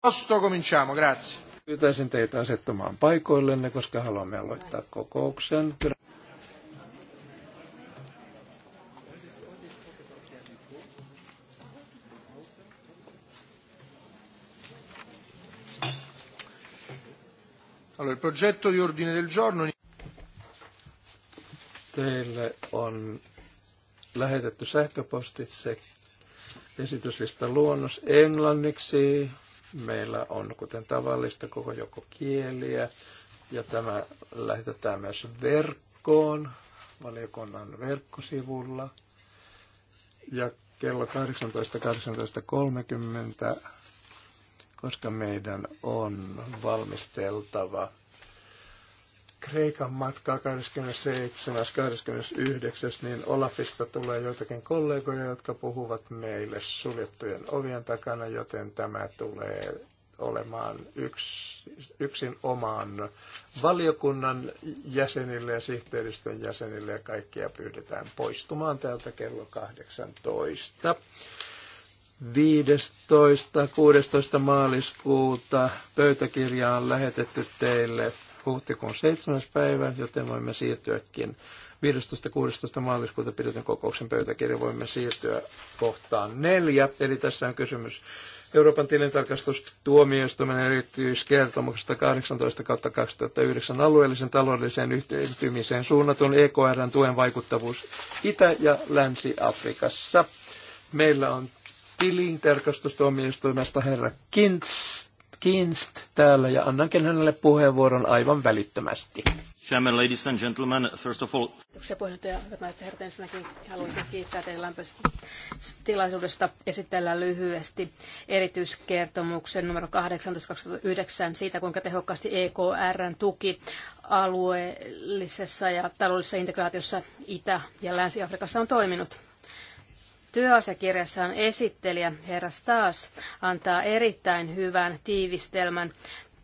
Posto cominciamo, grazie. Pyytäisin teitä asettumaan paikoillenne, koska haluamme aloittaa kokouksen. Allora, il progetto di ordine del giorno... Teille on lähetetty sähköpostitse esityslistan luonnos englanniksi. Meillä on, kuten tavallista, koko joko kieliä ja tämä lähetetään myös verkkoon, valiokunnan verkkosivulla. Ja kello 18.18.30, koska meidän on valmisteltava Kreikan matkaa 27.–29. niin Olafista tulee joitakin kollegoja, jotka puhuvat meille suljettujen ovien takana, joten tämä tulee olemaan yks, yksin oman valiokunnan jäsenille ja sihteeristön jäsenille ja kaikkia pyydetään poistumaan täältä kello 18. 15. 16. maaliskuuta pöytäkirja on lähetetty teille huhtikuun 7. päivä, joten voimme siirtyäkin 15.16. maaliskuuta pidetyn kokouksen pöytäkirja voimme siirtyä kohtaan neljä. Eli tässä on kysymys Euroopan tilintarkastustuomioistuimen erityiskertomuksesta 18 2009 alueellisen taloudelliseen yhteytymiseen suunnatun EKRn tuen vaikuttavuus Itä- ja Länsi-Afrikassa. Meillä on tilintarkastustuomioistuimesta herra Kintz Kinst täällä ja annankin hänelle puheenvuoron aivan välittömästi. Chairman, ladies and gentlemen, first of all... Kiitoksia puheenjohtaja. Hyvät naiset herrat, ensinnäkin haluaisin kiittää teidän lämpöisestä tilaisuudesta esitellä lyhyesti erityiskertomuksen numero 18.2009 siitä, kuinka tehokkaasti EKRn tuki alueellisessa ja taloudellisessa integraatiossa Itä- ja Länsi-Afrikassa on toiminut. Työasiakirjassaan esittelijä herra Staas antaa erittäin hyvän tiivistelmän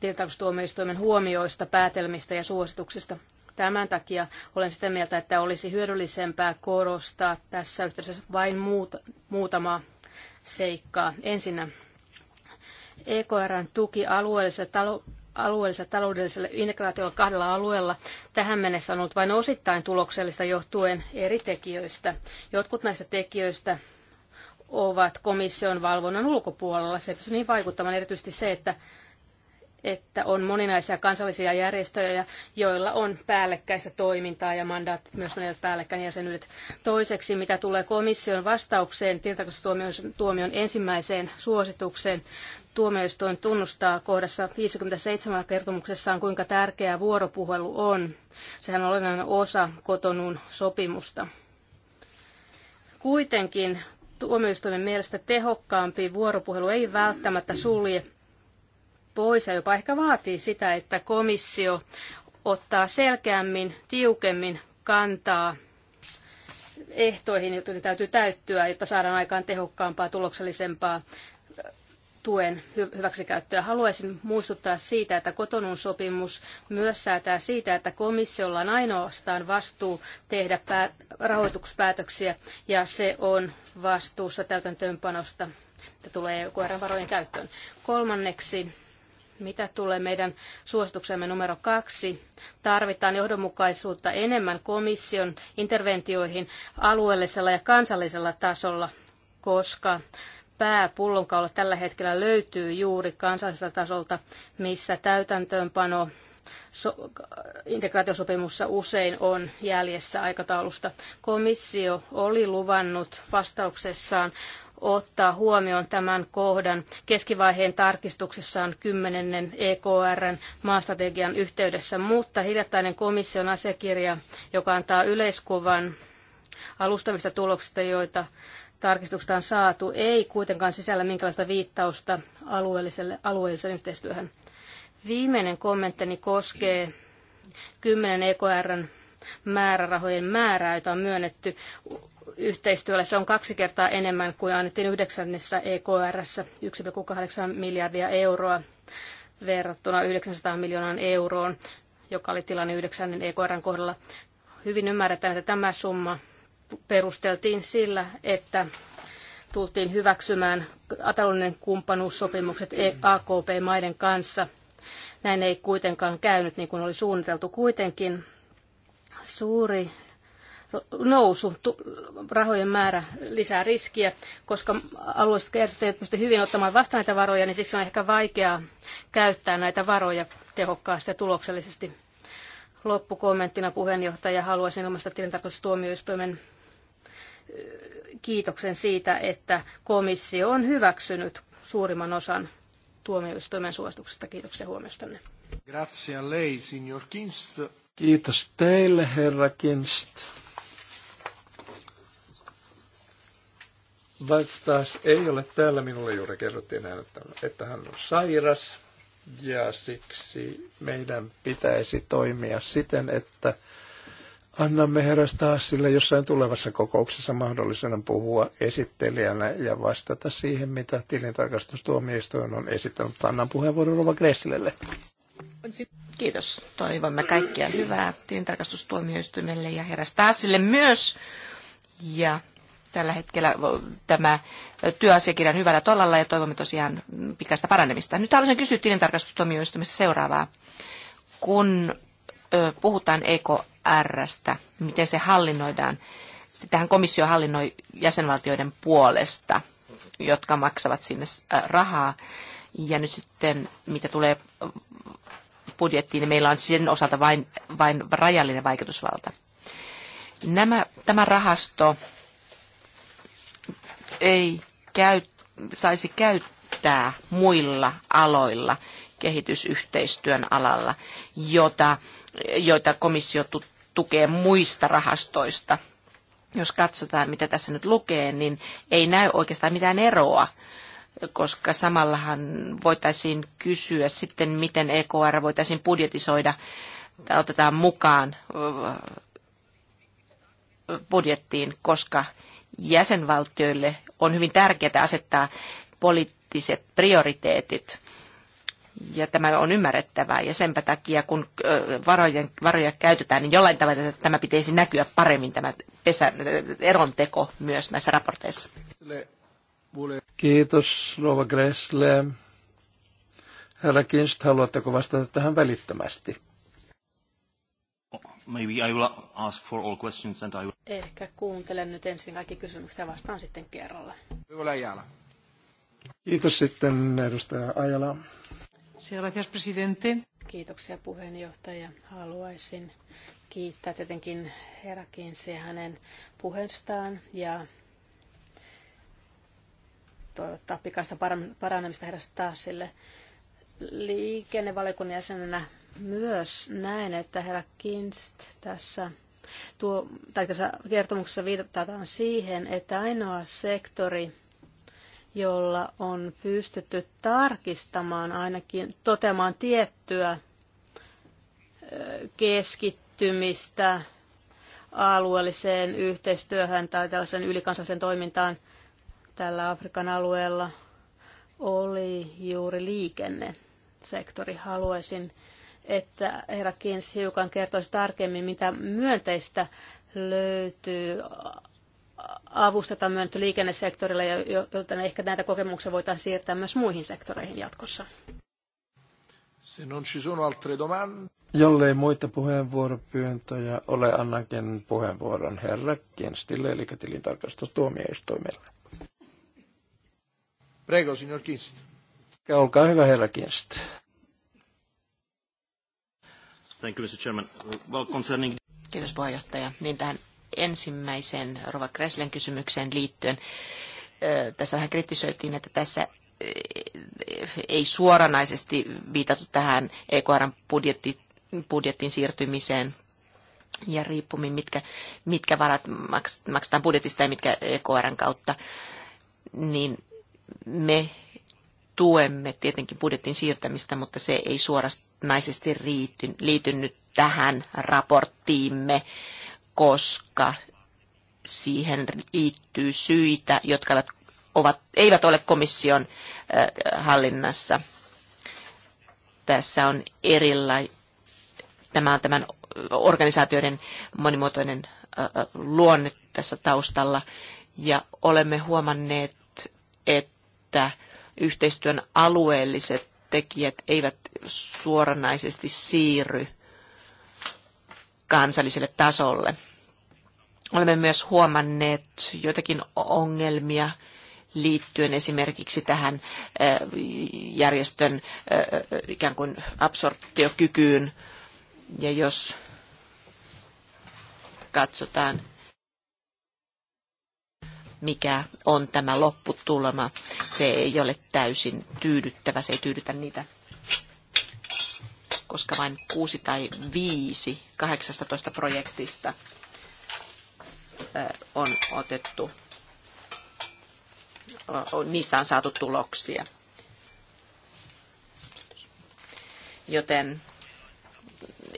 tilintarkastustuomioistuimen huomioista, päätelmistä ja suosituksista. Tämän takia olen sitä mieltä, että olisi hyödyllisempää korostaa tässä yhteydessä vain muuta, muutamaa seikkaa. Ensinnä EKRn tuki alueelliselle alueellisella taloudellisella integraatiolla kahdella alueella tähän mennessä on ollut vain osittain tuloksellista johtuen eri tekijöistä. Jotkut näistä tekijöistä ovat komission valvonnan ulkopuolella. Se pystyy niin vaikuttamaan erityisesti se, että että on moninaisia kansallisia järjestöjä, joilla on päällekkäistä toimintaa ja mandaatit myös menevät päällekkäin jäsenyydet. Toiseksi, mitä tulee komission vastaukseen tuomion ensimmäiseen suositukseen, tuomioistuin tunnustaa kohdassa 57 kertomuksessaan, kuinka tärkeää vuoropuhelu on. Sehän on olennainen osa kotonun sopimusta. Kuitenkin tuomioistuimen mielestä tehokkaampi vuoropuhelu ei välttämättä sulje pois ja jopa ehkä vaatii sitä, että komissio ottaa selkeämmin, tiukemmin kantaa ehtoihin, joita ne täytyy täyttyä, jotta saadaan aikaan tehokkaampaa, tuloksellisempaa tuen hyväksikäyttöä. Haluaisin muistuttaa siitä, että kotonun sopimus myös säätää siitä, että komissiolla on ainoastaan vastuu tehdä rahoituspäätöksiä ja se on vastuussa täytäntöönpanosta, että tulee EU-koiran varojen käyttöön. Kolmanneksi mitä tulee meidän suosituksemme numero kaksi, tarvitaan johdonmukaisuutta enemmän komission interventioihin alueellisella ja kansallisella tasolla, koska pääpullonkaula tällä hetkellä löytyy juuri kansalliselta tasolta, missä täytäntöönpano so- integraatiosopimussa usein on jäljessä aikataulusta. Komissio oli luvannut vastauksessaan ottaa huomioon tämän kohdan keskivaiheen tarkistuksessaan 10. EKRn maastrategian yhteydessä, mutta hiljattainen komission asiakirja, joka antaa yleiskuvan alustavista tuloksista, joita tarkistuksesta on saatu, ei kuitenkaan sisällä minkälaista viittausta alueelliselle, alueelliseen yhteistyöhön. Viimeinen kommenttini koskee 10 EKRn määrärahojen määrää, jota on myönnetty yhteistyölle. Se on kaksi kertaa enemmän kuin annettiin yhdeksännessä EKRssä, 1,8 miljardia euroa verrattuna 900 miljoonaan euroon, joka oli tilanne yhdeksännen EKRn kohdalla. Hyvin ymmärretään, että tämä summa perusteltiin sillä, että tultiin hyväksymään taloudellinen kumppanuussopimukset e- AKP-maiden kanssa. Näin ei kuitenkaan käynyt niin kuin oli suunniteltu. Kuitenkin suuri nousu, rahojen määrä lisää riskiä, koska alueelliset järjestöt eivät pysty hyvin ottamaan vastaan näitä varoja, niin siksi on ehkä vaikeaa käyttää näitä varoja tehokkaasti ja tuloksellisesti. Loppukommenttina puheenjohtaja haluaisin ilmaista tilintarkastustuomioistuimen kiitoksen siitä, että komissio on hyväksynyt suurimman osan tuomioistuimen suosituksesta. Kiitoksia huomiostanne. Grazie a lei, signor Kinst. Kiitos teille, herra Kinst. Valtstas ei ole täällä. Minulle juuri kerrottiin, että hän on sairas ja siksi meidän pitäisi toimia siten, että annamme herra sille, jossain tulevassa kokouksessa mahdollisena puhua esittelijänä ja vastata siihen, mitä tilintarkastustuomioistuin on esittänyt. Annan puheenvuoron Rova Gresslelle. Kiitos. Toivomme kaikkia hyvää tilintarkastustuomioistuimelle ja herra sille myös. Ja tällä hetkellä tämä työasiakirjan hyvällä tolalla ja toivomme tosiaan pikaista paranemista. Nyt haluaisin kysyä tilintarkastustuomioistuimesta seuraavaa. Kun puhutaan EKRstä, miten se hallinnoidaan, sitähän komissio hallinnoi jäsenvaltioiden puolesta, jotka maksavat sinne rahaa. Ja nyt sitten, mitä tulee budjettiin, niin meillä on sen osalta vain, vain rajallinen vaikutusvalta. Nämä, tämä rahasto ei käy, saisi käyttää muilla aloilla kehitysyhteistyön alalla, jota, joita komissio tukee muista rahastoista. Jos katsotaan, mitä tässä nyt lukee, niin ei näy oikeastaan mitään eroa koska samallahan voitaisiin kysyä sitten, miten EKR voitaisiin budjetisoida tai otetaan mukaan budjettiin, koska jäsenvaltioille on hyvin tärkeää asettaa poliittiset prioriteetit. Ja tämä on ymmärrettävää ja senpä takia, kun varojen, varoja käytetään, niin jollain tavalla tämä pitäisi näkyä paremmin, tämä eron teko myös näissä raporteissa. Kiitos, Rova Gressle. Herra Kinst, haluatteko vastata tähän välittömästi? Maybe I will ask for all questions and I will... Ehkä kuuntelen nyt ensin kaikki kysymykset ja vastaan sitten kerralla. Hyvä Ajala. Kiitos sitten edustaja Ajala. Gracias, presidente. Kiitoksia puheenjohtaja. Haluaisin kiittää tietenkin Herakin se hänen puheestaan ja toivottaa pikaista parannemista herra Stasille. Liikennevaliokunnan jäsenenä myös näen, että herra Kinst tässä, tuo, tai tässä kertomuksessa viitataan siihen, että ainoa sektori, jolla on pystytty tarkistamaan ainakin toteamaan tiettyä keskittymistä alueelliseen yhteistyöhön tai tällaisen ylikansalliseen toimintaan tällä Afrikan alueella oli juuri liikennesektori. Haluaisin että herra Kins hiukan kertoisi tarkemmin, mitä myönteistä löytyy avustetaan myönnetty liikennesektorille, jotta ehkä näitä kokemuksia voitaisiin siirtää myös muihin sektoreihin jatkossa. Se non ci sono altre Jollei muita puheenvuoropyyntöjä ole, annankin puheenvuoron herra Kinstille, eli tilintarkastustuomioistuimelle. Prego, signor Kinst. Olkaa hyvä, herra Kinst. Thank you, Mr. Chairman. Well, concerning... Kiitos puheenjohtaja. Niin tähän ensimmäiseen Rova Kreslen kysymykseen liittyen. Tässä vähän kritisoitiin, että tässä ei suoranaisesti viitattu tähän EKRn budjetti, budjettiin siirtymiseen ja riippumin, mitkä, mitkä varat maksetaan budjetista ja mitkä EKRn kautta, niin me tuemme tietenkin budjetin siirtämistä, mutta se ei suorasta olennaisesti liitynyt tähän raporttiimme, koska siihen liittyy syitä, jotka eivät, ovat, eivät ole komission hallinnassa. Tässä on erilainen, tämä on tämän organisaatioiden monimuotoinen luonne tässä taustalla, ja olemme huomanneet, että yhteistyön alueelliset tekijät eivät suoranaisesti siirry kansalliselle tasolle. Olemme myös huomanneet joitakin ongelmia liittyen esimerkiksi tähän järjestön ikään kuin absorptiokykyyn. Ja jos katsotaan mikä on tämä lopputulema. Se ei ole täysin tyydyttävä, se ei tyydytä niitä, koska vain kuusi tai viisi 18 projektista on otettu, niistä on saatu tuloksia. Joten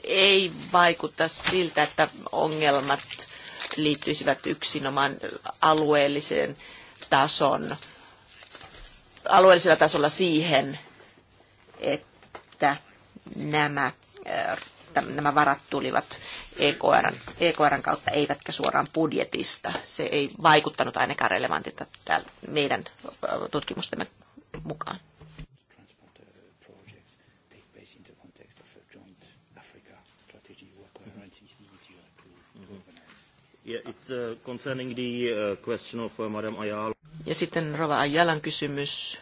ei vaikuta siltä, että ongelmat liittyisivät yksinomaan alueelliseen tason, alueellisella tasolla siihen, että nämä, äh, nämä varat tulivat EKRn, EKRn kautta eivätkä suoraan budjetista. Se ei vaikuttanut ainakaan relevantilta meidän äh, tutkimustemme mukaan. Ja sitten Rova Ajalan kysymys,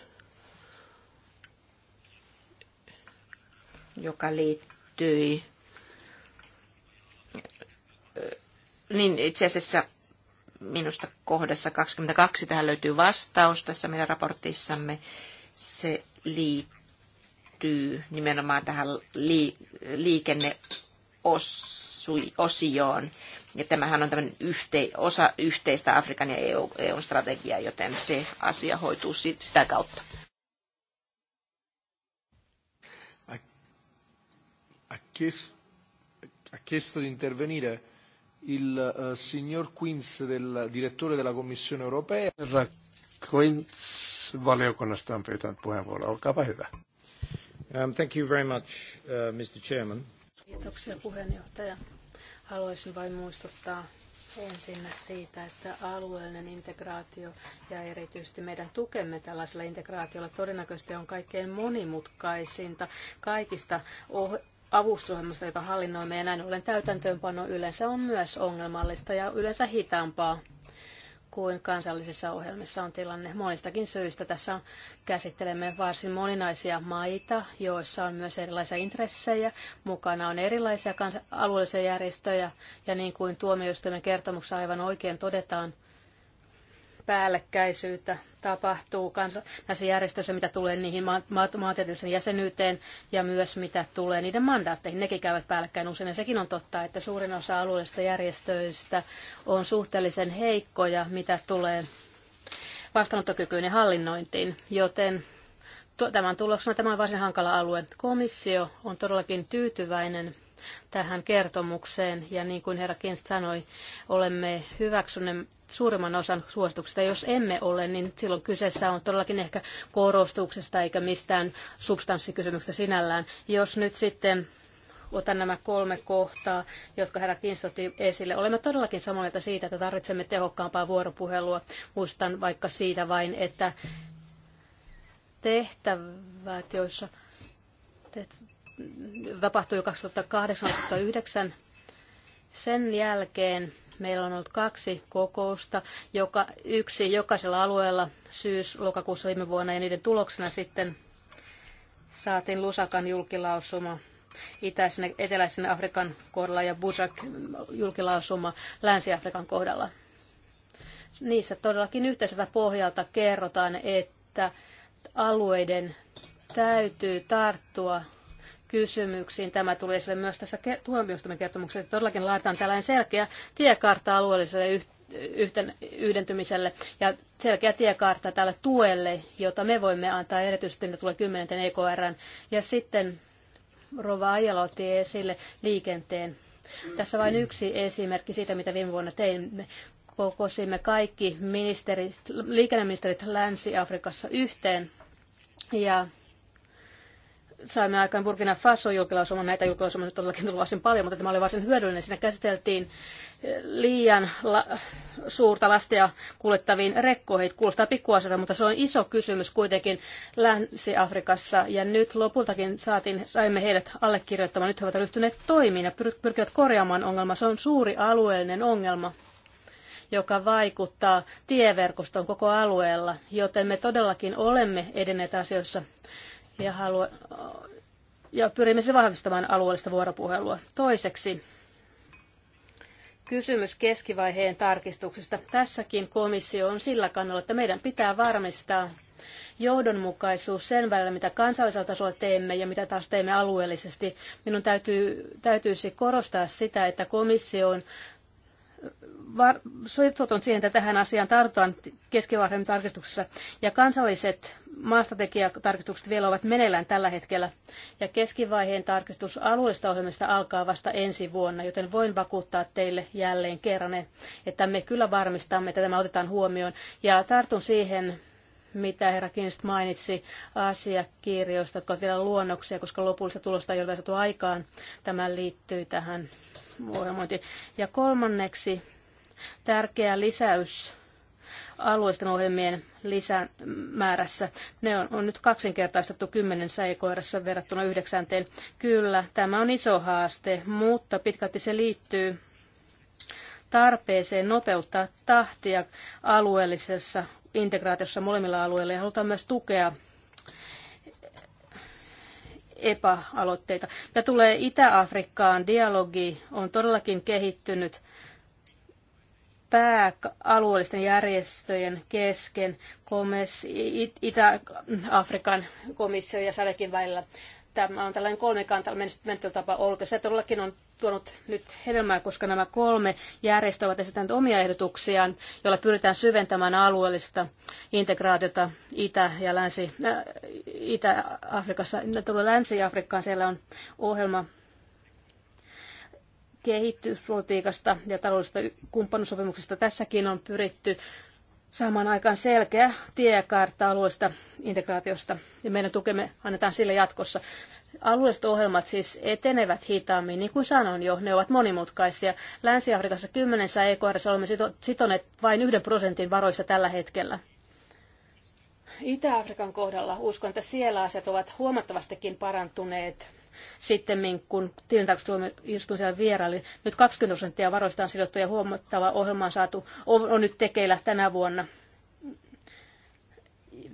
joka liittyi niin itse asiassa minusta kohdassa 22 tähän löytyy vastaus tässä meidän raportissamme. Se liittyy nimenomaan tähän liikenneosioon. Ja tämähän on tämmöinen yhte, osa yhteistä Afrikan ja EU, EUn strategiaa, joten se asia hoituu sitä kautta. Ha chiesto di intervenire il eh, signor Quins, del, direttore della Commissione europea. Herra Quins valiokunnasta on pyytänyt puheenvuoroa. Olkaapa hyvä. Um, thank you very much, uh, Mr. Chairman. Kiitoksia puheenjohtaja. Haluaisin vain muistuttaa ensin siitä, että alueellinen integraatio ja erityisesti meidän tukemme tällaisella integraatiolla todennäköisesti on kaikkein monimutkaisinta kaikista oh- avustusohjelmasta, jota hallinnoimme ja näin ollen täytäntöönpano yleensä on myös ongelmallista ja yleensä hitaampaa kuin kansallisissa ohjelmissa on tilanne. Monistakin syistä tässä käsittelemme varsin moninaisia maita, joissa on myös erilaisia intressejä. Mukana on erilaisia alueellisia järjestöjä ja niin kuin tuomioistuimen kertomuksessa aivan oikein todetaan – päällekkäisyyttä tapahtuu kansa- näissä järjestöissä, mitä tulee niihin ma- ma- maantieteellisen jäsenyyteen ja myös mitä tulee niiden mandaatteihin. Nekin käyvät päällekkäin usein ja sekin on totta, että suurin osa alueellisista järjestöistä on suhteellisen heikkoja, mitä tulee vastaanottokykyyn ja hallinnointiin, joten tämän tuloksena tämä on varsin hankala alue. Komissio on todellakin tyytyväinen tähän kertomukseen. Ja niin kuin herra Kins sanoi, olemme hyväksyneet suurimman osan suosituksista. Jos emme ole, niin silloin kyseessä on todellakin ehkä korostuksesta eikä mistään substanssikysymyksestä sinällään. Jos nyt sitten otan nämä kolme kohtaa, jotka herra Kinstotti esille. Olemme todellakin samaa mieltä siitä, että tarvitsemme tehokkaampaa vuoropuhelua. Muistan vaikka siitä vain, että tehtävät, joissa tapahtui 2008-2009. Sen jälkeen meillä on ollut kaksi kokousta, joka, yksi jokaisella alueella syys-lokakuussa viime vuonna ja niiden tuloksena sitten saatiin Lusakan julkilausuma itäisen, eteläisen Afrikan kohdalla ja Busak julkilausuma Länsi-Afrikan kohdalla. Niissä todellakin yhteiseltä pohjalta kerrotaan, että alueiden täytyy tarttua kysymyksiin. Tämä tuli esille myös tässä tuomioistuimen kertomuksessa. Todellakin laitetaan tällainen selkeä tiekartta alueelliselle yhteistyölle yhten, yhdentymiselle ja selkeä tiekartta tälle tuelle, jota me voimme antaa erityisesti, mitä tulee kymmenenten EKR. Ja sitten Rova Ajala otti esille liikenteen. Tässä vain yksi esimerkki siitä, mitä viime vuonna teimme. Kokosimme kaikki ministerit, liikenneministerit Länsi-Afrikassa yhteen ja saimme aikaan Burkina Faso julkilausuma. Näitä julkilausumia todellakin tullut varsin paljon, mutta tämä oli varsin hyödyllinen. Siinä käsiteltiin eh, liian la- suurta lastia kuljettaviin rekkoihin. Kuulostaa pikkuaselta, mutta se on iso kysymys kuitenkin Länsi-Afrikassa. Ja nyt lopultakin saatiin, saimme heidät allekirjoittamaan. Nyt he ovat ryhtyneet toimiin ja pyrkivät korjaamaan ongelmaa. Se on suuri alueellinen ongelma joka vaikuttaa tieverkostoon koko alueella, joten me todellakin olemme edenneet asioissa ja, halua, ja pyrimme se siis vahvistamaan alueellista vuoropuhelua. Toiseksi kysymys keskivaiheen tarkistuksista. Tässäkin komissio on sillä kannalla, että meidän pitää varmistaa johdonmukaisuus sen välillä, mitä kansallisella tasolla teemme ja mitä taas teemme alueellisesti. Minun täytyy, täytyisi korostaa sitä, että komissio on var- siihen, että tähän asiaan tartutaan keskivaiheen tarkistuksessa. Ja kansalliset maastotekijätarkistukset vielä ovat meneillään tällä hetkellä. Ja keskivaiheen tarkistus alueista ohjelmista alkaa vasta ensi vuonna, joten voin vakuuttaa teille jälleen kerran, että me kyllä varmistamme, että tämä otetaan huomioon. Ja tartun siihen mitä herra Kinst mainitsi asiakirjoista, jotka ovat vielä luonnoksia, koska lopullista tulosta ei ole saatu aikaan. Tämä liittyy tähän ohjelmointi. Ja kolmanneksi tärkeä lisäys alueisten ohjelmien lisämäärässä. Ne on, on nyt kaksinkertaistettu kymmenen säikoirassa verrattuna yhdeksänteen. Kyllä, tämä on iso haaste, mutta pitkälti se liittyy tarpeeseen nopeuttaa tahtia alueellisessa integraatiossa molemmilla alueilla ja halutaan myös tukea epäaloitteita. Ja tulee Itä-Afrikkaan, dialogi on todellakin kehittynyt pääalueellisten järjestöjen kesken, Itä-Afrikan komissio ja Sadekin välillä Tämä on tällainen kolmikanta menettelytapa ollut, ja se todellakin on tuonut nyt hedelmää, koska nämä kolme järjestöä ovat esittäneet omia ehdotuksiaan, joilla pyritään syventämään alueellista integraatiota Itä- ja Länsi, äh, Itä-Afrikassa. Tulee Länsi-Afrikkaan, siellä on ohjelma kehityspolitiikasta ja taloudellisesta kumppanusopimuksesta. Tässäkin on pyritty saamaan aikaan selkeä tiekartta alueesta integraatiosta ja meidän tukemme annetaan sille jatkossa. Alueelliset ohjelmat siis etenevät hitaammin, niin kuin sanoin jo, ne ovat monimutkaisia. Länsi-Afrikassa kymmenessä EKRS olemme sitoneet vain yhden prosentin varoista tällä hetkellä. Itä-Afrikan kohdalla uskon, että siellä asiat ovat huomattavastikin parantuneet sitten kun tilintarkastustuomioistuin siellä vieraili. Nyt 20 prosenttia varoista on sidottu ja huomattava ohjelma on saatu, on, on nyt tekeillä tänä vuonna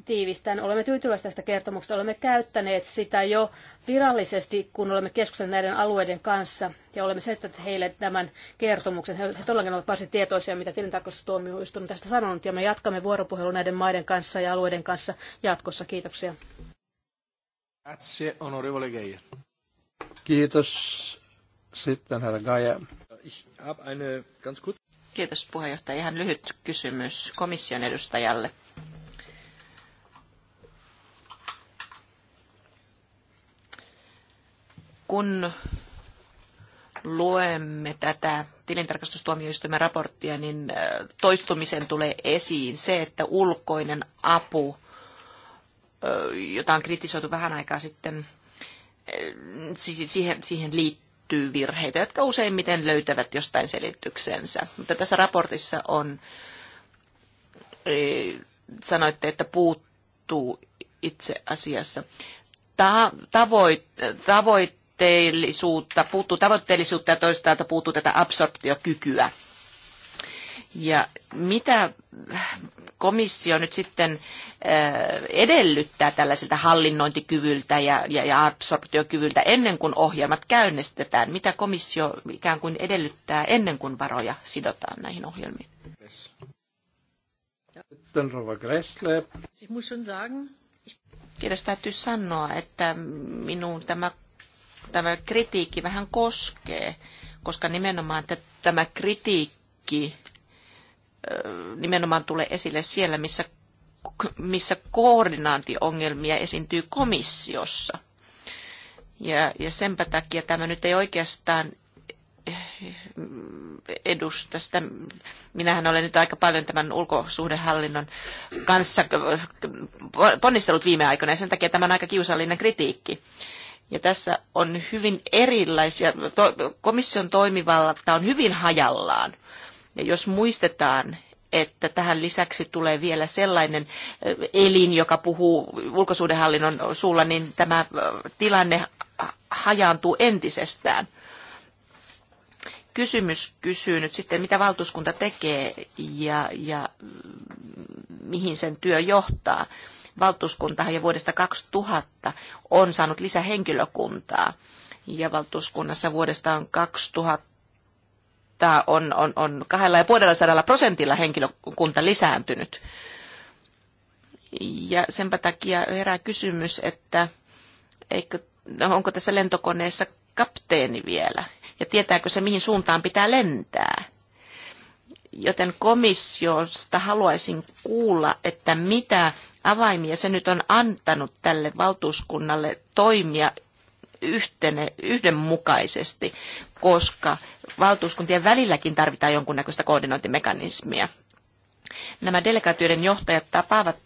tiivistän. Olemme tyytyväisiä tästä kertomuksesta. Olemme käyttäneet sitä jo virallisesti, kun olemme keskustelleet näiden alueiden kanssa ja olemme selittäneet heille tämän kertomuksen. He, he todellakin ovat varsin tietoisia, mitä tilintarkastustuomioistuin tästä sanonut ja me jatkamme vuoropuhelua näiden maiden kanssa ja alueiden kanssa jatkossa. Kiitoksia. Kiitos. Sitten herra Gaia. Kiitos puheenjohtaja. Ihan lyhyt kysymys komission edustajalle. Kun luemme tätä tilintarkastustuomioistuimen raporttia, niin äh, toistumisen tulee esiin se, että ulkoinen apu, äh, jota on kritisoitu vähän aikaa sitten, äh, siihen, siihen liittyy virheitä, jotka useimmiten löytävät jostain selityksensä. Mutta tässä raportissa on, sanoitte, että puuttuu itse asiassa tavoit, tavoit, tavoitteellisuutta, puuttuu tavoitteellisuutta ja toisaalta puuttuu tätä absorptiokykyä. Ja mitä komissio nyt sitten äh, edellyttää tällaisilta hallinnointikyvyltä ja, ja, ja absorptiokyvyltä ennen kuin ohjelmat käynnistetään? Mitä komissio ikään kuin edellyttää ennen kuin varoja sidotaan näihin ohjelmiin? Kiitos, täytyy sanoa, että minun tämä tämä kritiikki vähän koskee, koska nimenomaan tämä kritiikki nimenomaan tulee esille siellä, missä, missä koordinaationgelmia esiintyy komissiossa. Ja, ja senpä takia tämä nyt ei oikeastaan edusta sitä. Minähän olen nyt aika paljon tämän ulkosuhdehallinnon kanssa ponnistellut viime aikoina ja sen takia tämä on aika kiusallinen kritiikki. Ja tässä on hyvin erilaisia, to, komission toimivalta on hyvin hajallaan. Ja jos muistetaan, että tähän lisäksi tulee vielä sellainen eh, elin, joka puhuu ulkosuudenhallinnon suulla, niin tämä eh, tilanne hajaantuu entisestään. Kysymys kysyy nyt sitten, mitä valtuuskunta tekee ja, ja mm, mihin sen työ johtaa. Valtuuskuntahan jo vuodesta 2000 on saanut lisähenkilökuntaa ja valtuuskunnassa on 2000 on, on, on kahdella ja sadalla prosentilla henkilökunta lisääntynyt. Ja senpä takia herää kysymys, että eikö, no onko tässä lentokoneessa kapteeni vielä? Ja tietääkö se, mihin suuntaan pitää lentää? Joten komissiosta haluaisin kuulla, että mitä avaimia se nyt on antanut tälle valtuuskunnalle toimia yhtene, yhdenmukaisesti, koska valtuuskuntien välilläkin tarvitaan jonkunnäköistä koordinointimekanismia. Nämä delegaatioiden johtajat tapaavat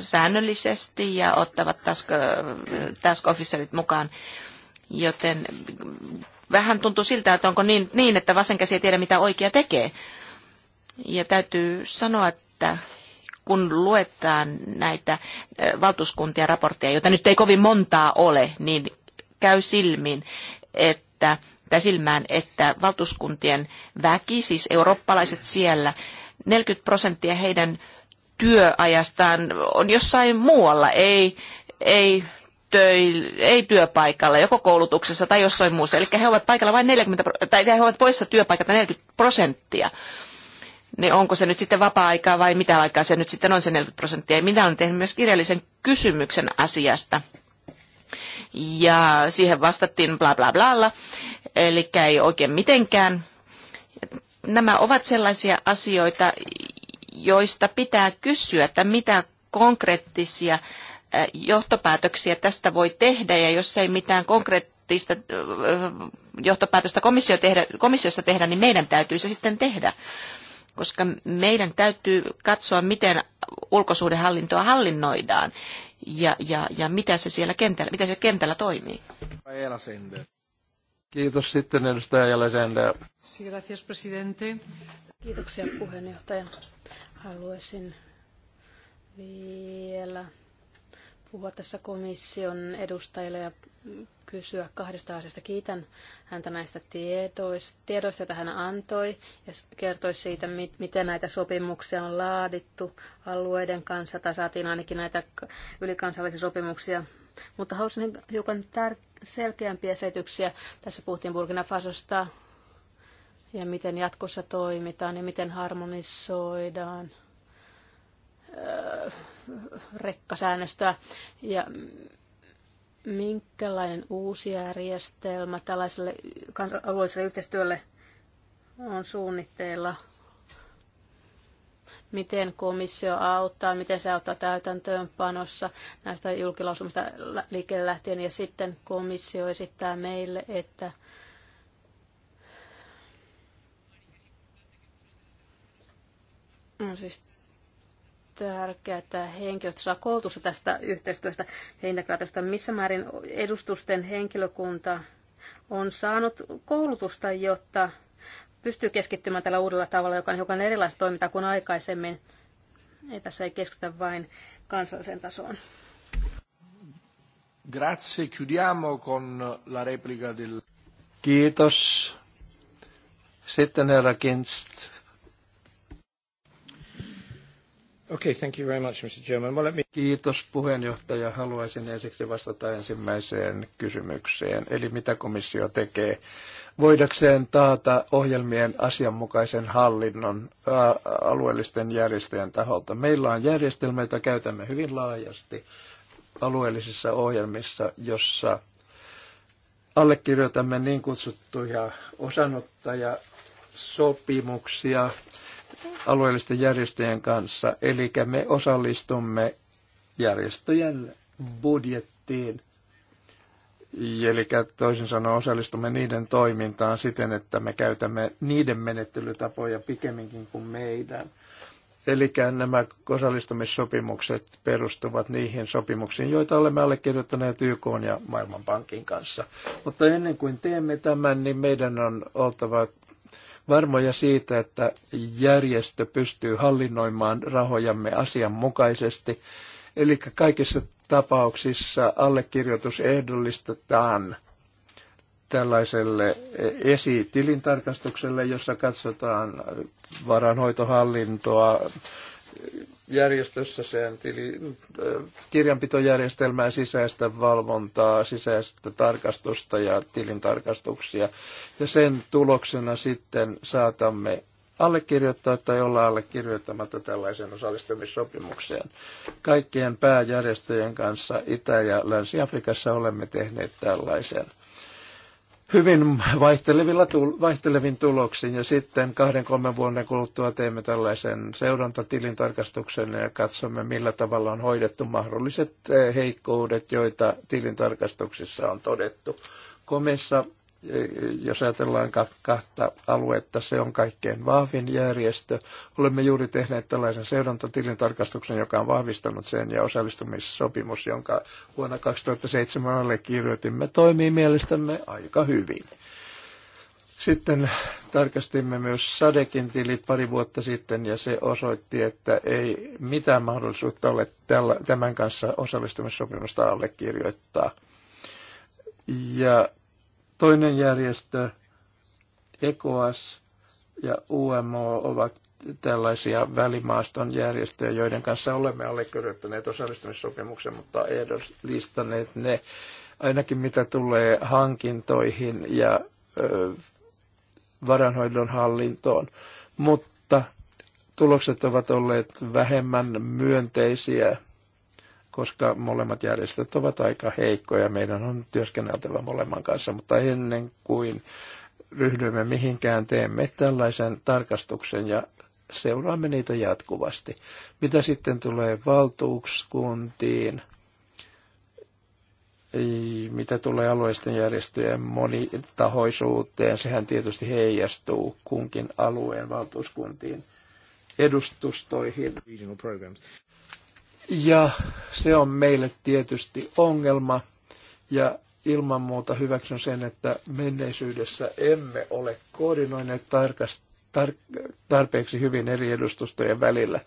säännöllisesti ja ottavat task, task officerit mukaan, joten vähän tuntuu siltä, että onko niin, niin että vasen käsi ei tiedä mitä oikea tekee. Ja täytyy sanoa, että kun luetaan näitä valtuuskuntia raportteja, joita nyt ei kovin montaa ole, niin käy silmin, että, tai silmään, että valtuuskuntien väki, siis eurooppalaiset siellä, 40 prosenttia heidän työajastaan on jossain muualla, ei, ei, töi, ei työpaikalla, joko koulutuksessa tai jossain muussa. Eli he ovat paikalla vain 40, tai he ovat poissa työpaikalta 40 prosenttia niin onko se nyt sitten vapaa-aikaa vai mitä aikaa se nyt sitten on se 40 prosenttia. Minä olen tehnyt myös kirjallisen kysymyksen asiasta. Ja siihen vastattiin bla bla blalla, eli ei oikein mitenkään. Nämä ovat sellaisia asioita, joista pitää kysyä, että mitä konkreettisia johtopäätöksiä tästä voi tehdä, ja jos ei mitään konkreettista johtopäätöstä komissio tehdä, komissiossa tehdä, niin meidän täytyy se sitten tehdä koska meidän täytyy katsoa, miten ulkosuhdehallintoa hallinnoidaan ja, ja, ja mitä se siellä kentällä, mitä se kentällä toimii. Kiitos sitten edustaja Jalesender. Gracias, presidente. Kiitoksia puheenjohtaja. Haluaisin vielä puhua tässä komission edustajille ja kysyä kahdesta asiasta. Kiitän häntä näistä tiedoista, tiedoista joita hän antoi, ja kertoi siitä, miten näitä sopimuksia on laadittu alueiden kanssa, tai saatiin ainakin näitä ylikansallisia sopimuksia. Mutta haluaisin hiukan tär- selkeämpiä selityksiä. Tässä puhuttiin Burkina Fasosta, ja miten jatkossa toimitaan, ja miten harmonisoidaan rekkasäännöstöä ja minkälainen uusi järjestelmä tällaiselle alueelliselle yhteistyölle on suunnitteilla? Miten komissio auttaa, miten se auttaa täytäntöönpanossa näistä julkilausumista liikkeelle lähtien ja sitten komissio esittää meille, että No siis tärkeää, että henkilöt saa koulutusta tästä yhteistyöstä ja integraatiosta. Missä määrin edustusten henkilökunta on saanut koulutusta, jotta pystyy keskittymään tällä uudella tavalla, joka on hiukan erilaista toimintaa kuin aikaisemmin. Ei tässä ei keskitytä vain kansalliseen tasoon. Grazie, chiudiamo con la replica del... Kiitos. Sitten herra Kinst. Okay, thank you very much, Mr. Chairman. Well, let me... Kiitos puheenjohtaja. Haluaisin ensiksi vastata ensimmäiseen kysymykseen, eli mitä komissio tekee voidakseen taata ohjelmien asianmukaisen hallinnon alueellisten järjestäjien taholta. Meillä on järjestelmä, jota käytämme hyvin laajasti alueellisissa ohjelmissa, jossa allekirjoitamme niin kutsuttuja osanottajasopimuksia. sopimuksia alueellisten järjestöjen kanssa, eli me osallistumme järjestöjen budjettiin, eli toisin sanoen osallistumme niiden toimintaan siten, että me käytämme niiden menettelytapoja pikemminkin kuin meidän. Eli nämä osallistumissopimukset perustuvat niihin sopimuksiin, joita olemme allekirjoittaneet YK ja Maailmanpankin kanssa. Mutta ennen kuin teemme tämän, niin meidän on oltava varmoja siitä, että järjestö pystyy hallinnoimaan rahojamme asianmukaisesti. Eli kaikissa tapauksissa allekirjoitus ehdollistetaan tällaiselle esitilintarkastukselle, jossa katsotaan varanhoitohallintoa, järjestössä sen tili, kirjanpitojärjestelmää, sisäistä valvontaa, sisäistä tarkastusta ja tilintarkastuksia. Ja sen tuloksena sitten saatamme allekirjoittaa tai olla allekirjoittamatta tällaisen osallistumissopimukseen. Kaikkien pääjärjestöjen kanssa Itä- ja Länsi-Afrikassa olemme tehneet tällaisen hyvin vaihtelevilla, vaihtelevin tuloksin ja sitten kahden kolmen vuoden kuluttua teemme tällaisen seurantatilintarkastuksen ja katsomme millä tavalla on hoidettu mahdolliset eh, heikkoudet, joita tilintarkastuksissa on todettu. Komissa jos ajatellaan kahta aluetta, se on kaikkein vahvin järjestö. Olemme juuri tehneet tällaisen tarkastuksen, joka on vahvistanut sen ja osallistumissopimus, jonka vuonna 2007 allekirjoitimme, toimii mielestämme aika hyvin. Sitten tarkastimme myös Sadekin tilit pari vuotta sitten ja se osoitti, että ei mitään mahdollisuutta ole tämän kanssa osallistumissopimusta allekirjoittaa. Ja Toinen järjestö, ECOAS ja UMO, ovat tällaisia välimaaston järjestöjä, joiden kanssa olemme allekirjoittaneet osallistumissopimuksen, mutta ehdos listanneet ne ainakin mitä tulee hankintoihin ja ö, varanhoidon hallintoon. Mutta tulokset ovat olleet vähemmän myönteisiä koska molemmat järjestöt ovat aika heikkoja. Meidän on työskenneltävä molemman kanssa, mutta ennen kuin ryhdymme mihinkään, teemme tällaisen tarkastuksen ja seuraamme niitä jatkuvasti. Mitä sitten tulee valtuuskuntiin, mitä tulee alueisten järjestöjen monitahoisuuteen, sehän tietysti heijastuu kunkin alueen valtuuskuntiin edustustoihin. Ja se on meille tietysti ongelma ja ilman muuta hyväksyn sen, että menneisyydessä emme ole koordinoineet tarpeeksi hyvin eri edustustojen välillä.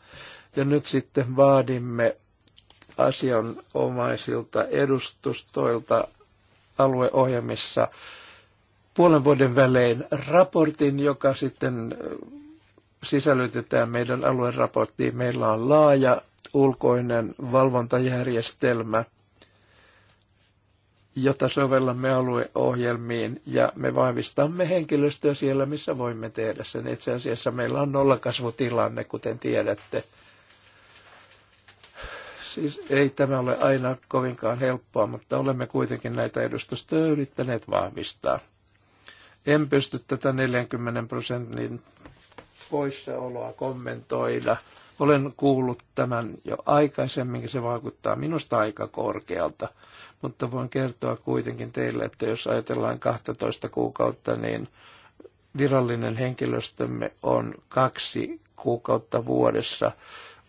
Ja nyt sitten vaadimme asianomaisilta edustustoilta alueohjelmissa puolen vuoden välein raportin, joka sitten sisällytetään meidän alueen raporttiin. Meillä on laaja ulkoinen valvontajärjestelmä, jota sovellamme alueohjelmiin ja me vahvistamme henkilöstöä siellä, missä voimme tehdä sen. Itse asiassa meillä on nollakasvutilanne, kuten tiedätte. Siis ei tämä ole aina kovinkaan helppoa, mutta olemme kuitenkin näitä edustustoja yrittäneet vahvistaa. En pysty tätä 40 prosentin poissaoloa kommentoida olen kuullut tämän jo aikaisemmin, se vaikuttaa minusta aika korkealta, mutta voin kertoa kuitenkin teille, että jos ajatellaan 12 kuukautta, niin virallinen henkilöstömme on kaksi kuukautta vuodessa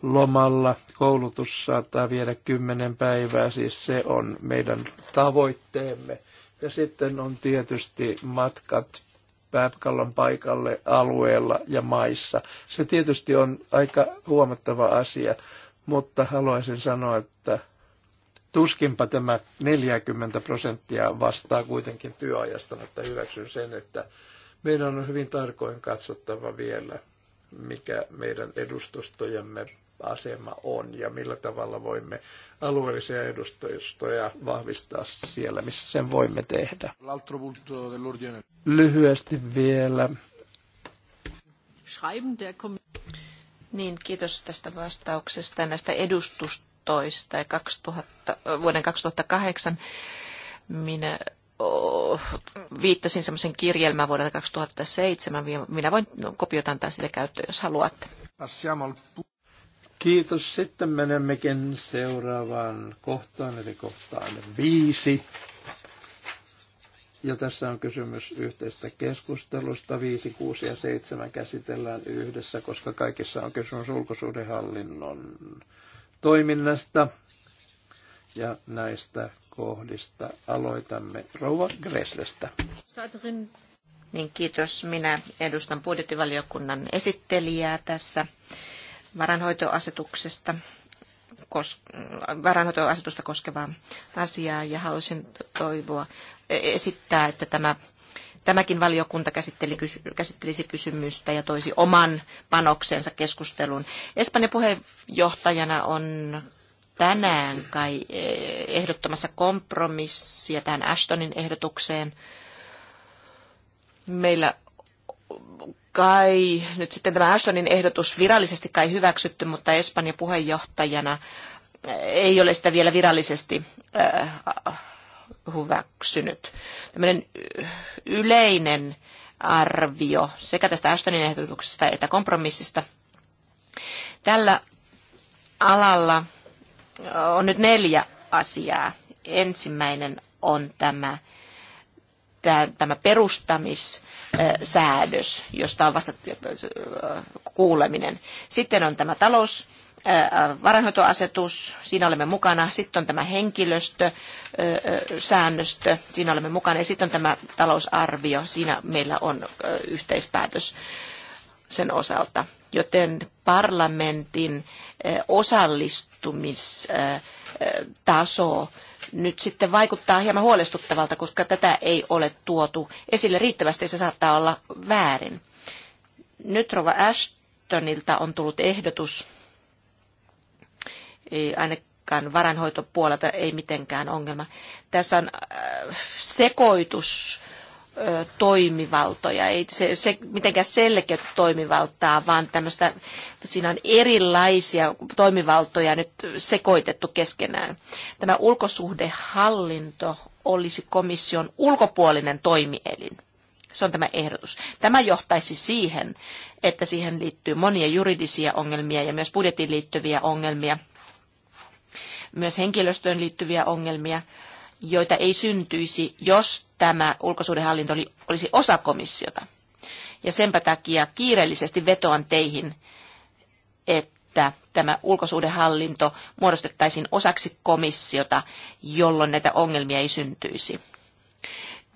lomalla. Koulutus saattaa viedä kymmenen päivää, siis se on meidän tavoitteemme. Ja sitten on tietysti matkat pääkallon paikalle alueella ja maissa. Se tietysti on aika huomattava asia, mutta haluaisin sanoa, että tuskinpa tämä 40 prosenttia vastaa kuitenkin työajasta, mutta hyväksyn sen, että meidän on hyvin tarkoin katsottava vielä, mikä meidän edustustojemme asema on ja millä tavalla voimme alueellisia edustajistoja vahvistaa siellä, missä sen voimme tehdä. Lyhyesti vielä. Niin, kiitos tästä vastauksesta näistä edustustoista. Ja 2000, vuoden 2008 minä viittasin semmoisen kirjelmään vuodelta 2007. Minä voin, no, kopiotan tämän sitä käyttöön, jos haluatte. Kiitos. Sitten menemmekin seuraavaan kohtaan, eli kohtaan viisi. Ja tässä on kysymys yhteistä keskustelusta. 5, 6 ja 7 käsitellään yhdessä, koska kaikissa on kysymys ulkosuhdehallinnon toiminnasta. Ja näistä kohdista aloitamme Rouva Greslestä. Niin, kiitos. Minä edustan budjettivaliokunnan esittelijää tässä varanhoitoasetuksesta kos, varanhoitoasetusta koskevaa asiaa ja haluaisin toivoa, e, esittää, että tämä, tämäkin valiokunta käsitteli, käsittelisi kysymystä ja toisi oman panoksensa keskusteluun. Espanjan puheenjohtajana on tänään kai e, ehdottamassa kompromissia tähän Ashtonin ehdotukseen. Meillä kai nyt sitten tämä Ashtonin ehdotus virallisesti kai hyväksytty, mutta Espanja puheenjohtajana ei ole sitä vielä virallisesti äh, hyväksynyt. Tämmöinen äh, yleinen arvio sekä tästä Ashtonin ehdotuksesta että kompromissista. Tällä alalla äh, on nyt neljä asiaa. Ensimmäinen on tämä tämä perustamissäädös, josta on vasta äh, kuuleminen. Sitten on tämä talous, äh, varainhoitoasetus, siinä olemme mukana. Sitten on tämä henkilöstösäännöstö, äh, siinä olemme mukana. Ja sitten on tämä talousarvio, siinä meillä on yhteispäätös sen osalta. Joten parlamentin osallistumistaso nyt sitten vaikuttaa hieman huolestuttavalta, koska tätä ei ole tuotu esille riittävästi ja se saattaa olla väärin. Nyt Rova Ashtonilta on tullut ehdotus, ei ainakaan varanhoitopuolelta ei mitenkään ongelma. Tässä on äh, sekoitus äh, toimivaltoja. Ei se, se mitenkään selkeä toimivaltaa, vaan tämmöistä, siinä on erilaisia toimivaltoja nyt sekoitettu keskenään. Tämä ulkosuhdehallinto olisi komission ulkopuolinen toimielin. Se on tämä ehdotus. Tämä johtaisi siihen, että siihen liittyy monia juridisia ongelmia ja myös budjetin liittyviä ongelmia, myös henkilöstöön liittyviä ongelmia joita ei syntyisi, jos tämä ulkosuudenhallinto olisi osa komissiota. Ja senpä takia kiireellisesti vetoan teihin, että tämä ulkosuhdehallinto muodostettaisiin osaksi komissiota, jolloin näitä ongelmia ei syntyisi.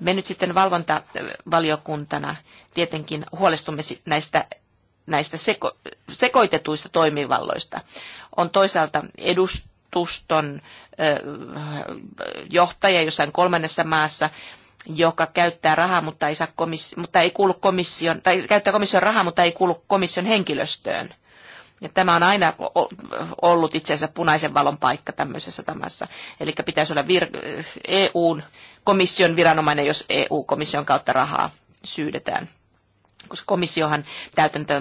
Me nyt sitten valvontavaliokuntana tietenkin huolestumme näistä, näistä seko, sekoitetuista toimivalloista. On toisaalta edustus valtuuston johtaja jossain kolmannessa maassa, joka käyttää rahaa, mutta ei, saa komissi- mutta ei kuulu komission, tai käyttää komission rahaa, mutta ei kuulu komission henkilöstöön. Ja tämä on aina ollut itse asiassa punaisen valon paikka tämmöisessä tämässä. Eli pitäisi olla vir- e komission viranomainen, jos EU-komission kautta rahaa syydetään. Koska komissiohan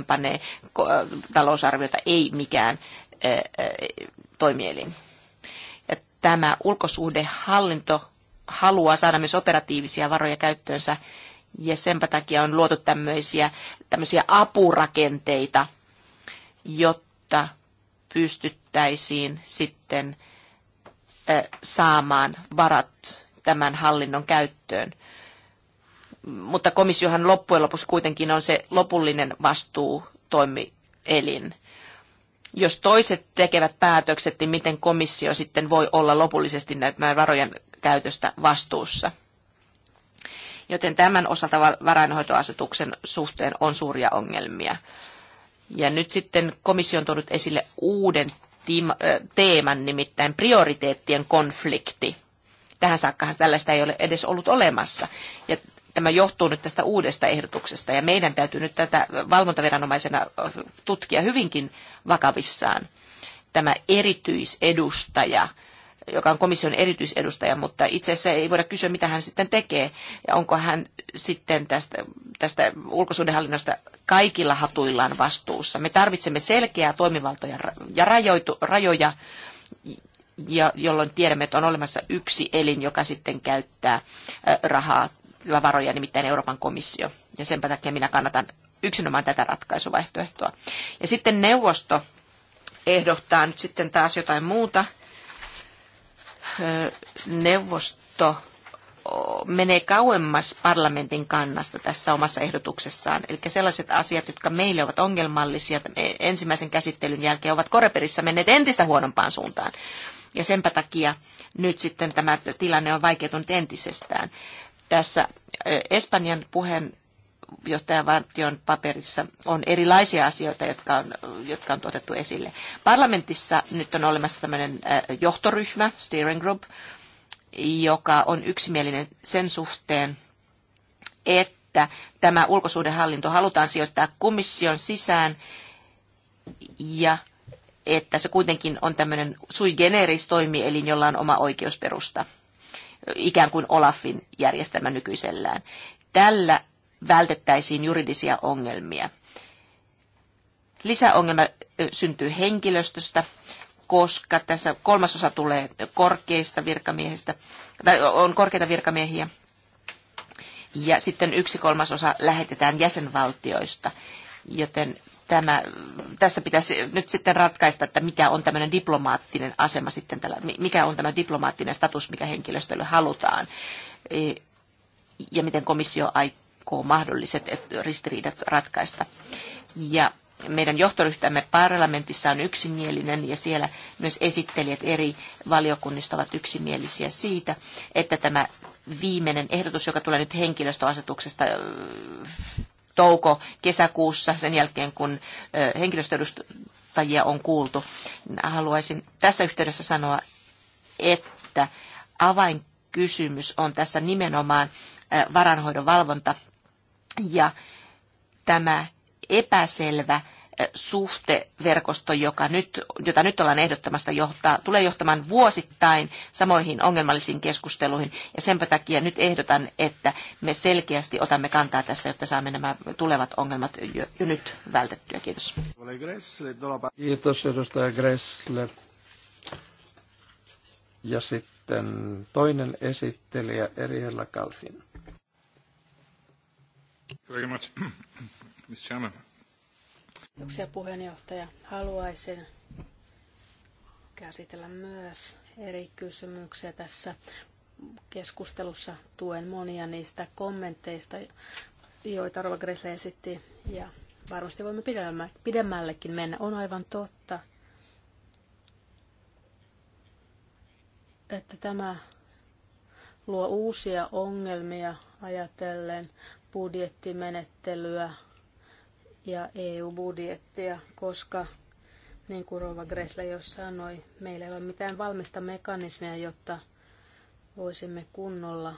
panee talousarviota, ei mikään toimielin. Ja tämä ulkosuhdehallinto haluaa saada myös operatiivisia varoja käyttöönsä, ja senpä takia on luotu tämmöisiä, tämmöisiä apurakenteita, jotta pystyttäisiin sitten saamaan varat tämän hallinnon käyttöön. Mutta komissiohan loppujen lopuksi kuitenkin on se lopullinen vastuutoimielin jos toiset tekevät päätökset, niin miten komissio sitten voi olla lopullisesti näiden varojen käytöstä vastuussa. Joten tämän osalta varainhoitoasetuksen suhteen on suuria ongelmia. Ja nyt sitten komissio on tuonut esille uuden teeman, nimittäin prioriteettien konflikti. Tähän saakkahan tällaista ei ole edes ollut olemassa. Ja tämä johtuu nyt tästä uudesta ehdotuksesta ja meidän täytyy nyt tätä valvontaviranomaisena tutkia hyvinkin vakavissaan. Tämä erityisedustaja, joka on komission erityisedustaja, mutta itse asiassa ei voida kysyä, mitä hän sitten tekee. Ja onko hän sitten tästä, tästä ulkosuudenhallinnosta kaikilla hatuillaan vastuussa. Me tarvitsemme selkeää toimivaltoja ja rajoitu, rajoja, ja, jolloin tiedämme, että on olemassa yksi elin, joka sitten käyttää rahaa varoja, nimittäin Euroopan komissio. Ja sen takia minä kannatan yksinomaan tätä ratkaisuvaihtoehtoa. Ja sitten neuvosto ehdottaa nyt sitten taas jotain muuta. Neuvosto menee kauemmas parlamentin kannasta tässä omassa ehdotuksessaan. Eli sellaiset asiat, jotka meille ovat ongelmallisia e, ensimmäisen käsittelyn jälkeen, ovat koreperissä menneet entistä huonompaan suuntaan. Ja senpä takia nyt sitten tämä tilanne on vaikeutunut entisestään. Tässä Espanjan puheen johtajan Vartion paperissa on erilaisia asioita, jotka on, jotka on tuotettu esille. Parlamentissa nyt on olemassa tämmöinen äh, johtoryhmä, steering group, joka on yksimielinen sen suhteen, että tämä ulkosuhdehallinto halutaan sijoittaa komission sisään ja että se kuitenkin on tämmöinen sui generis toimielin, jolla on oma oikeusperusta, ikään kuin Olafin järjestelmä nykyisellään. Tällä vältettäisiin juridisia ongelmia. Lisäongelma syntyy henkilöstöstä, koska tässä kolmasosa tulee korkeista virkamiehistä, tai on korkeita virkamiehiä, ja sitten yksi kolmasosa lähetetään jäsenvaltioista, joten tämä, tässä pitäisi nyt sitten ratkaista, että mikä on tämmöinen diplomaattinen asema sitten, tällä, mikä on tämä diplomaattinen status, mikä henkilöstölle halutaan, e, ja miten komissio mahdolliset ristiriidat ratkaista. Ja meidän johtoryhtämme parlamentissa on yksimielinen ja siellä myös esittelijät eri valiokunnista ovat yksimielisiä siitä, että tämä viimeinen ehdotus, joka tulee nyt henkilöstöasetuksesta touko-kesäkuussa sen jälkeen, kun henkilöstöedustajia on kuultu, niin haluaisin tässä yhteydessä sanoa, että avainkysymys on tässä nimenomaan varanhoidon valvonta ja tämä epäselvä suhteverkosto, joka nyt, jota nyt ollaan ehdottamasta, johtaa, tulee johtamaan vuosittain samoihin ongelmallisiin keskusteluihin. Ja sen takia nyt ehdotan, että me selkeästi otamme kantaa tässä, jotta saamme nämä tulevat ongelmat jo, jo nyt vältettyä. Kiitos. Kiitos edustaja Gressle. Ja sitten toinen esittelijä Eriella Kalfin. Very much, Mr. Chairman. Kiitoksia puheenjohtaja. Haluaisin käsitellä myös eri kysymyksiä tässä keskustelussa. Tuen monia niistä kommentteista, joita Rova Gressle esitti, ja varmasti voimme pidemmällekin mennä. On aivan totta, että tämä luo uusia ongelmia ajatellen budjettimenettelyä ja EU-budjettia, koska niin kuin Rova Gressle jo sanoi, meillä ei ole mitään valmista mekanismia, jotta voisimme kunnolla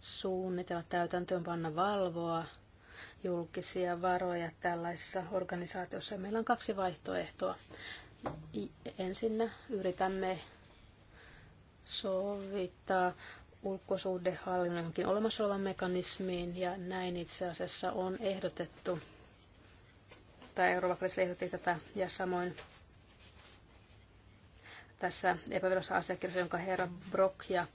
suunnitella, täytäntöönpanna, valvoa julkisia varoja tällaisessa organisaatiossa. Meillä on kaksi vaihtoehtoa. Ensinnä yritämme sovittaa ulkosuhdehallinnonkin olemassa olevan mekanismiin, ja näin itse asiassa on ehdotettu, tai Euroopan ehdotti tätä, ja samoin tässä epävirallisessa asiakirjassa, jonka herra Brock ja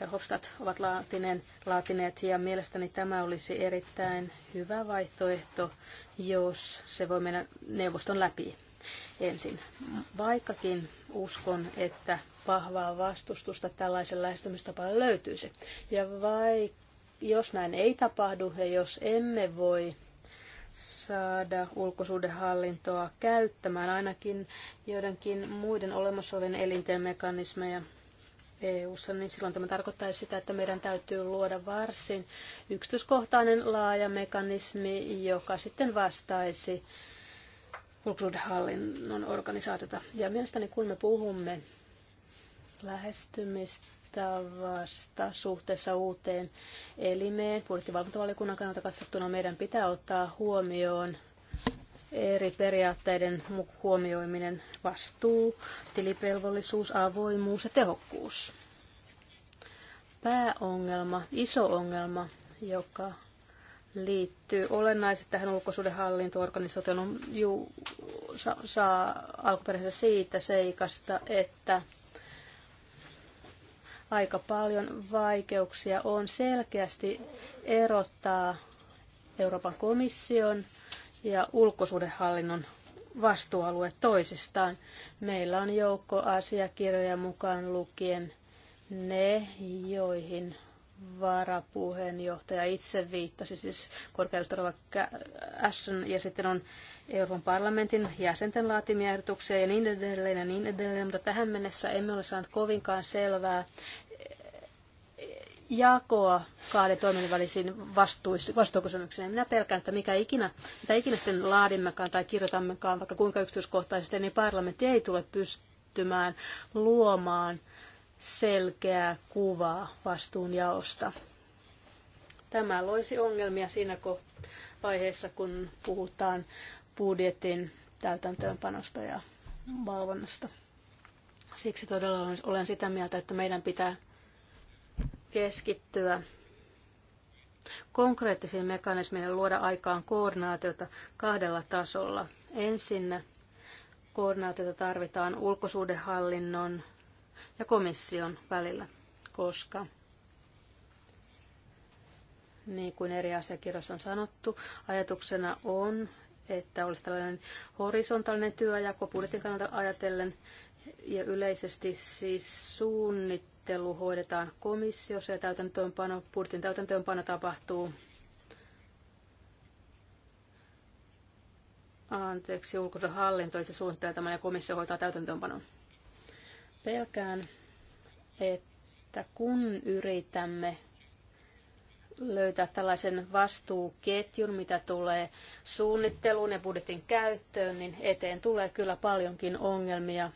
Verhofstadt ovat laatineet, laatineet. Ja mielestäni tämä olisi erittäin hyvä vaihtoehto, jos se voi mennä neuvoston läpi ensin. Vaikkakin uskon, että vahvaa vastustusta tällaisen lähestymistapaan löytyisi. Ja vai, jos näin ei tapahdu ja jos emme voi saada ulkosuudenhallintoa käyttämään ainakin joidenkin muiden olemassa olevien elinten mekanismeja EU-ssa, niin silloin tämä tarkoittaisi sitä, että meidän täytyy luoda varsin yksityiskohtainen laaja mekanismi, joka sitten vastaisi ulkosuudenhallinnon organisaatiota. Ja mielestäni kun me puhumme lähestymistavasta suhteessa uuteen elimeen. Budjettivalvontavaliokunnan kannalta katsottuna meidän pitää ottaa huomioon eri periaatteiden huomioiminen, vastuu, tilipelvollisuus avoimuus ja tehokkuus. Pääongelma, iso ongelma, joka liittyy olennaisesti tähän ulkosuudenhallintoorganisaatioon, on juu, saa, saa siitä seikasta, että aika paljon vaikeuksia on selkeästi erottaa Euroopan komission ja ulkosuhdehallinnon vastuualue toisistaan. Meillä on joukko asiakirjoja mukaan lukien ne, joihin varapuheenjohtaja itse viittasi, siis korkeudustorva Ashton, ja sitten on Euroopan parlamentin jäsenten laatimia ehdotuksia ja niin edelleen ja niin edelleen, mutta tähän mennessä emme ole saaneet kovinkaan selvää jakoa kahden toimen välisiin vastuukysymyksiin. Minä pelkään, että mikä ikinä, mitä ikinä sitten laadimmekaan tai kirjoitammekaan, vaikka kuinka yksityiskohtaisesti, niin parlamentti ei tule pystymään luomaan selkeää kuvaa vastuunjaosta. Tämä loisi ongelmia siinä vaiheessa, kun puhutaan budjetin täytäntöönpanosta ja valvonnasta. Siksi todella olen sitä mieltä, että meidän pitää keskittyä konkreettisiin ja luoda aikaan koordinaatiota kahdella tasolla. Ensin koordinaatiota tarvitaan ulkosuudenhallinnon ja komission välillä, koska niin kuin eri asiakirjoissa on sanottu, ajatuksena on, että olisi tällainen horisontaalinen työjako budjetin kannalta ajatellen, ja yleisesti siis suunnittelu hoidetaan komissiossa ja täytäntöönpano, budjetin täytäntöönpano tapahtuu anteeksi, ulkoisen hallinto, se suunnittelee tämän ja komissio hoitaa täytäntöönpanon. Pelkään, että kun yritämme löytää tällaisen vastuuketjun, mitä tulee suunnitteluun ja budjetin käyttöön, niin eteen tulee kyllä paljonkin ongelmia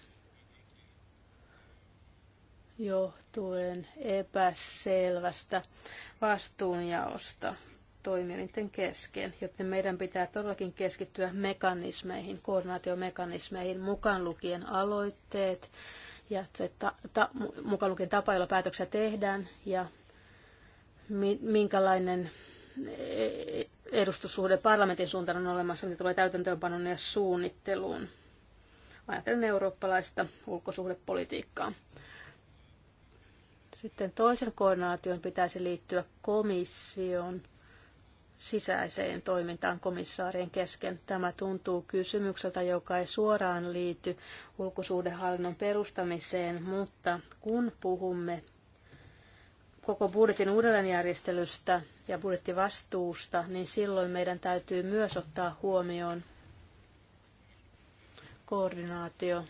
johtuen epäselvästä vastuunjaosta toimielinten kesken, joten meidän pitää todellakin keskittyä mekanismeihin, koordinaatiomekanismeihin, mukaan lukien aloitteet, ja se ta, ta, mukaan lukien tapa, jolla päätöksiä tehdään ja mi, minkälainen e, edustussuhde parlamentin suuntaan on olemassa, mitä tulee täytäntöönpanon ja suunnitteluun. Ajattelen eurooppalaista ulkosuhdepolitiikkaa. Sitten toisen koordinaation pitäisi liittyä komission sisäiseen toimintaan komissaarien kesken. Tämä tuntuu kysymykseltä, joka ei suoraan liity ulkosuhdehallinnon perustamiseen, mutta kun puhumme koko budjetin uudelleenjärjestelystä ja budjettivastuusta, niin silloin meidän täytyy myös ottaa huomioon koordinaatio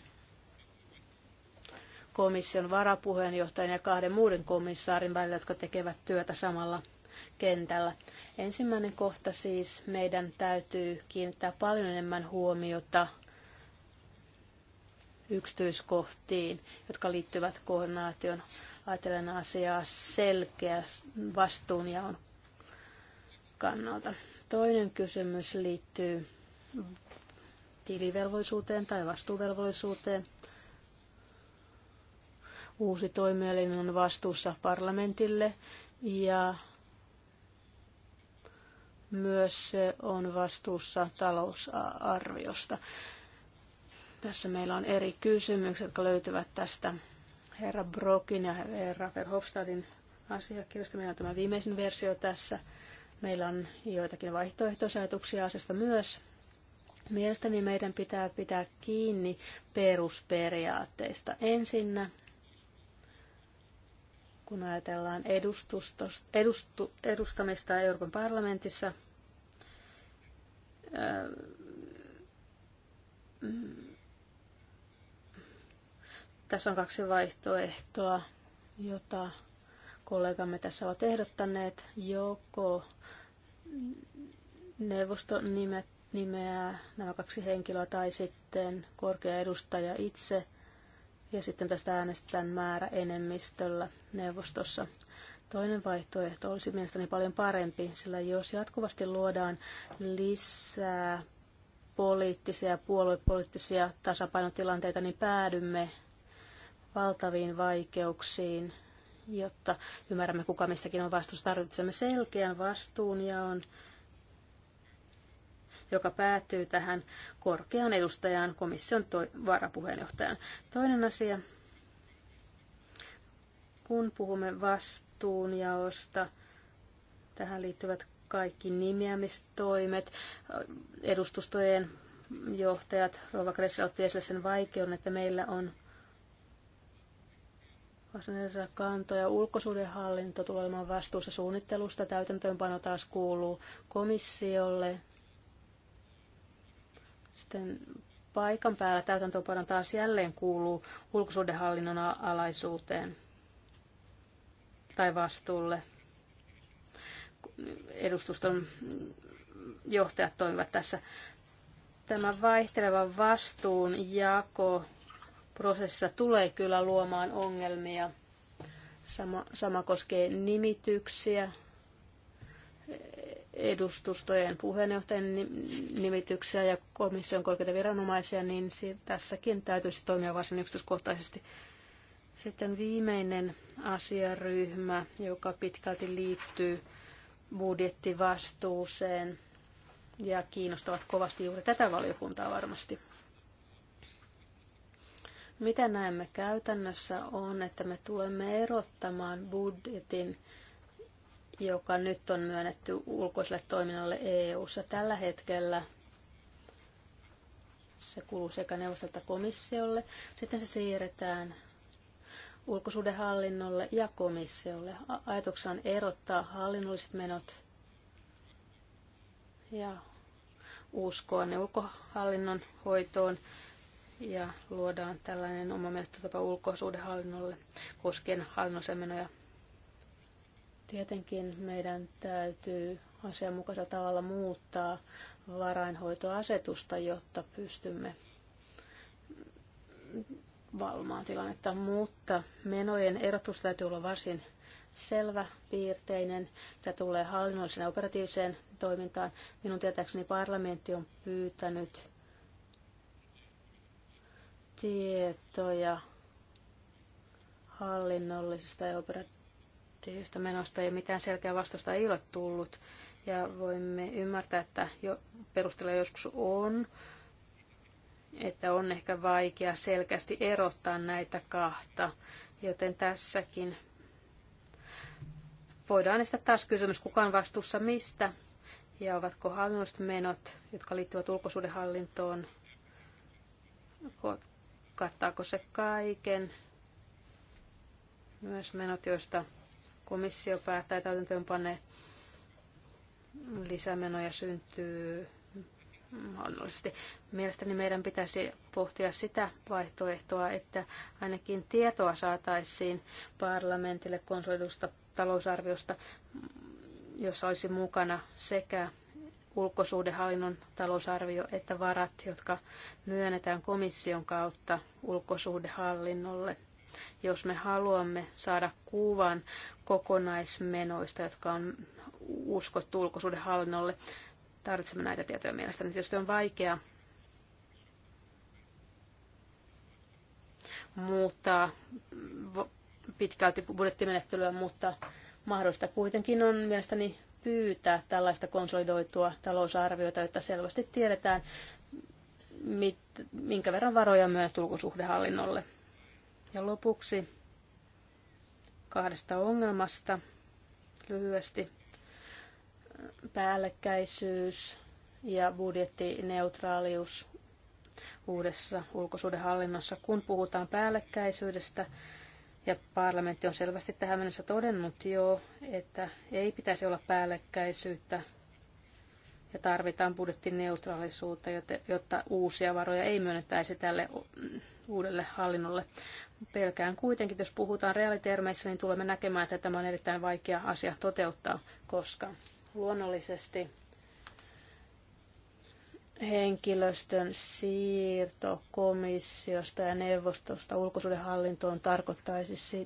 komission varapuheenjohtajan ja kahden muun komissaarin välillä, jotka tekevät työtä samalla kentällä. Ensimmäinen kohta siis meidän täytyy kiinnittää paljon enemmän huomiota yksityiskohtiin, jotka liittyvät koordinaation. Ajatellen asiaa selkeä vastuunjaon kannalta. Toinen kysymys liittyy tilivelvollisuuteen tai vastuuvelvollisuuteen. Uusi toimielin on vastuussa parlamentille ja myös se on vastuussa talousarviosta. Tässä meillä on eri kysymykset, jotka löytyvät tästä herra Brokin ja herra Verhofstadin asiakirjasta. Meillä on tämä viimeisin versio tässä. Meillä on joitakin vaihtoehtoisajatuksia asiasta myös. Mielestäni meidän pitää pitää kiinni perusperiaatteista. Ensinnä kun ajatellaan edustu, edustamista Euroopan parlamentissa, tässä on kaksi vaihtoehtoa, jota kollegamme tässä ovat ehdottaneet. Joko neuvosto nimeää nämä kaksi henkilöä tai sitten korkea edustaja itse ja sitten tästä äänestetään määrä enemmistöllä neuvostossa. Toinen vaihtoehto olisi mielestäni paljon parempi, sillä jos jatkuvasti luodaan lisää poliittisia ja puoluepoliittisia tasapainotilanteita, niin päädymme valtaviin vaikeuksiin, jotta ymmärrämme kuka mistäkin on vastuussa. Tarvitsemme selkeän ja on joka päättyy tähän korkean edustajan komission to- varapuheenjohtajan. Toinen asia, kun puhumme vastuunjaosta, tähän liittyvät kaikki nimeämistoimet, edustustojen johtajat, Rova Kressa otti esille sen vaikeuden, että meillä on varsinaisia kantoja. Ulkosuudenhallinto tulee olemaan vastuussa suunnittelusta. Täytäntöönpano taas kuuluu komissiolle sitten paikan päällä täytäntöönpano taas jälleen kuuluu ulkosuhdehallinnon alaisuuteen tai vastuulle. Edustuston johtajat toimivat tässä. Tämä vaihteleva jako prosessissa tulee kyllä luomaan ongelmia. Sama, sama koskee nimityksiä edustustojen puheenjohtajien nimityksiä ja komission korkeita viranomaisia, niin tässäkin täytyisi toimia varsin yksityiskohtaisesti. Sitten viimeinen asiaryhmä, joka pitkälti liittyy budjettivastuuseen ja kiinnostavat kovasti juuri tätä valiokuntaa varmasti. Mitä näemme käytännössä on, että me tulemme erottamaan budjetin joka nyt on myönnetty ulkoiselle toiminnalle EU-ssa tällä hetkellä. Se kuuluu sekä neuvostolta komissiolle, sitten se siirretään ulkosuhdehallinnolle ja komissiolle. Ajatuksena on erottaa hallinnolliset menot ja uskoa ne ulkohallinnon hoitoon ja luodaan tällainen oma menettelytapa ulkosuhdehallinnolle koskien hallinnollisia menoja Tietenkin meidän täytyy asianmukaisella tavalla muuttaa varainhoitoasetusta, jotta pystymme valmaan tilannetta, mutta menojen erotus täytyy olla varsin selvä piirteinen, mitä tulee hallinnolliseen ja operatiiviseen toimintaan. Minun tietääkseni parlamentti on pyytänyt tietoja hallinnollisista ja operatiivisista positiivista menosta ja mitään selkeää vastausta ei ole tullut. Ja voimme ymmärtää, että jo perusteella joskus on, että on ehkä vaikea selkeästi erottaa näitä kahta. Joten tässäkin voidaan estää taas kysymys, kuka on vastuussa mistä ja ovatko hallinnolliset menot, jotka liittyvät ulkosuudenhallintoon, kattaako se kaiken, myös menot, joista komissio päättää täytäntöönpanne lisämenoja syntyy mahdollisesti. Mielestäni meidän pitäisi pohtia sitä vaihtoehtoa, että ainakin tietoa saataisiin parlamentille konsoidusta talousarviosta, jossa olisi mukana sekä ulkosuhdehallinnon talousarvio että varat, jotka myönnetään komission kautta ulkosuhdehallinnolle – jos me haluamme saada kuvan kokonaismenoista, jotka on uskottu ulkosuuden hallinnolle, tarvitsemme näitä tietoja mielestäni. Tietysti on vaikea muuttaa pitkälti budjettimenettelyä, mutta mahdollista kuitenkin on mielestäni pyytää tällaista konsolidoitua talousarviota, jotta selvästi tiedetään, mit, minkä verran varoja myös ulkosuhdehallinnolle. Ja lopuksi kahdesta ongelmasta lyhyesti. Päällekkäisyys ja budjettineutraalius uudessa ulkosuhdehallinnossa. Kun puhutaan päällekkäisyydestä, ja parlamentti on selvästi tähän mennessä todennut jo, että ei pitäisi olla päällekkäisyyttä ja tarvitaan budjettineutraalisuutta, jotta uusia varoja ei myönnettäisi tälle uudelle hallinnolle. Pelkään kuitenkin, jos puhutaan reaalitermeissä, niin tulemme näkemään, että tämä on erittäin vaikea asia toteuttaa, koska luonnollisesti henkilöstön siirto komissiosta ja neuvostosta ulkosuudenhallintoon tarkoittaisi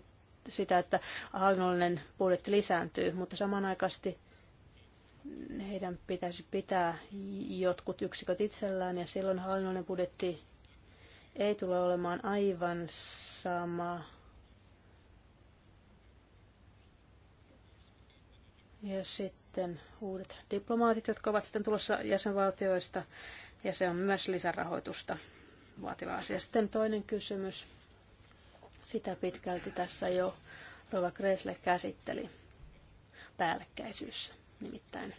sitä, että hallinnollinen budjetti lisääntyy, mutta samanaikaisesti heidän pitäisi pitää jotkut yksiköt itsellään ja silloin hallinnollinen budjetti ei tule olemaan aivan sama. Ja sitten uudet diplomaatit, jotka ovat sitten tulossa jäsenvaltioista, ja se on myös lisärahoitusta vaativa asia. Sitten toinen kysymys. Sitä pitkälti tässä jo Rova Kresle käsitteli päällekkäisyys nimittäin.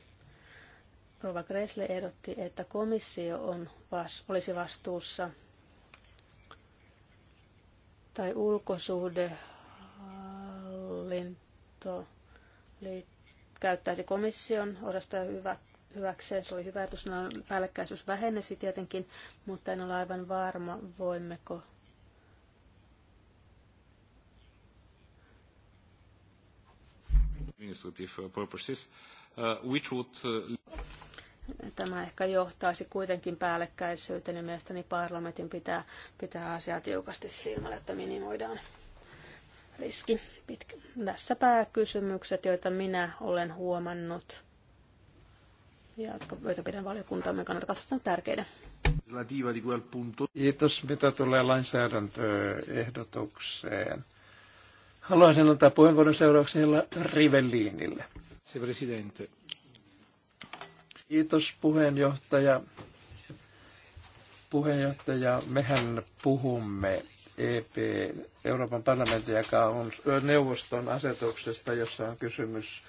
Rova Kresle ehdotti, että komissio on vas- olisi vastuussa tai hallinto käyttäisi komission osasta hyvä, hyväkseen. Se oli hyvä, että päällekkäisyys vähenesi tietenkin, mutta en ole aivan varma, voimmeko administrative purposes, uh, which would uh, Tämä ehkä johtaisi kuitenkin päällekkäisyyteen ja mielestäni parlamentin pitää pitää asiaa tiukasti silmällä, että minimoidaan riski. Pitkä. Tässä pääkysymykset, joita minä olen huomannut ja joita pidän valiokuntamme kannalta katsotaan tärkeitä. Kiitos, mitä tulee lainsäädäntöehdotukseen. Haluaisin antaa puheenvuoron seuraavaksi Rivelliinille. Se presidente. Kiitos puheenjohtaja. Puheenjohtaja, mehän puhumme EP, Euroopan parlamentin ja on neuvoston asetuksesta, jossa on kysymys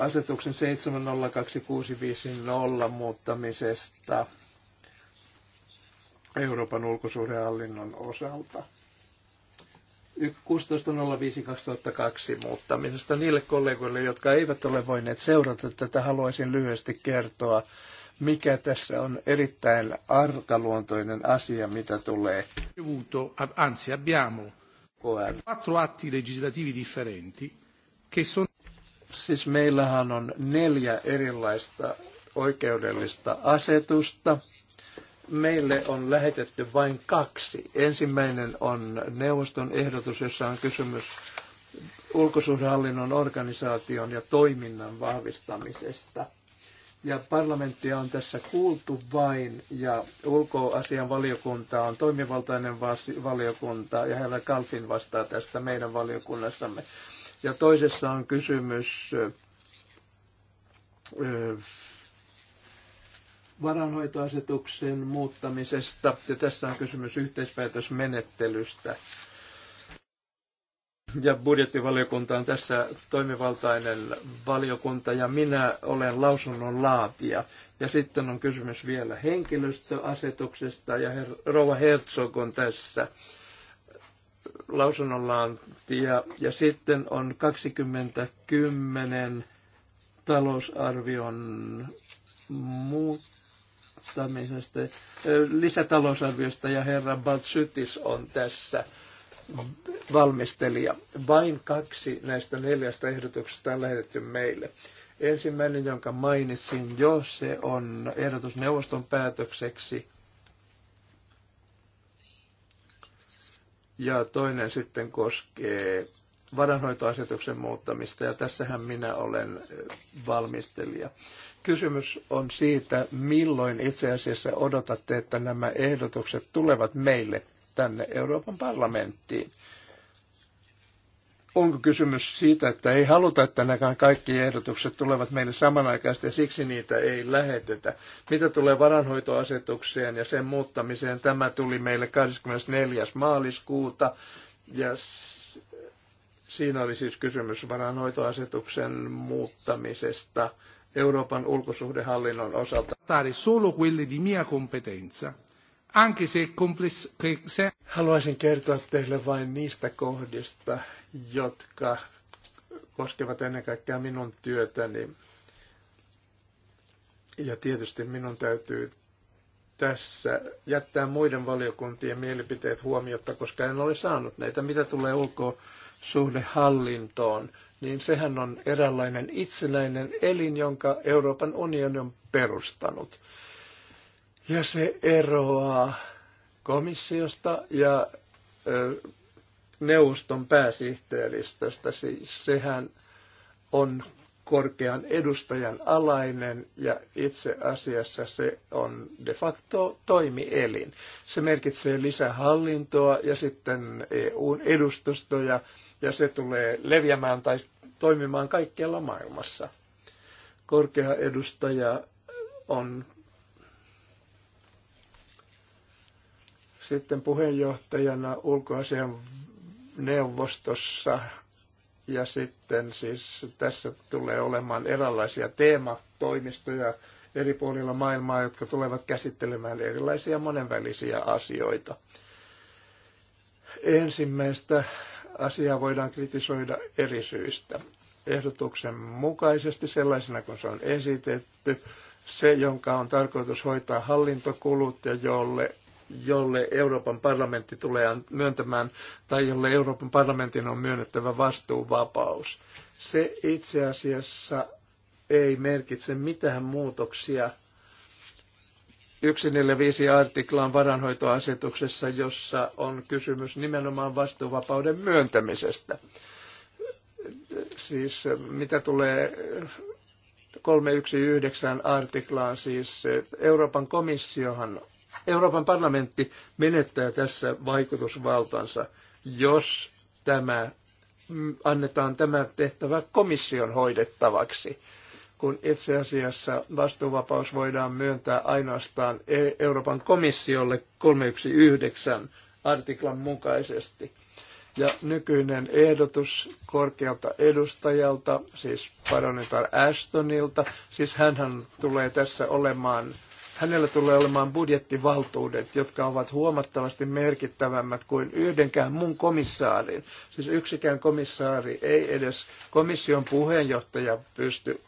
asetuksen 702650 muuttamisesta Euroopan ulkosuhdehallinnon osalta. 16.05.2002 muuttamisesta. Niille kollegoille, jotka eivät ole voineet seurata tätä, haluaisin lyhyesti kertoa, mikä tässä on erittäin arkaluontoinen asia, mitä tulee. Anzi, abbiamo quattro atti legislativi differenti, che sono... Siis meillähän on neljä erilaista oikeudellista asetusta, meille on lähetetty vain kaksi. Ensimmäinen on neuvoston ehdotus, jossa on kysymys ulkosuhdehallinnon organisaation ja toiminnan vahvistamisesta. Ja parlamenttia on tässä kuultu vain, ja ulkoasian valiokunta on toimivaltainen valiokunta, ja herra Kalfin vastaa tästä meidän valiokunnassamme. Ja toisessa on kysymys varanhoitoasetuksen muuttamisesta, ja tässä on kysymys yhteispäätösmenettelystä. Ja budjettivaliokunta on tässä toimivaltainen valiokunta, ja minä olen lausunnon laatija. Ja sitten on kysymys vielä henkilöstöasetuksesta, ja her- Rova Herzog on tässä lausunnonlaantia. Ja sitten on 2010 talousarvion muuttaminen vahvistamisesta, lisätalousarviosta ja herra Baltsytis on tässä valmistelija. Vain kaksi näistä neljästä ehdotuksesta on lähetetty meille. Ensimmäinen, jonka mainitsin jo, se on ehdotus neuvoston päätökseksi. Ja toinen sitten koskee varanhoitoasetuksen muuttamista, ja tässähän minä olen valmistelija. Kysymys on siitä, milloin itse asiassa odotatte, että nämä ehdotukset tulevat meille tänne Euroopan parlamenttiin. Onko kysymys siitä, että ei haluta, että näkään kaikki ehdotukset tulevat meille samanaikaisesti ja siksi niitä ei lähetetä? Mitä tulee varanhoitoasetukseen ja sen muuttamiseen? Tämä tuli meille 24. maaliskuuta ja siinä oli siis kysymys varanhoitoasetuksen muuttamisesta Euroopan ulkosuhdehallinnon osalta. Solo quelle di mia competenza, anche se compless... Haluaisin kertoa teille vain niistä kohdista, jotka koskevat ennen kaikkea minun työtäni. Ja tietysti minun täytyy tässä jättää muiden valiokuntien mielipiteet huomiotta, koska en ole saanut näitä. Mitä tulee ulkosuhdehallintoon, niin sehän on eräänlainen itsenäinen elin, jonka Euroopan unioni on perustanut. Ja se eroaa komissiosta ja ö, neuvoston pääsihteeristöstä. Siis sehän on korkean edustajan alainen ja itse asiassa se on de facto toimielin. Se merkitsee lisähallintoa ja sitten EUn edustustoja ja se tulee leviämään tai toimimaan kaikkialla maailmassa. Korkea edustaja on sitten puheenjohtajana ulkoasian neuvostossa ja sitten siis tässä tulee olemaan erilaisia teematoimistoja eri puolilla maailmaa, jotka tulevat käsittelemään erilaisia monenvälisiä asioita. Ensimmäistä asiaa voidaan kritisoida eri syistä. Ehdotuksen mukaisesti sellaisena kuin se on esitetty, se, jonka on tarkoitus hoitaa hallintokulut ja jolle, jolle Euroopan parlamentti tulee myöntämään tai jolle Euroopan parlamentin on myönnettävä vastuuvapaus. Se itse asiassa ei merkitse mitään muutoksia – 145 artiklaan varanhoitoasetuksessa, jossa on kysymys nimenomaan vastuuvapauden myöntämisestä. Siis eh, mitä tulee 319 artiklaan, siis eh, Euroopan komissiohan, Euroopan parlamentti menettää tässä vaikutusvaltansa, jos tämä mm, annetaan tämä tehtävä komission hoidettavaksi kun itse asiassa vastuuvapaus voidaan myöntää ainoastaan e- Euroopan komissiolle 319 artiklan mukaisesti. Ja nykyinen ehdotus korkealta edustajalta, siis paronitar Ashtonilta, siis hän tulee tässä olemaan hänellä tulee olemaan budjettivaltuudet, jotka ovat huomattavasti merkittävämmät kuin yhdenkään mun komissaarin. Siis yksikään komissaari ei edes komission puheenjohtaja pysty...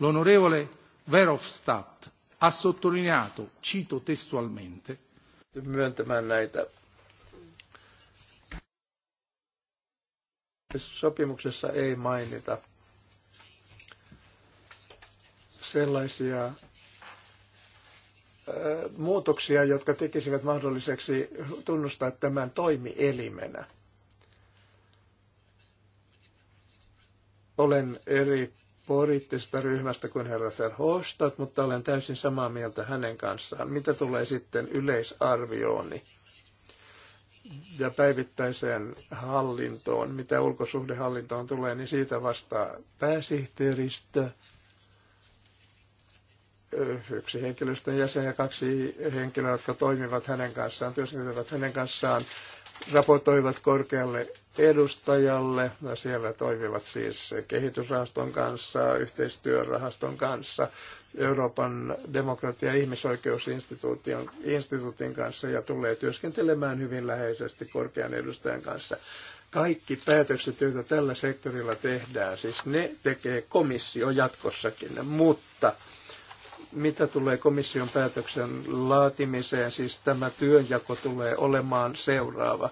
L'onorevole Verhofstadt ha sottolineato, cito testualmente, myöntämään näitä sopimuksessa ei mainita sellaisia äh, muutoksia, jotka tekisivät mahdolliseksi tunnustaa tämän toimielimenä. Olen eri poliittisesta ryhmästä kuin herra Verhofstadt, mutta olen täysin samaa mieltä hänen kanssaan. Mitä tulee sitten yleisarviooni ja päivittäiseen hallintoon, mitä ulkosuhdehallintoon tulee, niin siitä vastaa pääsihteeristö – yksi henkilöstön jäsen ja kaksi henkilöä, jotka toimivat hänen kanssaan, työskentelevät hänen kanssaan, raportoivat korkealle edustajalle. Ja no, siellä toimivat siis kehitysrahaston kanssa, yhteistyörahaston kanssa, Euroopan demokratia- ja ihmisoikeusinstituutin kanssa ja tulee työskentelemään hyvin läheisesti korkean edustajan kanssa. Kaikki päätökset, joita tällä sektorilla tehdään, siis ne tekee komissio jatkossakin, mutta mitä tulee komission päätöksen laatimiseen, siis tämä työnjako tulee olemaan seuraava.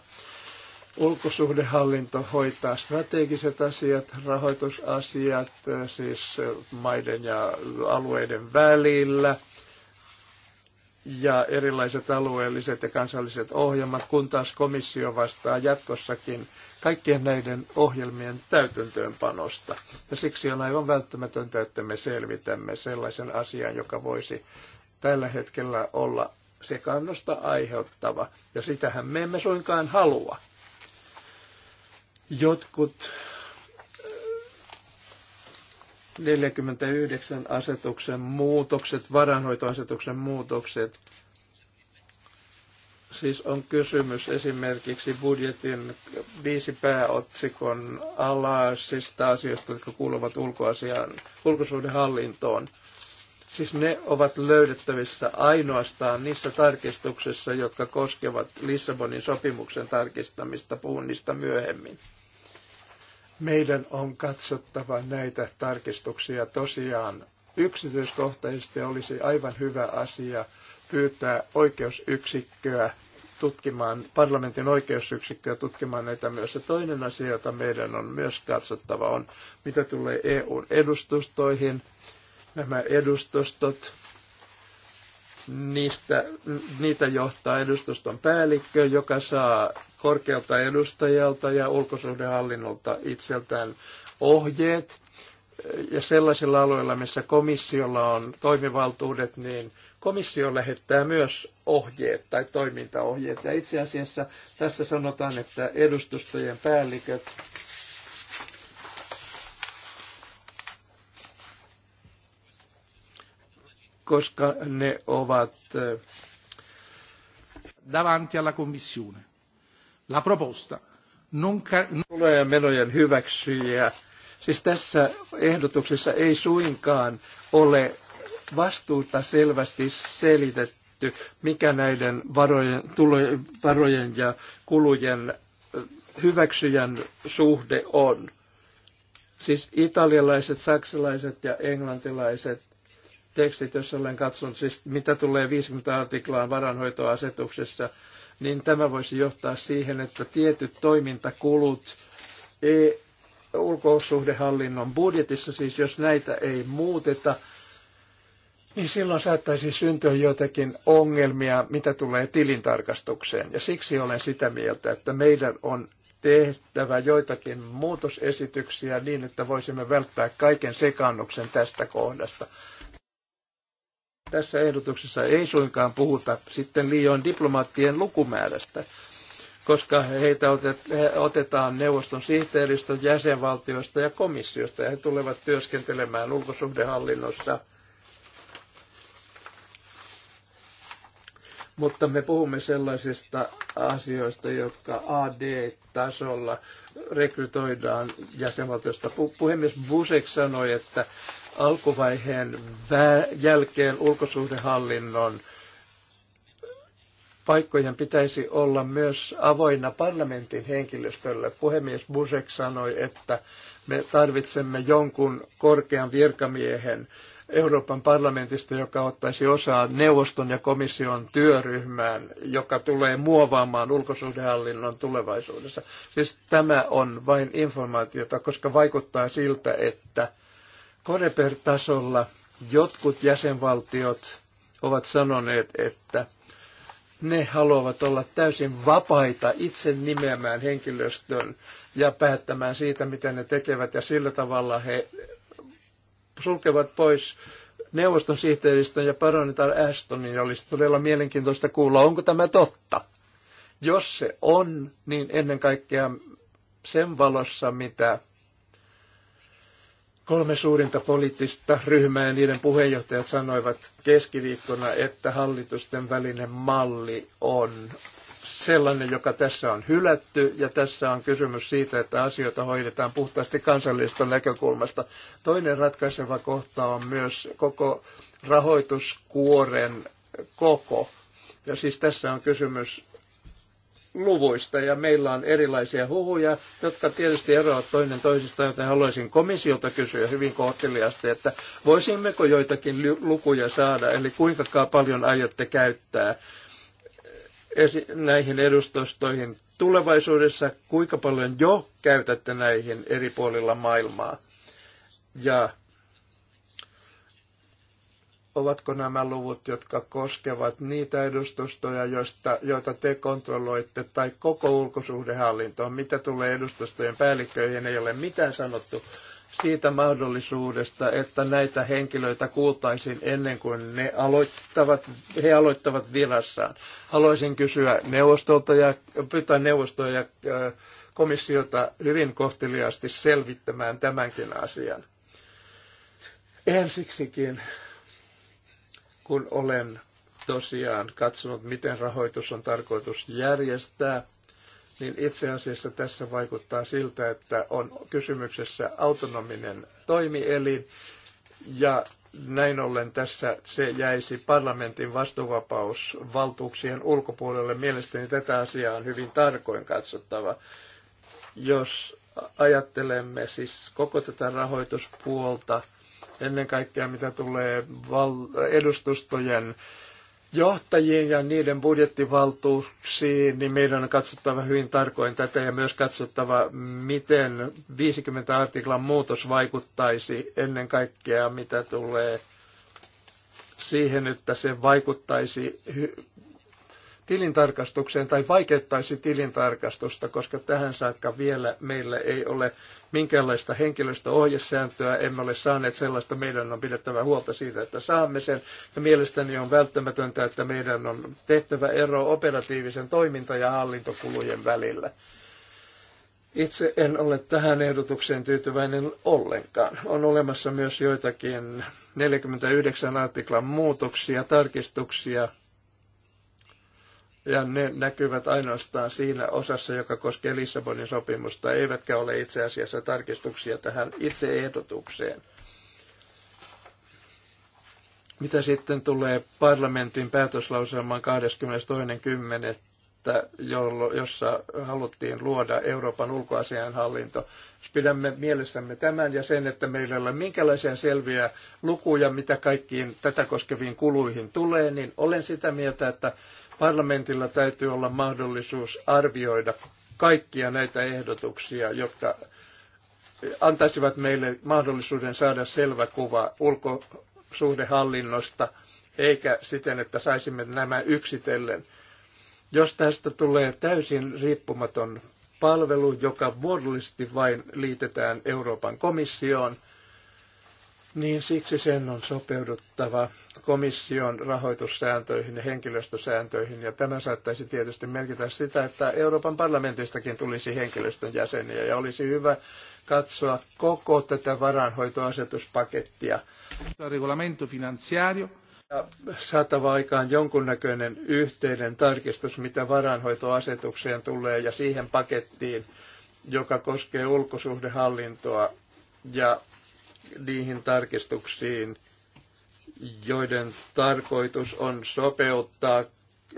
Ulkosuhdehallinto hoitaa strategiset asiat, rahoitusasiat, eh, siis eh, maiden ja alueiden välillä – ja erilaiset alueelliset ja kansalliset ohjelmat, kun taas komissio vastaa jatkossakin kaikkien näiden ohjelmien täytäntöönpanosta. Ja siksi on aivan välttämätöntä, että me selvitämme sellaisen asian, joka voisi tällä hetkellä olla sekannosta aiheuttava. Ja sitähän me emme suinkaan halua. Jotkut 49 äh, asetuksen muutokset, varanhoitoasetuksen muutokset Siis on kysymys esimerkiksi budjetin viisi pääotsikon alaisista asioista, jotka kuuluvat ulkoasiaan, ulkosuhdehallintoon. Siis ne ovat löydettävissä ainoastaan niissä tarkistuksissa, jotka koskevat Lissabonin sopimuksen tarkistamista. puunnista myöhemmin. Meidän on katsottava näitä tarkistuksia tosiaan yksityiskohtaisesti olisi aivan hyvä asia pyytää oikeusyksikköä tutkimaan parlamentin oikeusyksikköä tutkimaan näitä myös. Ja toinen asia, jota meidän on myös katsottava, on mitä tulee EUn edustustoihin. Nämä edustustot, niistä, niitä johtaa edustuston päällikkö, joka saa korkealta edustajalta ja ulkosuhdehallinnolta itseltään ohjeet. Ja sellaisilla alueilla, missä komissiolla on toimivaltuudet, niin – Komissio lähettää myös ohjeet tai toimintaohjeet. Ja itse asiassa tässä sanotaan, että edustustojen päälliköt koska ne ovat davanti alla commissione. La proposta non ca- tulee menojen hyväksyjiä. Siis tässä ehdotuksessa ei suinkaan ole vastuuta selvästi selitetty, mikä näiden varojen, tulojen, varojen ja kulujen hyväksyjän suhde on. Siis italialaiset, saksalaiset ja englantilaiset tekstit, jos olen katsonut, siis mitä tulee 50 artiklaan varanhoitoasetuksessa, niin tämä voisi johtaa siihen, että tietyt toimintakulut ei, ulkosuhdehallinnon budjetissa, siis jos näitä ei muuteta, niin silloin saattaisi syntyä jotakin ongelmia, mitä tulee tilintarkastukseen. Ja siksi olen sitä mieltä, että meidän on tehtävä joitakin muutosesityksiä niin, että voisimme välttää kaiken sekannuksen tästä kohdasta. Tässä ehdotuksessa ei suinkaan puhuta sitten liioin diplomaattien lukumäärästä, koska heitä otetaan neuvoston sihteeristön jäsenvaltioista ja komissiosta ja he tulevat työskentelemään ulkosuhdehallinnossa – mutta me puhumme sellaisista asioista, jotka AD-tasolla rekrytoidaan jäsenvaltiosta. Puhemies Busek sanoi, että alkuvaiheen jälkeen ulkosuhdehallinnon paikkojen pitäisi olla myös avoinna parlamentin henkilöstölle. Puhemies Busek sanoi, että me tarvitsemme jonkun korkean virkamiehen Euroopan parlamentista, joka ottaisi osaa neuvoston ja komission työryhmään, joka tulee muovaamaan ulkosuhdehallinnon tulevaisuudessa. Siis tämä on vain informaatiota, koska vaikuttaa siltä, että Koreper-tasolla jotkut jäsenvaltiot ovat sanoneet, että ne haluavat olla täysin vapaita itse nimeämään henkilöstön ja päättämään siitä, mitä ne tekevät, ja sillä tavalla he sulkevat pois neuvoston sihteeristön ja paronitar Astonin, ja olisi todella mielenkiintoista kuulla, onko tämä totta. Jos se on, niin ennen kaikkea sen valossa, mitä kolme suurinta poliittista ryhmää ja niiden puheenjohtajat sanoivat keskiviikkona, että hallitusten välinen malli on sellainen, joka tässä on hylätty, ja tässä on kysymys siitä, että asioita hoidetaan puhtaasti kansallisesta näkökulmasta. Toinen ratkaiseva kohta on myös koko rahoituskuoren koko. Ja siis tässä on kysymys luvuista ja meillä on erilaisia huhuja, jotka tietysti eroavat toinen toisistaan, joten haluaisin komissiolta kysyä hyvin kohteliaasti, että voisimmeko joitakin lukuja saada, eli kuinka paljon aiotte käyttää näihin edustustoihin tulevaisuudessa, kuinka paljon jo käytätte näihin eri puolilla maailmaa ja ovatko nämä luvut, jotka koskevat niitä edustustoja, joista, joita te kontrolloitte, tai koko ulkosuhdehallintoon, mitä tulee edustustojen päällikköihin, ei ole mitään sanottu siitä mahdollisuudesta, että näitä henkilöitä kuultaisiin ennen kuin ne aloittavat, he aloittavat virassaan. Haluaisin kysyä neuvostolta ja pyytää neuvostoa ja komissiota hyvin kohteliaasti selvittämään tämänkin asian. Ensiksikin, kun olen tosiaan katsonut, miten rahoitus on tarkoitus järjestää – niin itse asiassa tässä vaikuttaa siltä, että on kysymyksessä autonominen toimielin ja näin ollen tässä se jäisi parlamentin vastuuvapausvaltuuksien ulkopuolelle. Mielestäni tätä asiaa on hyvin tarkoin katsottava. Jos ajattelemme siis koko tätä rahoituspuolta, ennen kaikkea mitä tulee edustustojen johtajiin ja niiden budjettivaltuuksiin, niin meidän on katsottava hyvin tarkoin tätä ja myös katsottava, miten 50 artiklan muutos vaikuttaisi ennen kaikkea, mitä tulee siihen, että se vaikuttaisi tilintarkastukseen tai vaikeuttaisi tilintarkastusta, koska tähän saakka vielä meillä ei ole minkäänlaista henkilöstöohjesääntöä, emme ole saaneet sellaista, meidän on pidettävä huolta siitä, että saamme sen. Ja mielestäni on välttämätöntä, että meidän on tehtävä ero operatiivisen toiminta- ja hallintokulujen välillä. Itse en ole tähän ehdotukseen tyytyväinen ollenkaan. On olemassa myös joitakin 49 artiklan muutoksia, tarkistuksia, ja ne näkyvät ainoastaan siinä osassa, joka koskee Lissabonin sopimusta, eivätkä ole itse asiassa tarkistuksia tähän itse ehdotukseen. Mitä sitten tulee parlamentin päätöslauselman 22.10 että jollo, jossa haluttiin luoda Euroopan ulkoasianhallinto. Pidämme mielessämme tämän ja sen, että meillä ei ole minkälaisia selviä lukuja, mitä kaikkiin tätä koskeviin kuluihin tulee, niin olen sitä mieltä, että parlamentilla täytyy olla mahdollisuus arvioida kaikkia näitä ehdotuksia, jotka antaisivat meille mahdollisuuden saada selvä kuva ulkosuhdehallinnosta, eikä siten, että saisimme nämä yksitellen jos tästä tulee täysin riippumaton palvelu, joka vuodellisesti vain liitetään Euroopan komissioon, niin siksi sen on sopeuduttava komission rahoitussääntöihin ja henkilöstösääntöihin. Ja tämä saattaisi tietysti merkitä sitä, että Euroopan parlamentistakin tulisi henkilöstön jäseniä. Ja olisi hyvä katsoa koko tätä varanhoitoasetuspakettia. Regolamento finanziario ja saatava aikaan jonkunnäköinen yhteinen tarkistus, mitä varanhoitoasetukseen tulee ja siihen pakettiin, joka koskee ulkosuhdehallintoa ja niihin tarkistuksiin, joiden tarkoitus on sopeuttaa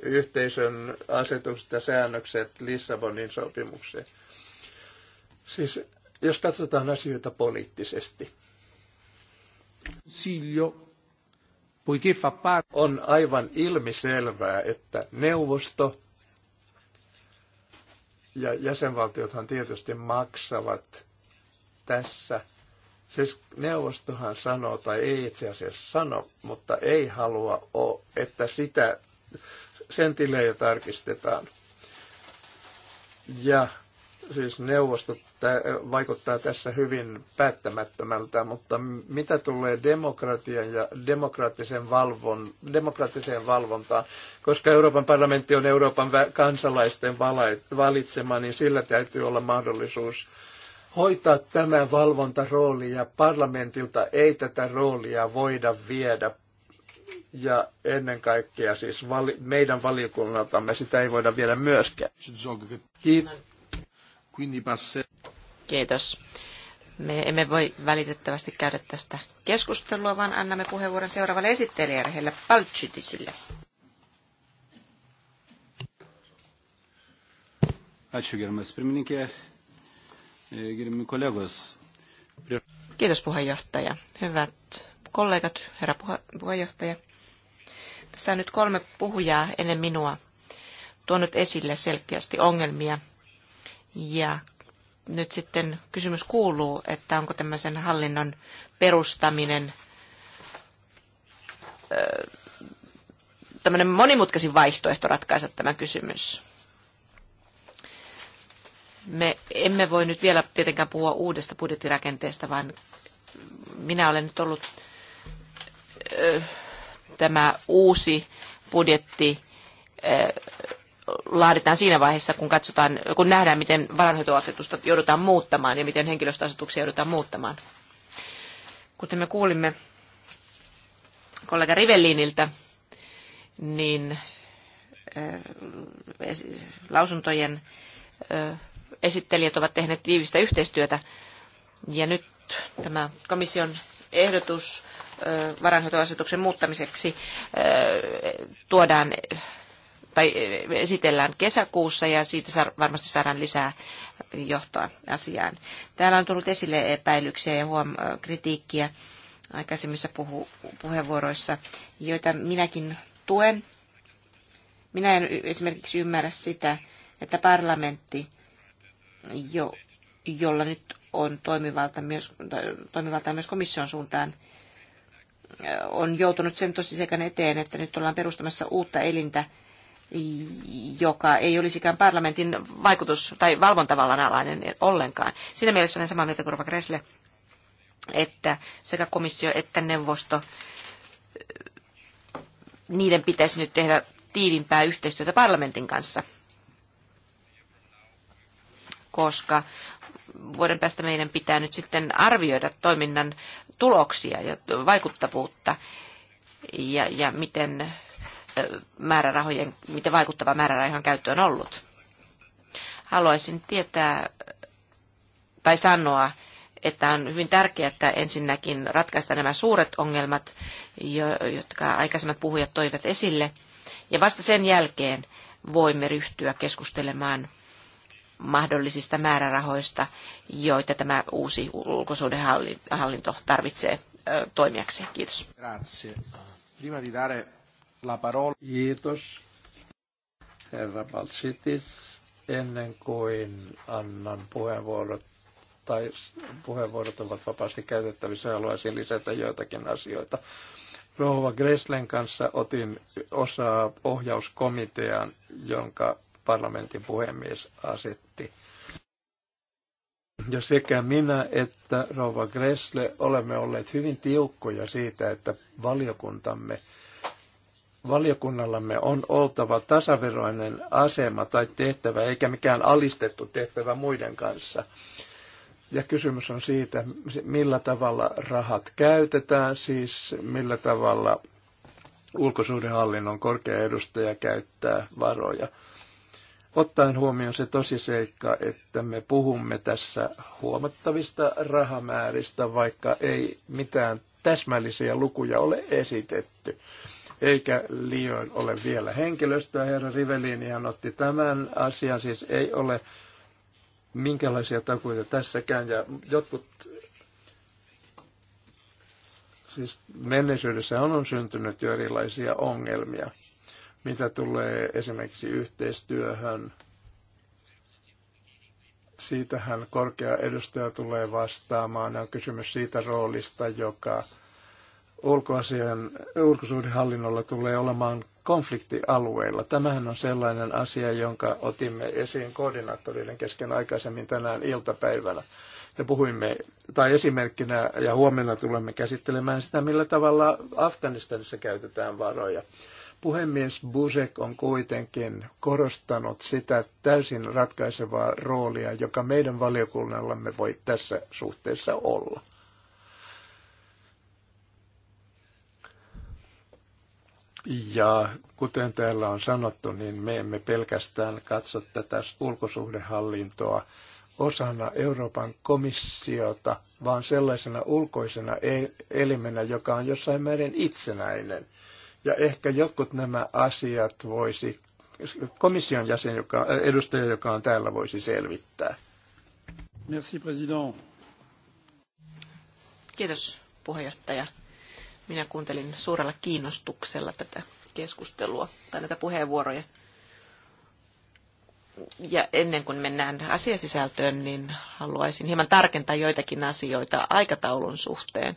yhteisön asetukset ja säännökset Lissabonin sopimukseen. Siis jos katsotaan asioita poliittisesti. Siljo on aivan ilmiselvää, että neuvosto ja jäsenvaltiothan tietysti maksavat tässä. Siis neuvostohan sanoo, tai ei itse asiassa sano, mutta ei halua, ole, että sitä, sen tilejä tarkistetaan. Ja siis neuvosto vaikuttaa tässä hyvin päättämättömältä, mutta mitä tulee demokratian ja demokraattiseen, valvon, demokraattiseen valvontaan, koska Euroopan parlamentti on Euroopan kansalaisten valitsema, niin sillä täytyy olla mahdollisuus hoitaa tämä valvontarooli ja parlamentilta ei tätä roolia voida viedä ja ennen kaikkea siis vali- meidän valiokunnaltamme sitä ei voida viedä myöskään. Kiitos Kiitos. Me emme voi välitettävästi käydä tästä keskustelua, vaan annamme puheenvuoron seuraavalle esittelijälle, Helle e, Kiitos puheenjohtaja. Hyvät kollegat, herra puheenjohtaja. Tässä on nyt kolme puhujaa ennen minua tuonut esille selkeästi ongelmia, ja nyt sitten kysymys kuuluu, että onko tämmöisen hallinnon perustaminen tämmöinen monimutkaisin vaihtoehto ratkaista tämä kysymys. Me emme voi nyt vielä tietenkään puhua uudesta budjettirakenteesta, vaan minä olen nyt ollut tämä uusi budjetti laaditaan siinä vaiheessa, kun, katsotaan, kun nähdään, miten varanhoitoasetusta joudutaan muuttamaan ja miten henkilöstöasetuksia joudutaan muuttamaan. Kuten me kuulimme kollega Rivelliniltä, niin lausuntojen esittelijät ovat tehneet tiivistä yhteistyötä. Ja nyt tämä komission ehdotus varanhoitoasetuksen muuttamiseksi tuodaan tai e, esitellään kesäkuussa ja siitä varmasti saadaan lisää johtoa asiaan. Täällä on tullut esille epäilyksiä ja huom- kritiikkiä aikaisemmissa puhu- puheenvuoroissa, joita minäkin tuen. Minä en esimerkiksi ymmärrä sitä, että parlamentti, jo, jolla nyt on toimivalta myös, toimivalta myös komission suuntaan, on joutunut sen tosiseikan eteen, että nyt ollaan perustamassa uutta elintä, joka ei olisikään parlamentin vaikutus- tai valvontavallan alainen ollenkaan. Siinä mielessä olen samaa mieltä kuin Gressle, että sekä komissio että neuvosto, niiden pitäisi nyt tehdä tiivimpää yhteistyötä parlamentin kanssa, koska vuoden päästä meidän pitää nyt sitten arvioida toiminnan tuloksia ja vaikuttavuutta ja, ja miten määrärahojen, miten vaikuttava määrärahojen käyttö on ollut. Haluaisin tietää tai sanoa, että on hyvin tärkeää, että ensinnäkin ratkaista nämä suuret ongelmat, jotka aikaisemmat puhujat toivat esille. Ja vasta sen jälkeen voimme ryhtyä keskustelemaan mahdollisista määrärahoista, joita tämä uusi ulkosuudenhallinto tarvitsee toimijaksi. Kiitos. Grazie. Prima di dare la parola. Kiitos, herra Balsitis. Ennen kuin annan puheenvuorot, tai puheenvuorot ovat vapaasti käytettävissä, haluaisin lisätä joitakin asioita. Rouva Greslen kanssa otin osaa ohjauskomitean, jonka parlamentin puhemies asetti. Ja sekä minä että rouva Gresle olemme olleet hyvin tiukkoja siitä, että valiokuntamme – valiokunnallamme on oltava tasaveroinen asema tai tehtävä, eikä mikään alistettu tehtävä muiden kanssa. Ja kysymys on siitä, millä tavalla rahat käytetään, siis millä tavalla ulkosuhdehallinnon korkea edustaja käyttää varoja. Ottaen huomioon se tosiseikka, että me puhumme tässä huomattavista rahamääristä, vaikka ei mitään täsmällisiä lukuja ole esitetty eikä liioin ole vielä henkilöstöä. Herra Rivelin hän otti tämän asian, siis ei ole minkälaisia takuita tässäkään. Ja jotkut siis menneisyydessä on, syntynyt jo erilaisia ongelmia, mitä tulee esimerkiksi yhteistyöhön. Siitähän korkea edustaja tulee vastaamaan. On kysymys siitä roolista, joka ulkoasian, ulkosuhdehallinnolla tulee olemaan konfliktialueilla. Tämähän on sellainen asia, jonka otimme esiin koordinaattoreiden kesken aikaisemmin tänään iltapäivänä. Ja puhuimme, tai esimerkkinä, ja huomenna tulemme käsittelemään sitä, millä tavalla Afganistanissa käytetään varoja. Puhemies Busek on kuitenkin korostanut sitä täysin ratkaisevaa roolia, joka meidän valiokunnallamme voi tässä suhteessa olla. Ja kuten täällä on sanottu, niin me emme pelkästään katso tätä ulkosuhdehallintoa osana Euroopan komissiota, vaan sellaisena ulkoisena e- elimenä, joka on jossain määrin itsenäinen. Ja ehkä jotkut nämä asiat voisi komission jäsen, joka, edustaja, joka on täällä, voisi selvittää. Merci, president. Kiitos, puheenjohtaja. Minä kuuntelin suurella kiinnostuksella tätä keskustelua tai näitä puheenvuoroja. Ja ennen kuin mennään asiasisältöön, niin haluaisin hieman tarkentaa joitakin asioita aikataulun suhteen.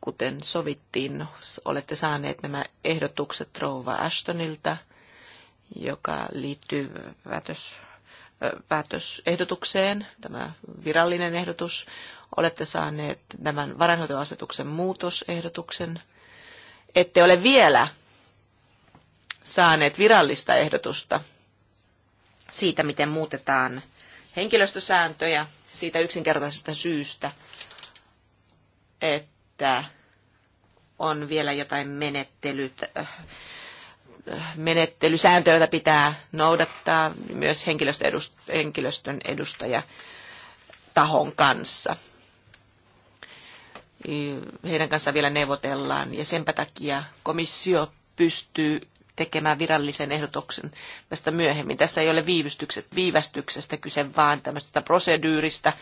Kuten sovittiin, olette saaneet nämä ehdotukset Rouva Ashtonilta, joka liittyy päätös, päätösehdotukseen. Tämä virallinen ehdotus Olette saaneet tämän varainhoitoasetuksen muutosehdotuksen. Ette ole vielä saaneet virallista ehdotusta siitä, miten muutetaan henkilöstösääntöjä siitä yksinkertaisesta syystä, että on vielä jotain menettelyt, äh, menettelysääntöjä, joita pitää noudattaa myös henkilöstön edustaja tahon kanssa heidän kanssaan vielä neuvotellaan ja senpä takia komissio pystyy tekemään virallisen ehdotuksen tästä myöhemmin. Tässä ei ole viivästyksestä kyse, vaan tämmöisestä proseduurista,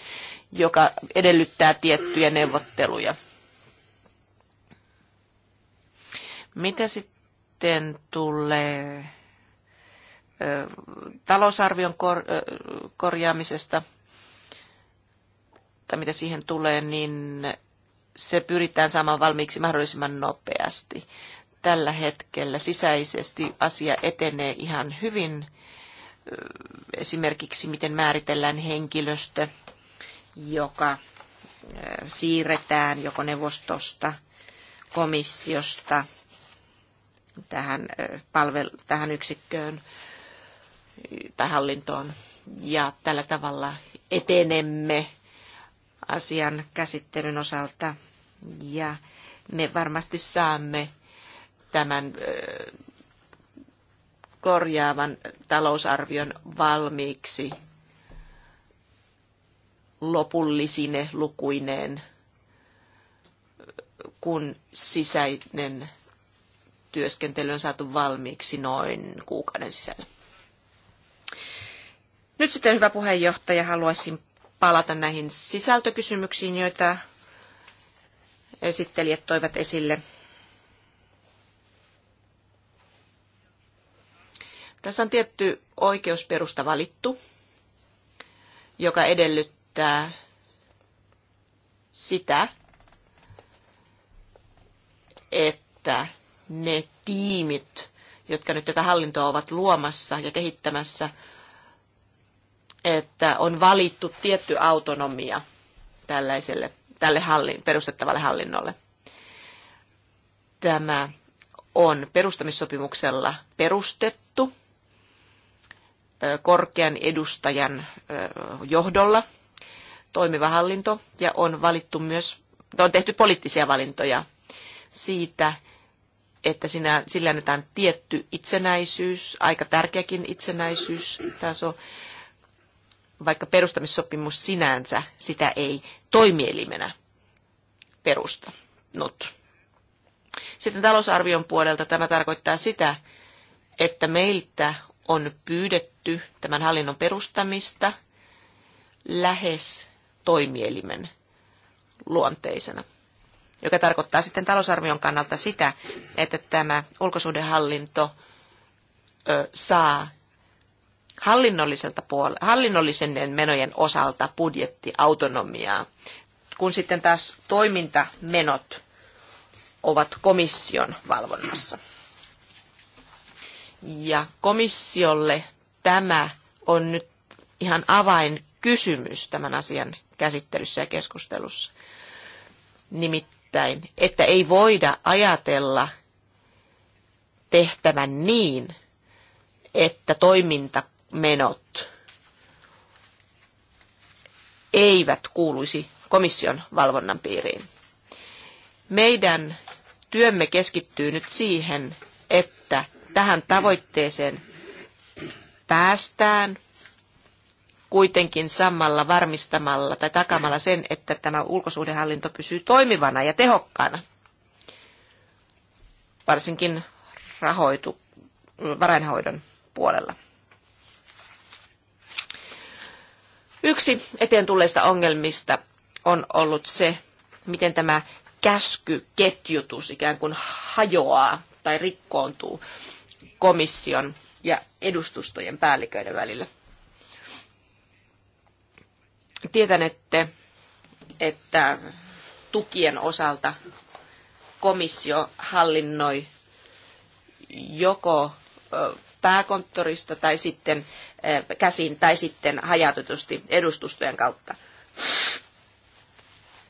joka edellyttää tiettyjä neuvotteluja. Mitä sitten tulee talousarvion kor- korjaamisesta, tai mitä siihen tulee, niin se pyritään saamaan valmiiksi mahdollisimman nopeasti. Tällä hetkellä sisäisesti asia etenee ihan hyvin. Esimerkiksi miten määritellään henkilöstö, joka siirretään joko neuvostosta, komissiosta tähän, palvelu- tähän yksikköön tai hallintoon. Ja tällä tavalla etenemme asian käsittelyn osalta ja me varmasti saamme tämän korjaavan talousarvion valmiiksi lopullisine lukuineen, kun sisäinen työskentely on saatu valmiiksi noin kuukauden sisällä. Nyt sitten, hyvä puheenjohtaja, haluaisin palata näihin sisältökysymyksiin, joita esittelijät toivat esille. Tässä on tietty oikeusperusta valittu, joka edellyttää sitä, että ne tiimit, jotka nyt tätä hallintoa ovat luomassa ja kehittämässä, että on valittu tietty autonomia tällaiselle tälle hallin, perustettavalle hallinnolle. Tämä on perustamissopimuksella perustettu korkean edustajan johdolla toimiva hallinto ja on valittu myös, no, on tehty poliittisia valintoja siitä, että sinä, sillä annetaan tietty itsenäisyys, aika tärkeäkin itsenäisyystaso, vaikka perustamissopimus sinänsä sitä ei toimielimenä perustanut. Sitten talousarvion puolelta tämä tarkoittaa sitä, että meiltä on pyydetty tämän hallinnon perustamista lähes toimielimen luonteisena, joka tarkoittaa sitten talousarvion kannalta sitä, että tämä ulkosuhdehallinto saa hallinnolliselta puole- hallinnollisen menojen osalta budjettiautonomiaa, kun sitten taas toimintamenot ovat komission valvonnassa. Ja komissiolle tämä on nyt ihan avainkysymys tämän asian käsittelyssä ja keskustelussa. Nimittäin, että ei voida ajatella tehtävän niin, että toiminta menot eivät kuuluisi komission valvonnan piiriin. Meidän työmme keskittyy nyt siihen, että tähän tavoitteeseen päästään kuitenkin samalla varmistamalla tai takamalla sen, että tämä ulkosuhdehallinto pysyy toimivana ja tehokkaana, varsinkin rahoitu, varainhoidon puolella. Yksi eteen tulleista ongelmista on ollut se, miten tämä käskyketjutus ikään kuin hajoaa tai rikkoontuu komission ja edustustojen päälliköiden välillä. Tietänette, että tukien osalta komissio hallinnoi joko pääkonttorista tai sitten Eh, käsin tai sitten hajautetusti edustustojen kautta.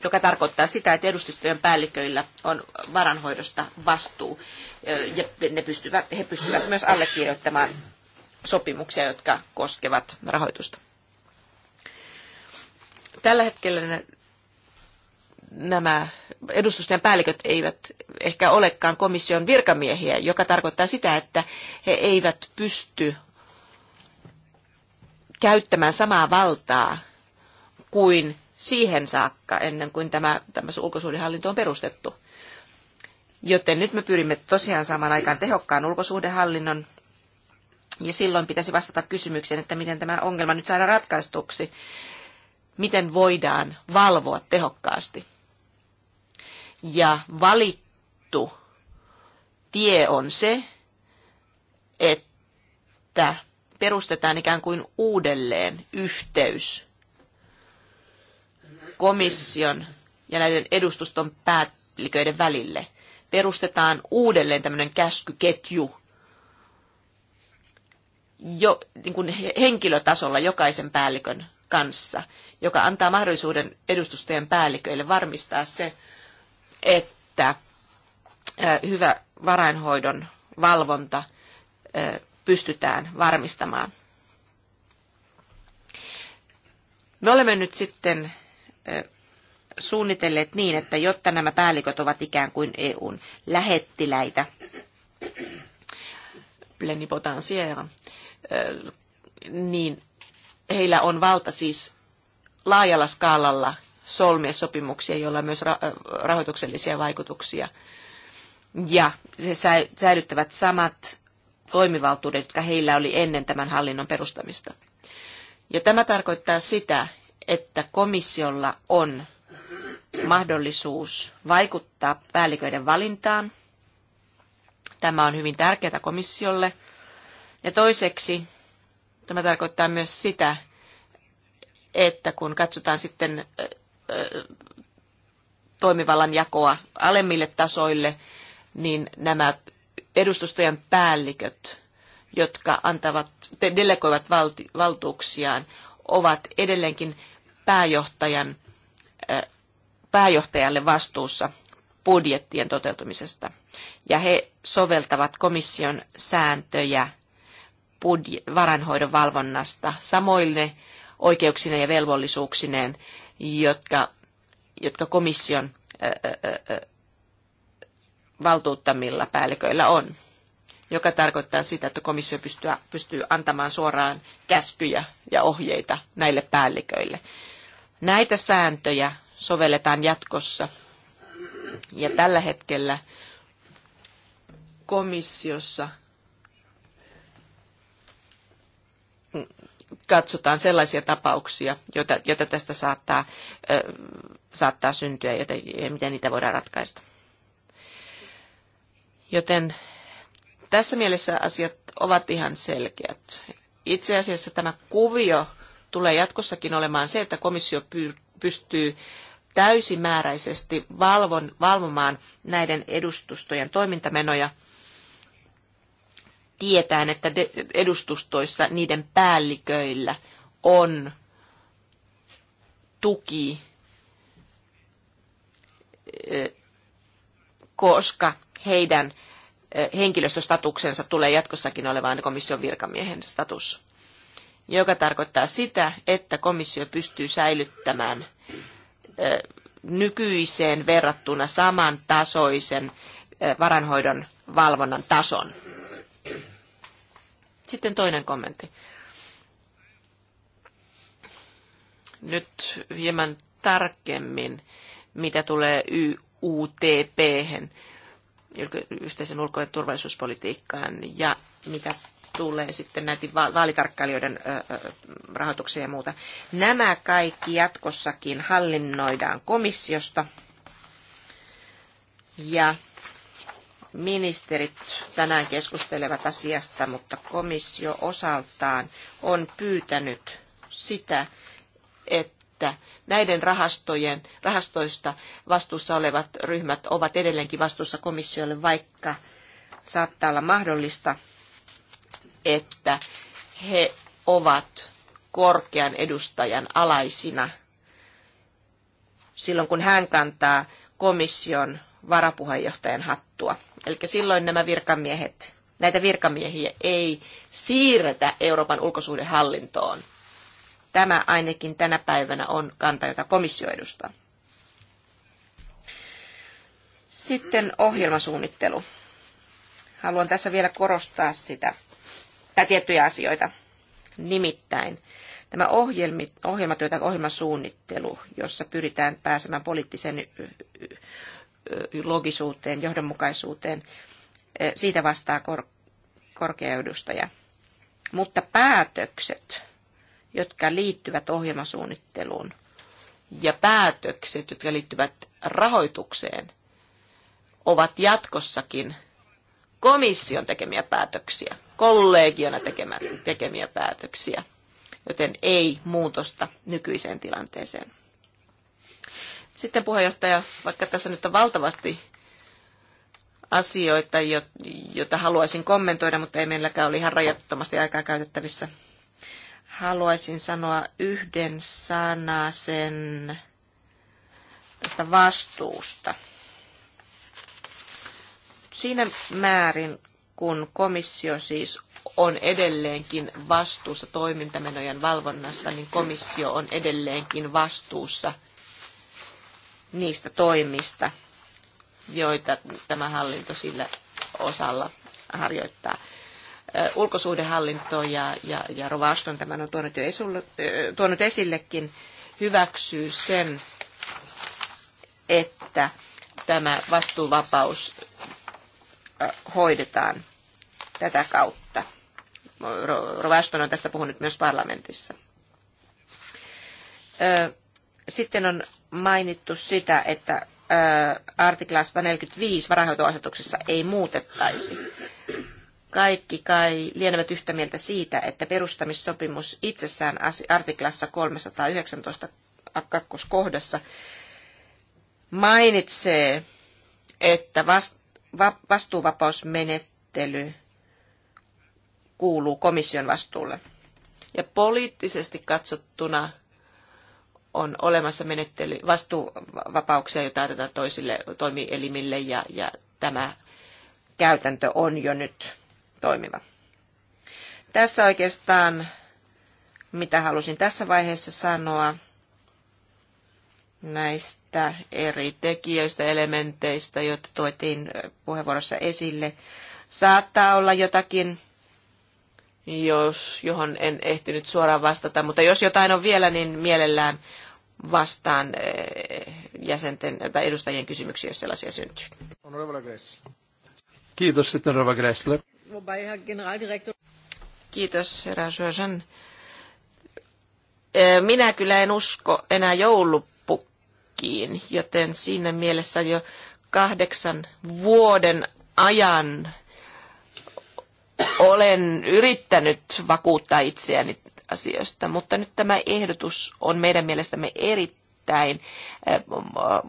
Joka tarkoittaa sitä, että edustustojen päälliköillä on varanhoidosta vastuu eh, ja ne pystyvät, he pystyvät myös allekirjoittamaan sopimuksia, jotka koskevat rahoitusta. Tällä hetkellä nämä edustustojen päälliköt eivät ehkä olekaan komission virkamiehiä, joka tarkoittaa sitä, että he eivät pysty käyttämään samaa valtaa kuin siihen saakka, ennen kuin tämä, tämä ulkosuhdehallinto on perustettu. Joten nyt me pyrimme tosiaan saamaan aikaan tehokkaan ulkosuhdehallinnon, ja silloin pitäisi vastata kysymykseen, että miten tämä ongelma nyt saadaan ratkaistuksi, miten voidaan valvoa tehokkaasti. Ja valittu tie on se, että perustetaan ikään kuin uudelleen yhteys komission ja näiden edustuston päälliköiden välille. Perustetaan uudelleen tämmöinen käskyketju jo, niin kuin henkilötasolla jokaisen päällikön kanssa, joka antaa mahdollisuuden edustustojen päälliköille varmistaa se, että hyvä varainhoidon valvonta pystytään varmistamaan. Me olemme nyt sitten suunnitelleet niin, että jotta nämä päälliköt ovat ikään kuin EUn lähettiläitä, plenipotensiaire, niin heillä on valta siis laajalla skaalalla solmia sopimuksia, joilla on myös rahoituksellisia vaikutuksia. Ja he säilyttävät samat toimivaltuudet, jotka heillä oli ennen tämän hallinnon perustamista. Ja tämä tarkoittaa sitä, että komissiolla on mahdollisuus vaikuttaa päälliköiden valintaan. Tämä on hyvin tärkeää komissiolle. Ja toiseksi tämä tarkoittaa myös sitä, että kun katsotaan sitten toimivallan jakoa alemmille tasoille, niin nämä edustustojen päälliköt, jotka antavat, delegoivat valti, valtuuksiaan, ovat edelleenkin pääjohtajan, pääjohtajalle vastuussa budjettien toteutumisesta. Ja he soveltavat komission sääntöjä budje- varanhoidon valvonnasta samoille oikeuksineen ja velvollisuuksineen, jotka, jotka komission valtuuttamilla päälliköillä on, joka tarkoittaa sitä, että komissio pystyy, pystyy antamaan suoraan käskyjä ja ohjeita näille päälliköille. Näitä sääntöjä sovelletaan jatkossa ja tällä hetkellä komissiossa katsotaan sellaisia tapauksia, joita, joita tästä saattaa, ö, saattaa syntyä, ja miten niitä voidaan ratkaista. Joten tässä mielessä asiat ovat ihan selkeät. Itse asiassa tämä kuvio tulee jatkossakin olemaan se, että komissio pystyy täysimääräisesti valvon, valvomaan näiden edustustojen toimintamenoja tietäen, että edustustoissa niiden päälliköillä on tuki, e, koska heidän henkilöstöstatuksensa tulee jatkossakin olemaan komission virkamiehen status, joka tarkoittaa sitä, että komissio pystyy säilyttämään nykyiseen verrattuna saman tasoisen varanhoidon valvonnan tason. Sitten toinen kommentti. Nyt hieman tarkemmin, mitä tulee YUTP, -hän yhteisen ulko- ja turvallisuuspolitiikkaan ja mitä tulee sitten näiden vaalitarkkailijoiden rahoitukseen ja muuta. Nämä kaikki jatkossakin hallinnoidaan komissiosta ja ministerit tänään keskustelevat asiasta, mutta komissio osaltaan on pyytänyt sitä, että näiden rahastojen, rahastoista vastuussa olevat ryhmät ovat edelleenkin vastuussa komissiolle, vaikka saattaa olla mahdollista, että he ovat korkean edustajan alaisina silloin, kun hän kantaa komission varapuheenjohtajan hattua. Eli silloin nämä virkamiehet, näitä virkamiehiä ei siirretä Euroopan ulkosuhdehallintoon Tämä ainakin tänä päivänä on kanta, jota komissio edustaa. Sitten ohjelmasuunnittelu. Haluan tässä vielä korostaa sitä, tai tiettyjä asioita. Nimittäin tämä ohjelmi, tai ohjelmasuunnittelu, jossa pyritään pääsemään poliittisen logisuuteen, johdonmukaisuuteen, siitä vastaa kor, korkea edustaja. Mutta päätökset jotka liittyvät ohjelmasuunnitteluun ja päätökset, jotka liittyvät rahoitukseen, ovat jatkossakin komission tekemiä päätöksiä, kollegiona tekemiä päätöksiä, joten ei muutosta nykyiseen tilanteeseen. Sitten puheenjohtaja, vaikka tässä nyt on valtavasti asioita, joita haluaisin kommentoida, mutta ei meilläkään ole ihan rajattomasti aikaa käytettävissä haluaisin sanoa yhden sanasen tästä vastuusta. Siinä määrin, kun komissio siis on edelleenkin vastuussa toimintamenojen valvonnasta, niin komissio on edelleenkin vastuussa niistä toimista, joita tämä hallinto sillä osalla harjoittaa ulkosuhdehallinto ja, ja, ja Rova tämän on tuonut, jo esille, tuonut esillekin, hyväksyy sen, että tämä vastuuvapaus hoidetaan tätä kautta. Rovaston on tästä puhunut myös parlamentissa. Sitten on mainittu sitä, että artikla 145 varainhoitoasetuksessa ei muutettaisi kaikki kai lienevät yhtä mieltä siitä, että perustamissopimus itsessään artiklassa 319 kakkoskohdassa mainitsee, että vastuuvapausmenettely kuuluu komission vastuulle. Ja poliittisesti katsottuna on olemassa menettely, vastuuvapauksia, joita annetaan toisille toimielimille, ja, ja tämä käytäntö on jo nyt toimiva. Tässä oikeastaan, mitä halusin tässä vaiheessa sanoa näistä eri tekijöistä, elementeistä, joita tuotiin puheenvuorossa esille. Saattaa olla jotakin, jos, johon en ehtinyt suoraan vastata, mutta jos jotain on vielä, niin mielellään vastaan jäsenten tai edustajien kysymyksiä, jos sellaisia syntyy. Kiitos sitten Rova Gressler. Kiitos, herra Minä kyllä en usko enää joulupukkiin, joten siinä mielessä jo kahdeksan vuoden ajan olen yrittänyt vakuuttaa itseäni asioista, mutta nyt tämä ehdotus on meidän mielestämme erittäin erittäin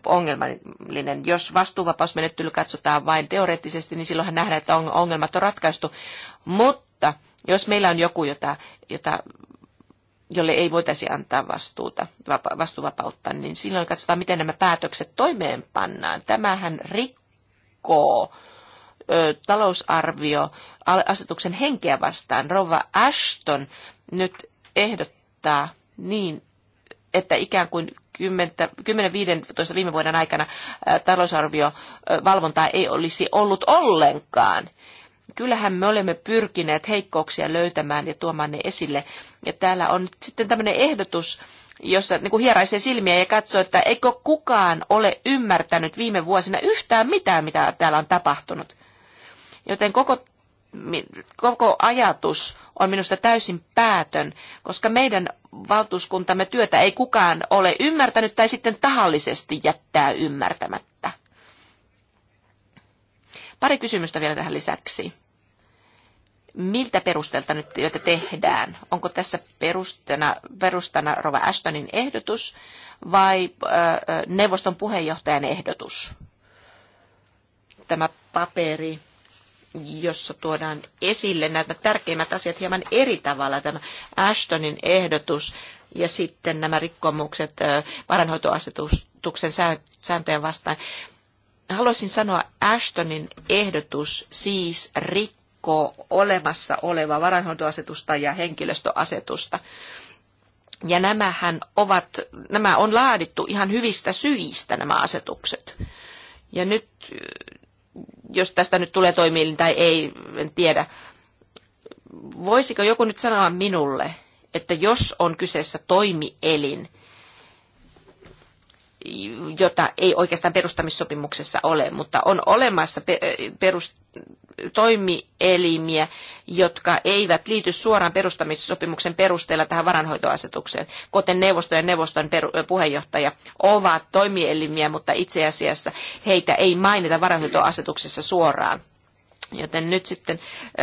ongelmallinen. Jos vastuuvapausmenettely katsotaan vain teoreettisesti, niin silloinhan nähdään, että ongelmat on ratkaistu. Mutta jos meillä on joku, jota, jota jolle ei voitaisi antaa vastuuta, vastuuvapautta, niin silloin katsotaan, miten nämä päätökset toimeenpannaan. Tämähän rikkoo talousarvio asetuksen henkeä vastaan. Rova Ashton nyt ehdottaa niin että ikään kuin 10-15 viime vuoden aikana talousarviovalvontaa ei olisi ollut ollenkaan. Kyllähän me olemme pyrkineet heikkouksia löytämään ja tuomaan ne esille. Ja täällä on sitten tämmöinen ehdotus, jossa niin kuin hieraisee silmiä ja katsoo, että eikö kukaan ole ymmärtänyt viime vuosina yhtään mitään, mitä täällä on tapahtunut. Joten koko koko ajatus on minusta täysin päätön, koska meidän valtuuskuntamme työtä ei kukaan ole ymmärtänyt tai sitten tahallisesti jättää ymmärtämättä. Pari kysymystä vielä tähän lisäksi. Miltä perustelta nyt työtä tehdään? Onko tässä perustana, perustana Rova Ashtonin ehdotus vai neuvoston puheenjohtajan ehdotus? Tämä paperi jossa tuodaan esille näitä tärkeimmät asiat hieman eri tavalla. Tämä Ashtonin ehdotus ja sitten nämä rikkomukset varanhoitoasetuksen sääntöjen vastaan. Haluaisin sanoa, Ashtonin ehdotus siis rikkoo olemassa olevaa varanhoitoasetusta ja henkilöstöasetusta. Ja nämähän ovat, nämä on laadittu ihan hyvistä syistä nämä asetukset. Ja nyt jos tästä nyt tulee toimiin tai ei, en tiedä. Voisiko joku nyt sanoa minulle, että jos on kyseessä toimielin, jota ei oikeastaan perustamissopimuksessa ole, mutta on olemassa perustoimielimiä, toimielimiä, jotka eivät liity suoraan perustamissopimuksen perusteella tähän varanhoitoasetukseen. Kuten neuvosto ja neuvoston puheenjohtaja ovat toimielimiä, mutta itse asiassa heitä ei mainita varanhoitoasetuksessa suoraan. Joten nyt sitten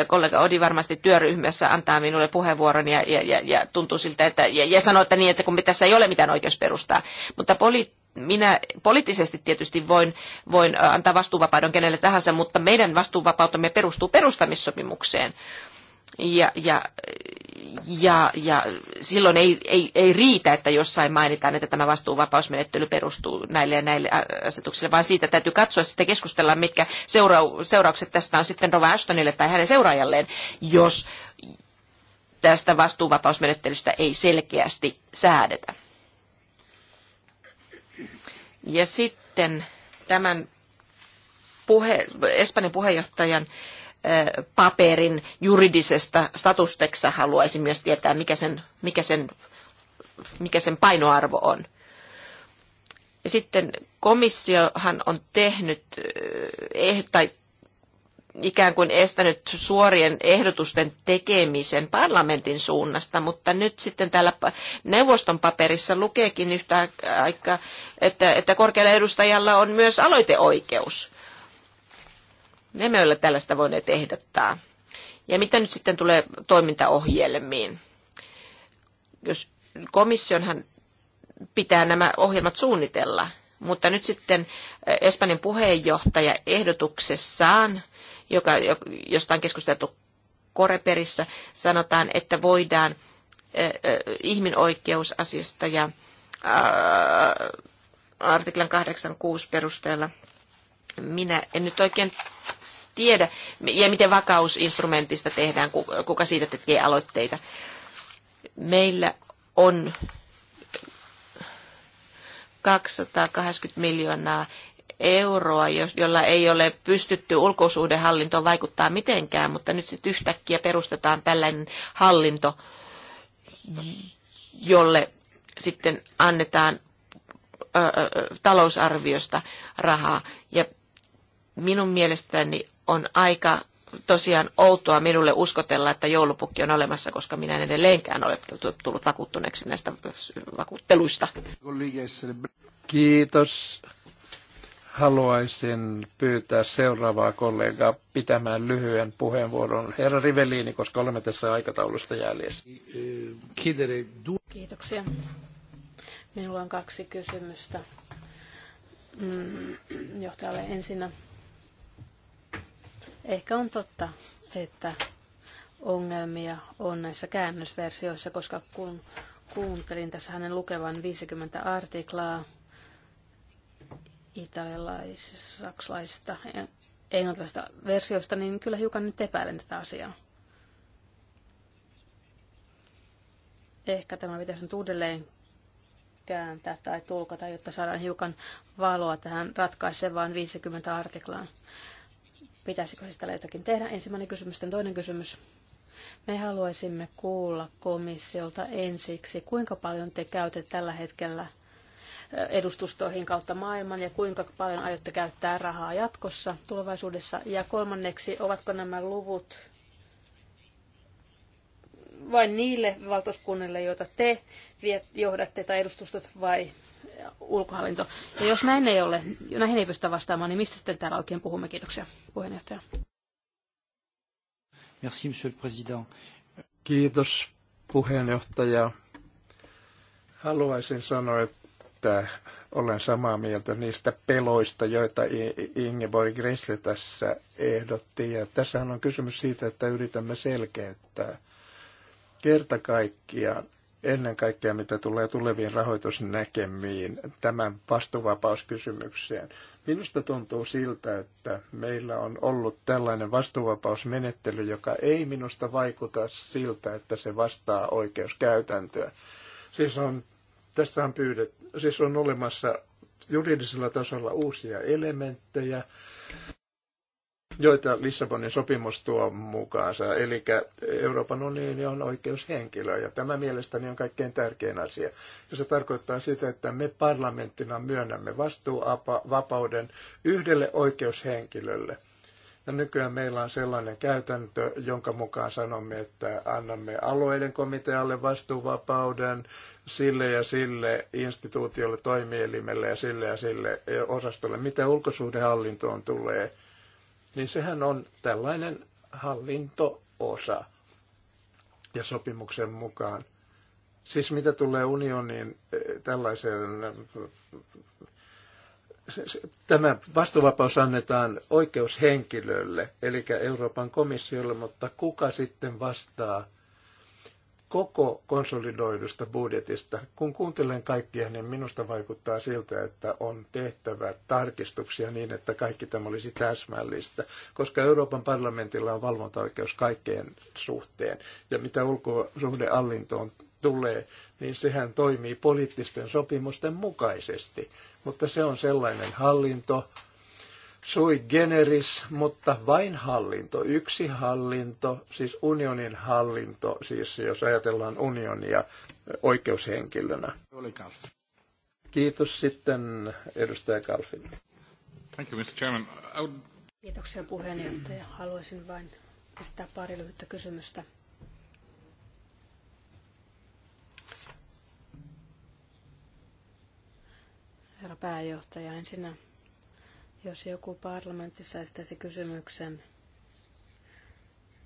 kollega Odi varmasti työryhmässä antaa minulle puheenvuoron ja, ja, ja, ja tuntuu siltä, että ja, ja sanoo, että niin, että kun tässä ei ole mitään oikeusperustaa. Mutta poli, minä poliittisesti tietysti voin, voin antaa vastuuvapauden kenelle tahansa, mutta meidän vastuuvapautamme perustuu perustamissopimukseen. Ja, ja, ja, ja silloin ei, ei, ei riitä, että jossain mainitaan, että tämä vastuuvapausmenettely perustuu näille ja näille asetuksille, vaan siitä täytyy katsoa sitten keskustella, mitkä seurau, seuraukset tästä on sitten Rova Ashtonille tai hänen seuraajalleen, jos tästä vastuuvapausmenettelystä ei selkeästi säädetä. Ja sitten tämän puhe, Espanjan puheenjohtajan äh, paperin juridisesta statusteksa haluaisin myös tietää, mikä sen, mikä sen, mikä sen painoarvo on. Ja sitten komissiohan on tehnyt eh, eh tai ikään kuin estänyt suorien ehdotusten tekemisen parlamentin suunnasta, mutta nyt sitten täällä neuvoston paperissa lukeekin yhtä aikaa, että, että korkealla edustajalla on myös aloiteoikeus. Me emme ole tällaista voineet ehdottaa. Ja mitä nyt sitten tulee toimintaohjelmiin? Jos komissionhan pitää nämä ohjelmat suunnitella, mutta nyt sitten eh, Espanjan puheenjohtaja ehdotuksessaan, joka, josta on keskusteltu Koreperissä, sanotaan, että voidaan eh, eh, ihminoikeusasiasta ja artiklan 86 perusteella. Minä en nyt oikein tiedä, ja miten vakausinstrumentista tehdään, kuka siitä tekee aloitteita. Meillä on 280 miljoonaa euroa, jolla ei ole pystytty ulkosuhdehallintoon vaikuttaa mitenkään, mutta nyt sitten yhtäkkiä perustetaan tällainen hallinto, jolle sitten annetaan talousarviosta rahaa. Ja minun mielestäni on aika tosiaan outoa minulle uskotella, että joulupukki on olemassa, koska minä en edelleenkään ole tullut vakuuttuneeksi näistä vakuutteluista. Kiitos. Haluaisin pyytää seuraavaa kollegaa pitämään lyhyen puheenvuoron. Herra Riveliini, koska olemme tässä aikataulusta jäljessä. Kiitoksia. Minulla on kaksi kysymystä mm, johtajalle ensinnä Ehkä on totta, että ongelmia on näissä käännösversioissa, koska kun kuuntelin tässä hänen lukevan 50 artiklaa italialaisista, saksalaisista, englantilaisista versioista, niin kyllä hiukan nyt epäilen tätä asiaa. Ehkä tämä pitäisi nyt uudelleen kääntää tai tulkata, jotta saadaan hiukan valoa tähän ratkaisevaan 50 artiklaan. Pitäisikö siis tällä jotakin tehdä? Ensimmäinen kysymys, sitten toinen kysymys. Me haluaisimme kuulla komissiolta ensiksi, kuinka paljon te käytätte tällä hetkellä eh, edustustoihin kautta maailman ja kuinka paljon aiotte käyttää rahaa jatkossa tulevaisuudessa. Ja kolmanneksi, ovatko nämä luvut vain niille valtuuskunnille, joita te johdatte tai edustustot vai ulkohallinto. Ja jos näin ei ole, näihin ei pystytä vastaamaan, niin mistä sitten täällä oikein puhumme? Kiitoksia, puheenjohtaja. Merci, monsieur le président. Kiitos, puheenjohtaja. Haluaisin sanoa, että olen samaa mieltä niistä peloista, joita Ingeborg Gressle tässä ehdotti. Ja tässähän on kysymys siitä, että yritämme selkeyttää kerta kaikkiaan ennen kaikkea mitä tulee tuleviin rahoitusnäkemiin, tämän vastuvapauskysymykseen. Minusta tuntuu siltä, että meillä on ollut tällainen vastuvapausmenettely, joka ei minusta vaikuta siltä, että se vastaa oikeuskäytäntöä. Siis on, tässä on pyydet, siis on olemassa juridisella tasolla uusia elementtejä, joita Lissabonin sopimus tuo mukaansa. Eli Euroopan unioni on oikeushenkilö ja tämä mielestäni on kaikkein tärkein asia. Ja se tarkoittaa sitä, että me parlamenttina myönnämme vastuuvapauden yhdelle oikeushenkilölle. Ja nykyään meillä on sellainen käytäntö, jonka mukaan sanomme, että annamme alueiden komitealle vastuuvapauden sille ja sille instituutiolle, toimielimelle ja sille ja sille osastolle, mitä ulkosuhdehallintoon tulee – niin sehän on tällainen hallintoosa ja sopimuksen mukaan. Siis mitä tulee unioniin eh, tällaiseen, eh, tämä vastuuvapaus annetaan oikeushenkilölle, eli Euroopan komissiolle, mutta kuka sitten vastaa koko konsolidoidusta budjetista. Kun kuuntelen kaikkia, niin minusta vaikuttaa siltä, että on tehtävä tarkistuksia niin, että kaikki tämä olisi täsmällistä, koska Euroopan parlamentilla on valvontaoikeus kaikkeen suhteen. Ja mitä ulkosuhdeallintoon tulee, niin sehän toimii poliittisten sopimusten mukaisesti. Mutta se on sellainen hallinto, sui generis, mutta vain hallinto, yksi hallinto, siis unionin hallinto, siis jos ajatellaan unionia oikeushenkilönä. Kiitos sitten edustaja Kalfin. Thank you, Mr. Chairman. I would... Kiitoksia puheenjohtaja. Haluaisin vain pistää pari lyhyttä kysymystä. Herra pääjohtaja, ensinnä jos joku parlamentissa esittäisi kysymyksen,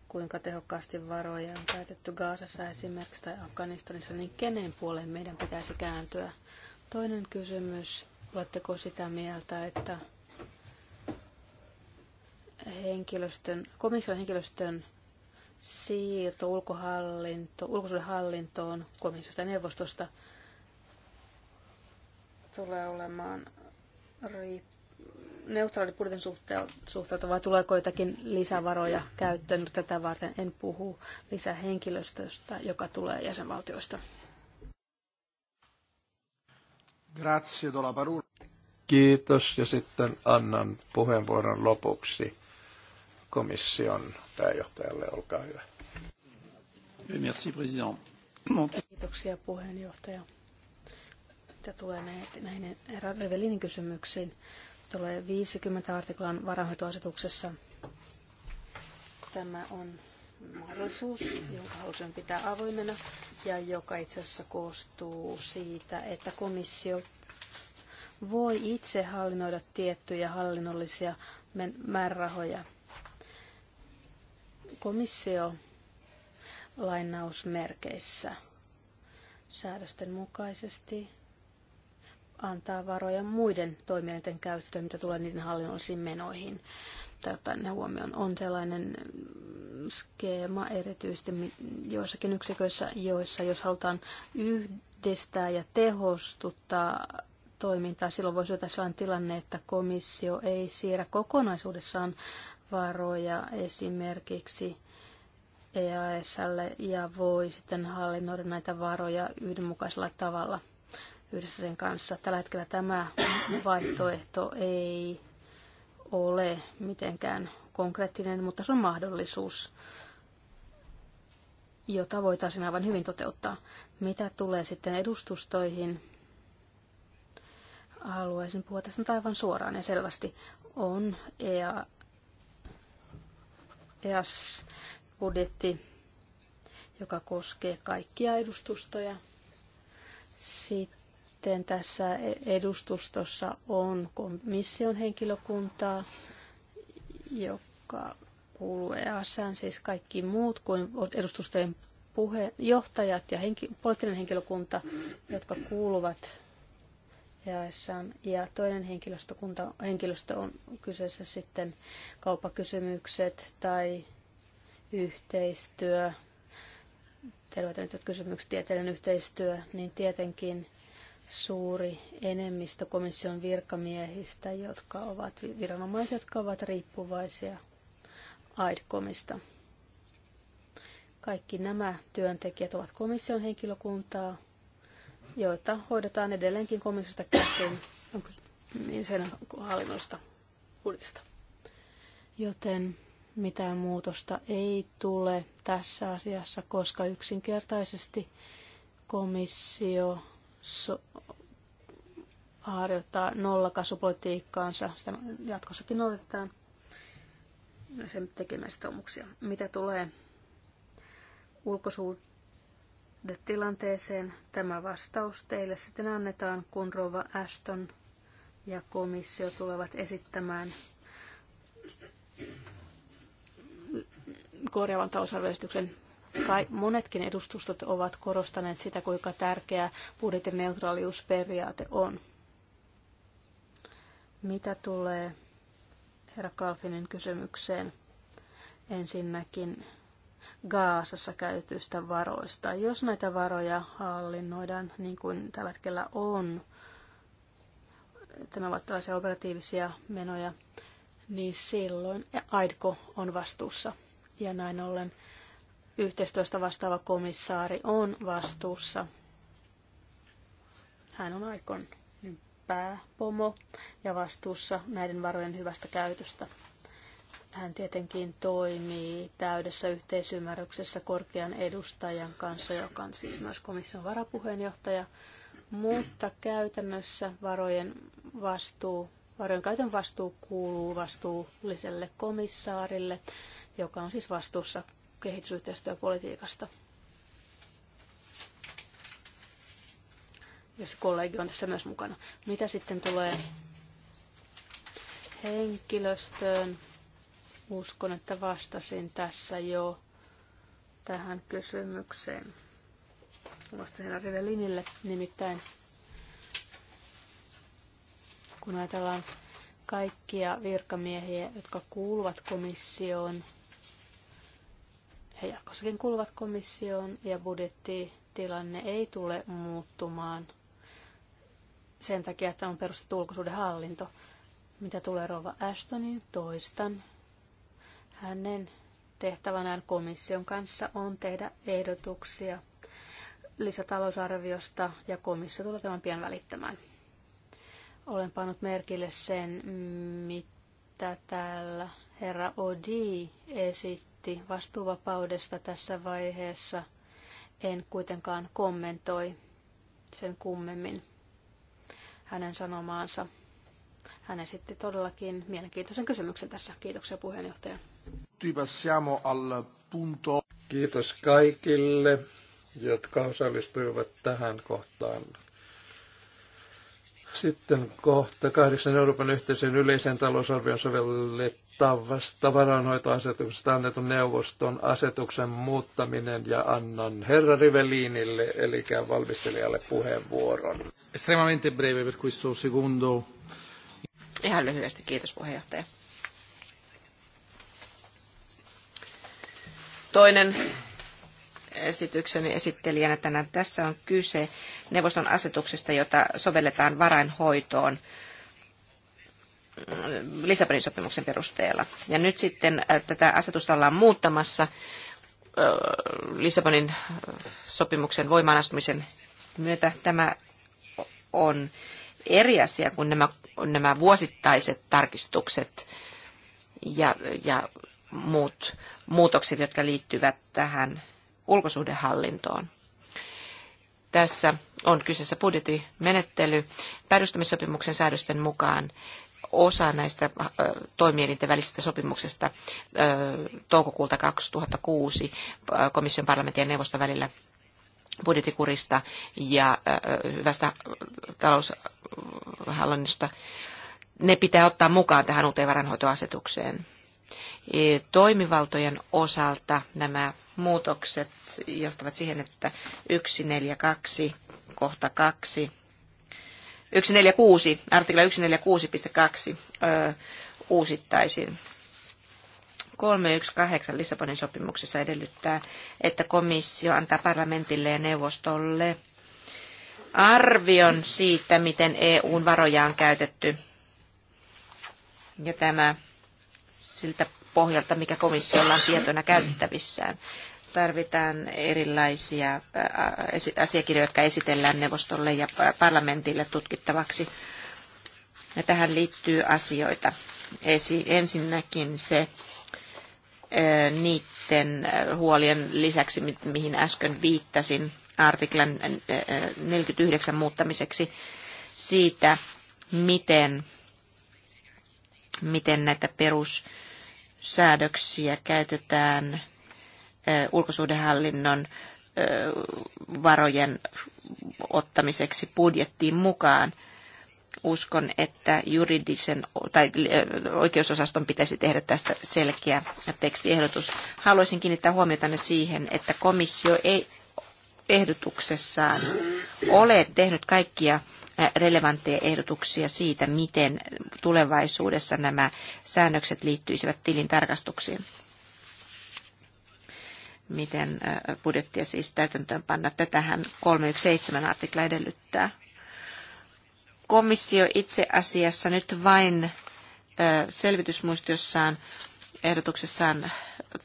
kuinka tehokkaasti varoja on käytetty Gaasassa esimerkiksi tai Afganistanissa, niin kenen puoleen meidän pitäisi kääntyä? Toinen kysymys, oletteko sitä mieltä, että henkilöstön, komission henkilöstön siirto ulkohallinto, ulkosuudenhallintoon komissiosta ja neuvostosta tulee olemaan riippuvainen neutraalipurten suhteelta vai tuleeko jotakin lisävaroja käyttöön? Mutta no, tätä varten en puhu lisähenkilöstöstä, joka tulee jäsenvaltioista. Grazie, do la parola. Kiitos ja sitten annan puheenvuoron lopuksi komission pääjohtajalle. Olkaa hyvä. Eh, merci, president. Kiitoksia puheenjohtaja. Mitä tulee näihin, näihin Revelinin kysymyksiin, tulee 50 artiklan varainhoitoasetuksessa. Tämä on mahdollisuus, jonka halusimme pitää avoimena ja joka itse asiassa koostuu siitä, että komissio voi itse hallinnoida tiettyjä hallinnollisia määrärahoja. Komissio lainausmerkeissä säädösten mukaisesti antaa varoja muiden toimijoiden käyttöön, mitä tulee niiden hallinnollisiin menoihin. Tai ottaa ne huomioon. On sellainen skeema erityisesti joissakin yksiköissä, joissa jos halutaan yhdistää ja tehostuttaa toimintaa, silloin voisi olla sellainen tilanne, että komissio ei siirrä kokonaisuudessaan varoja esimerkiksi EASL ja voi sitten hallinnoida näitä varoja yhdenmukaisella tavalla yhdessä sen kanssa. Tällä hetkellä tämä vaihtoehto ei ole mitenkään konkreettinen, mutta se on mahdollisuus, jota voitaisiin aivan hyvin toteuttaa. Mitä tulee sitten edustustoihin, haluaisin puhua tästä aivan suoraan ja selvästi. On EA, EAS-budjetti, joka koskee kaikkia edustustoja. Sitten sitten tässä edustustossa on komission henkilökuntaa, joka kuuluu EASään, siis kaikki muut kuin edustustojen puheenjohtajat ja henki, poliittinen henkilökunta, jotka kuuluvat EASaan. Ja toinen henkilöstökunta, henkilöstö on kyseessä sitten kauppakysymykset tai yhteistyö, terveydenhoitokysymykset, tieteellinen yhteistyö, niin tietenkin suuri enemmistö komission virkamiehistä, jotka ovat viranomaiset, jotka ovat riippuvaisia AIDCOMista. Kaikki nämä työntekijät ovat komission henkilökuntaa, joita hoidetaan edelleenkin komissiosta käsin, niin sen hallinnosta budjetista. Joten mitään muutosta ei tule tässä asiassa, koska yksinkertaisesti komissio so- harjoittaa nollakasvupolitiikkaansa. Sitä jatkossakin noudatetaan sen tekemästä Mitä tulee ulkosuhdetilanteeseen, tämä vastaus teille sitten annetaan, kun Rova Ashton ja komissio tulevat esittämään korjaavan talousarvioistuksen Kai monetkin edustustot ovat korostaneet sitä, kuinka tärkeä budjettineutraaliusperiaate on. Mitä tulee herra Kalfinin kysymykseen ensinnäkin Gaasassa käytyistä varoista. Jos näitä varoja hallinnoidaan niin kuin tällä hetkellä on, tämä ovat tällaisia operatiivisia menoja, niin silloin AIDCO on vastuussa. Ja näin ollen yhteistyöstä vastaava komissaari on vastuussa. Hän on aikon pääpomo ja vastuussa näiden varojen hyvästä käytöstä. Hän tietenkin toimii täydessä yhteisymmärryksessä korkean edustajan kanssa, joka on siis myös komission varapuheenjohtaja, mutta käytännössä varojen vastuu, varojen käytön vastuu kuuluu vastuulliselle komissaarille, joka on siis vastuussa kehitysyhteistyöpolitiikasta. se kollegi on tässä myös mukana. Mitä sitten tulee henkilöstöön? Uskon, että vastasin tässä jo tähän kysymykseen. Vastasin herra Rivelinille nimittäin, kun ajatellaan kaikkia virkamiehiä, jotka kuuluvat komissioon, he jatkossakin kuuluvat komissioon ja budjettitilanne ei tule muuttumaan sen takia, että on perustettu ulkosuuden hallinto. Mitä tulee Rova Ashtonin, toistan. Hänen tehtävänään komission kanssa on tehdä ehdotuksia lisätalousarviosta ja komissio tulee tämän pian välittämään. Olen pannut merkille sen, mitä täällä herra Odi esitti debatti vastuuvapaudesta tässä vaiheessa en kuitenkaan kommentoi sen kummemmin hänen sanomaansa. Hän esitti todellakin mielenkiintoisen kysymyksen tässä. Kiitoksia puheenjohtaja. Kiitos kaikille, jotka osallistuivat tähän kohtaan sitten kohta kahdeksan Euroopan yhteisön yleisen talousarvion sovellettavasta varainhoitoasetuksesta annetun neuvoston asetuksen muuttaminen ja annan herra Rivelinille, eli valmistelijalle puheenvuoron. Estremamente breve per questo secondo. Ihan lyhyesti, kiitos puheenjohtaja. Toinen esitykseni esittelijänä tänään. Tässä on kyse neuvoston asetuksesta, jota sovelletaan varainhoitoon Lissabonin sopimuksen perusteella. Ja nyt sitten äh, tätä asetusta ollaan muuttamassa äh, Lissabonin äh, sopimuksen voimaanastumisen myötä. Tämä on eri asia kuin nämä, nämä vuosittaiset tarkistukset ja, ja muut muutokset, jotka liittyvät tähän ulkosuhdehallintoon. Tässä on kyseessä budjettimenettely. Päädystämissopimuksen säädösten mukaan osa näistä toimielinten välisistä sopimuksista toukokuulta 2006 komission parlamentin ja neuvoston välillä budjettikurista ja hyvästä taloushallinnosta, ne pitää ottaa mukaan tähän uuteen varanhoitoasetukseen. E, toimivaltojen osalta nämä muutokset johtavat siihen, että 142 kohta 2, 146, artikla 146.2 öö, uusittaisiin. 318 Lissabonin sopimuksessa edellyttää, että komissio antaa parlamentille ja neuvostolle arvion siitä, miten EUn varoja on käytetty. Ja tämä siltä pohjalta, mikä komissiolla on tietona käytettävissään tarvitaan erilaisia asiakirjoja, jotka esitellään neuvostolle ja parlamentille tutkittavaksi. Ja tähän liittyy asioita. Ensinnäkin se niiden huolien lisäksi, mihin äsken viittasin, artiklan 49 muuttamiseksi siitä, miten, miten näitä perussäädöksiä käytetään ulkosuhdehallinnon varojen ottamiseksi budjettiin mukaan. Uskon, että juridisen tai oikeusosaston pitäisi tehdä tästä selkeä tekstiehdotus. Haluaisin kiinnittää huomiota siihen, että komissio ei ehdotuksessaan ole tehnyt kaikkia relevantteja ehdotuksia siitä, miten tulevaisuudessa nämä säännökset liittyisivät tilintarkastuksiin miten budjettia siis täytäntöön panna. Tätähän 317 artikla edellyttää. Komissio itse asiassa nyt vain selvitysmuistiossaan ehdotuksessaan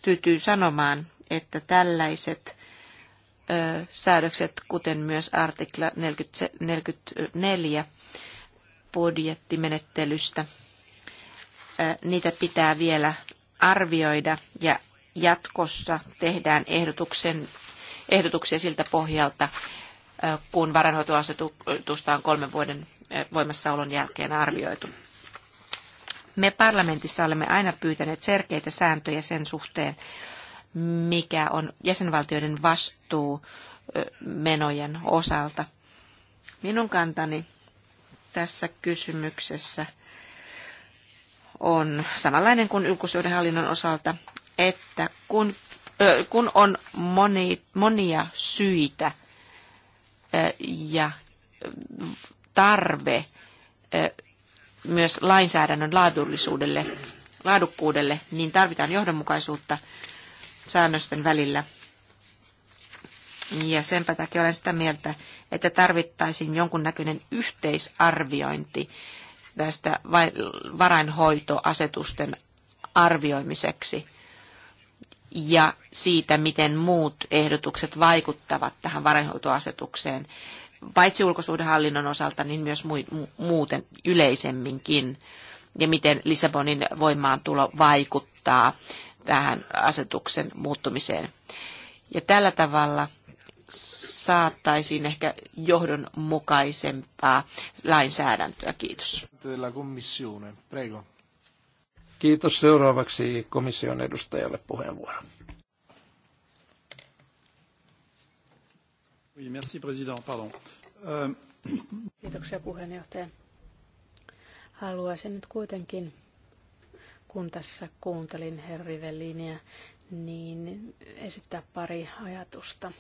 tyytyy sanomaan, että tällaiset säädökset, kuten myös artikla 44 budjettimenettelystä, niitä pitää vielä arvioida ja jatkossa tehdään ehdotuksen, ehdotuksia siltä pohjalta, kun varainhoitoasetusta on kolmen vuoden voimassaolon jälkeen arvioitu. Me parlamentissa olemme aina pyytäneet selkeitä sääntöjä sen suhteen, mikä on jäsenvaltioiden vastuu menojen osalta. Minun kantani tässä kysymyksessä on samanlainen kuin ulkosuudenhallinnon osalta että kun, kun on moni, monia syitä ja tarve myös lainsäädännön laadullisuudelle, laadukkuudelle, niin tarvitaan johdonmukaisuutta säännösten välillä. Ja senpä takia olen sitä mieltä, että tarvittaisiin jonkunnäköinen yhteisarviointi tästä varainhoitoasetusten arvioimiseksi ja siitä, miten muut ehdotukset vaikuttavat tähän varainhoitoasetukseen, paitsi ulkosuhdehallinnon osalta, niin myös muuten yleisemminkin, ja miten Lissabonin voimaantulo vaikuttaa tähän asetuksen muuttumiseen. Ja tällä tavalla saattaisiin ehkä johdonmukaisempaa lainsäädäntöä. Kiitos. Kiitos seuraavaksi komission edustajalle puheenvuoro. Oui, merci, Pardon. Euh, Kiitoksia puheenjohtaja. Haluaisin nyt kuitenkin, kun tässä kuuntelin herra niin esittää pari ajatusta.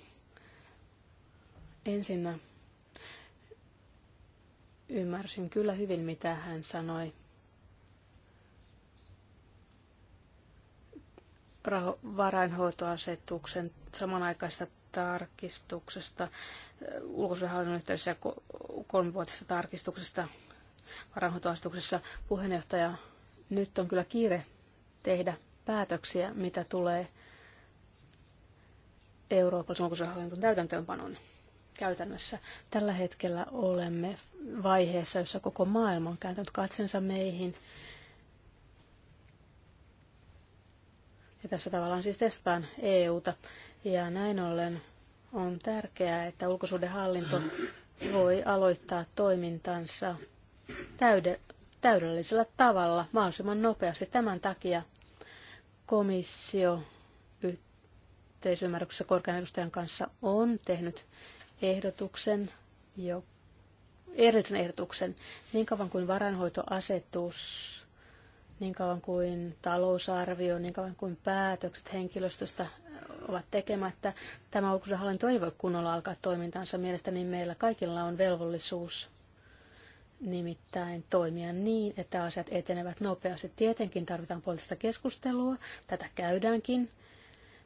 Ensinnä ymmärsin kyllä hyvin, mitä hän sanoi varainhoitoasetuksen samanaikaisesta tarkistuksesta, ulkosuhdehallinnon yhteydessä kolmivuotisesta tarkistuksesta varainhoitoasetuksessa puheenjohtaja. Nyt on kyllä kiire tehdä päätöksiä, mitä tulee Euroopan ulkosuhdehallinnon täytäntöönpanoon käytännössä. Tällä hetkellä olemme vaiheessa, jossa koko maailma on kääntänyt katsensa meihin – Ja tässä tavallaan siis testaan EUta. Ja näin ollen on tärkeää, että ulkosuhdehallinto voi aloittaa toimintansa täyde, täydellisellä tavalla mahdollisimman nopeasti. Tämän takia komissio yhteisymmärryksessä korkean edustajan kanssa on tehnyt ehdotuksen, jo, erillisen ehdotuksen, niin kauan kuin varainhoitoasetus niin kauan kuin talousarvio, niin kauan kuin päätökset henkilöstöstä ovat tekemättä. Tämä ulkoisen ei voi kunnolla alkaa toimintansa. Mielestäni meillä kaikilla on velvollisuus nimittäin toimia niin, että asiat etenevät nopeasti. Tietenkin tarvitaan poliittista keskustelua, tätä käydäänkin,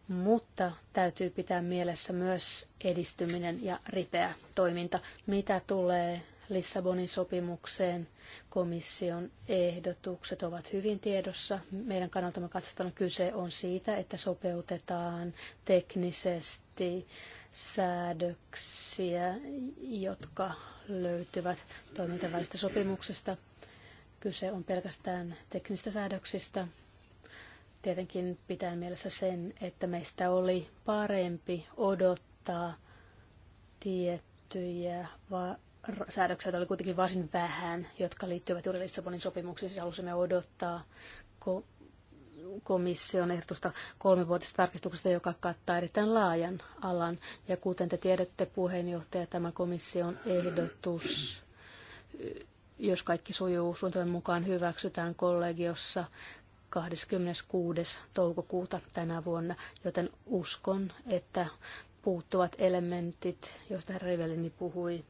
mutta täytyy pitää mielessä myös edistyminen ja ripeä toiminta. Mitä tulee Lissabonin sopimukseen. Komission ehdotukset ovat hyvin tiedossa. Meidän kannaltamme katsottuna kyse on siitä, että sopeutetaan teknisesti säädöksiä, jotka löytyvät toimintavälistä sopimuksesta. Kyse on pelkästään teknisistä säädöksistä. Tietenkin pitää mielessä sen, että meistä oli parempi odottaa tiettyjä va- säädöksiä oli kuitenkin varsin vähän, jotka liittyvät juuri Lissabonin sopimuksiin. Siis halusimme odottaa ko- komission ehdotusta kolmivuotisesta tarkistuksesta, joka kattaa erittäin laajan alan. Ja kuten te tiedätte, puheenjohtaja, tämä komission ehdotus, jos kaikki sujuu suunnitelman mukaan, hyväksytään kollegiossa 26. toukokuuta tänä vuonna, joten uskon, että puuttuvat elementit, joista herra Rivellini puhui,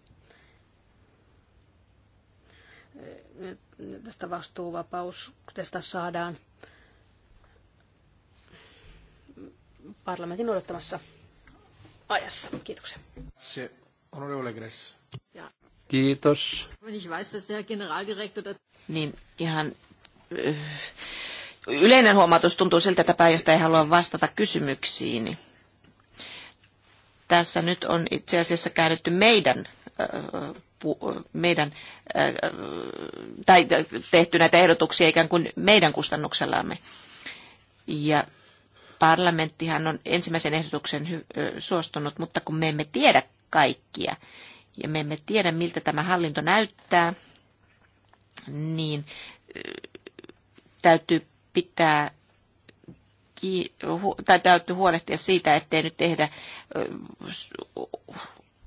tästä vastuuvapaudesta saadaan parlamentin odottamassa ajassa. Kiitoksia. Kiitos. Niin ihan äh, yleinen huomautus tuntuu siltä, että pääjohtaja ei halua vastata kysymyksiin. Tässä nyt on itse asiassa käännetty meidän äh, meidän, äh, tai tehty näitä ehdotuksia ikään kuin meidän kustannuksellamme. Ja parlamenttihan on ensimmäisen ehdotuksen suostunut, mutta kun me emme tiedä kaikkia ja me emme tiedä, miltä tämä hallinto näyttää, niin täytyy pitää tai täytyy huolehtia siitä, ettei nyt tehdä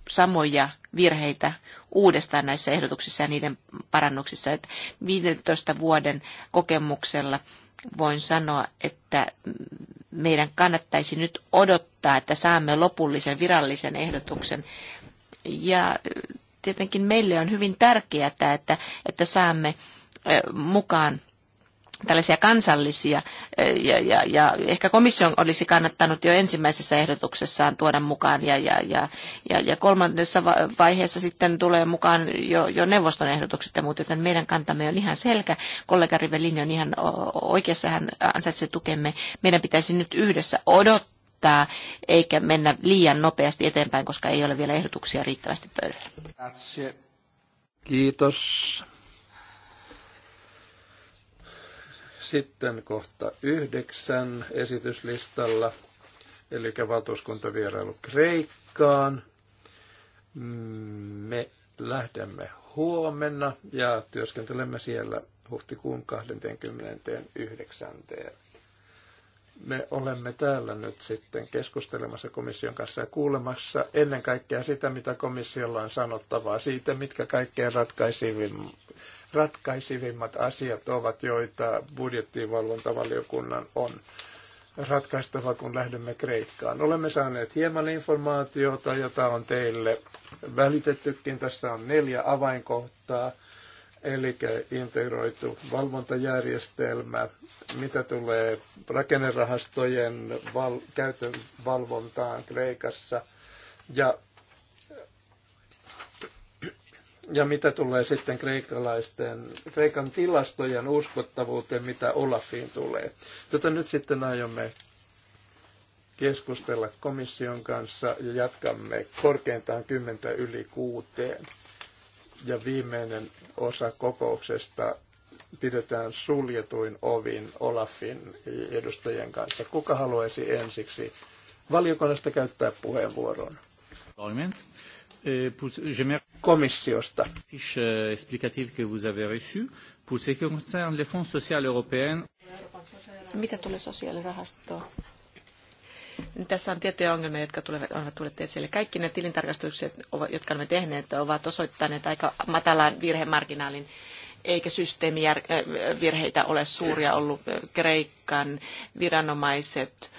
samoja virheitä uudestaan näissä ehdotuksissa ja niiden parannuksissa. Että 15 vuoden kokemuksella voin sanoa, että meidän kannattaisi nyt odottaa, että saamme lopullisen virallisen ehdotuksen. Ja tietenkin meille on hyvin tärkeää, että, että saamme mukaan tällaisia kansallisia, ja, ja, ja ehkä komission olisi kannattanut jo ensimmäisessä ehdotuksessaan tuoda mukaan, ja, ja, ja, ja, ja kolmannessa vaiheessa sitten tulee mukaan jo, jo neuvoston ehdotukset ja muut, joten meidän kantamme on ihan selkä. Kollega Rivelin on ihan oikeassa, hän ansaitsee tukemme. Meidän pitäisi nyt yhdessä odottaa, eikä mennä liian nopeasti eteenpäin, koska ei ole vielä ehdotuksia riittävästi pöydällä. Kiitos. Sitten kohta yhdeksän esityslistalla, eli valtuuskuntavierailu Kreikkaan. Mm, me lähdemme huomenna ja työskentelemme siellä huhtikuun 29. Me olemme täällä nyt sitten keskustelemassa komission kanssa ja kuulemassa ennen kaikkea sitä, mitä komissiolla on sanottavaa siitä, mitkä kaikkein ratkaisivimmat ratkaisivimmat asiat ovat, joita budjettivalvontavaliokunnan on ratkaistava, kun lähdemme Kreikkaan. Olemme saaneet hieman informaatiota, jota on teille välitettykin. Tässä on neljä avainkohtaa, eli integroitu valvontajärjestelmä, mitä tulee rakennerahastojen val- käytön valvontaan Kreikassa ja ja mitä tulee sitten kreikkalaisten, kreikan tilastojen uskottavuuteen, mitä Olafiin tulee, Tätä nyt sitten aiomme keskustella komission kanssa ja jatkamme korkeintaan kymmentä yli kuuteen. Ja viimeinen osa kokouksesta pidetään suljetuin ovin Olafin edustajien kanssa. Kuka haluaisi ensiksi valiokunnasta käyttää puheenvuoron? Toimin. Euh, komissiosta. Mitä tulee sosiaalirahastoon? Tässä on tiettyjä ongelmia, jotka tulevat, ovat tulleet esille. Kaikki ne tilintarkastukset, jotka olemme tehneet, ovat osoittaneet aika matalan virhemarginaalin eikä systeemivirheitä äh, ole suuria ollut. Kreikan viranomaiset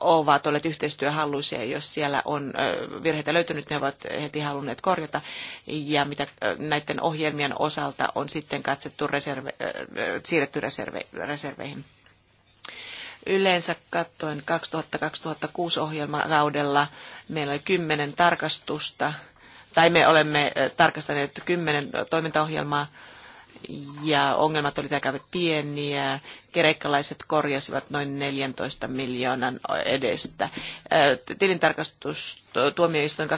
ovat olleet yhteistyöhalluisia. Jos siellä on virheitä löytynyt, ne ovat heti halunneet korjata. Ja mitä näiden ohjelmien osalta on sitten katsettu reserve, siirretty reserve, reserveihin. Yleensä katsoen 2000-2006 ohjelmakaudella meillä oli kymmenen tarkastusta, tai me olemme tarkastaneet kymmenen toimintaohjelmaa, ja ongelmat olivat aika pieniä. Kreikkalaiset korjasivat noin 14 miljoonan edestä. Tilintarkastus tuomioistuin 2007-2008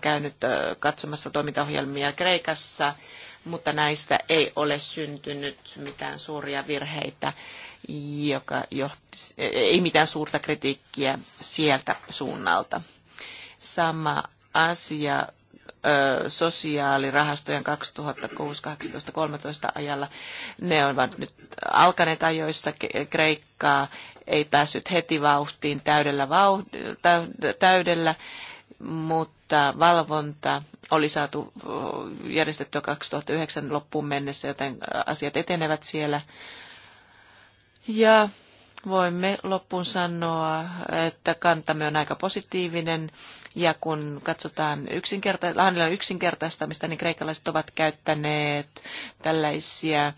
käynyt katsomassa toimintaohjelmia Kreikassa, mutta näistä ei ole syntynyt mitään suuria virheitä, joka johti, e, ei mitään suurta kritiikkiä sieltä suunnalta. Sama asia sosiaalirahastojen 2006-2013 ajalla. Ne ovat nyt alkaneet ajoissa. Kreikkaa ei päässyt heti vauhtiin täydellä, täydellä mutta valvonta oli saatu järjestettyä 2009 loppuun mennessä, joten asiat etenevät siellä. Ja voimme loppuun sanoa, että kantamme on aika positiivinen ja kun katsotaan yksinkerta- yksinkertaistamista, niin kreikkalaiset ovat käyttäneet tällaisia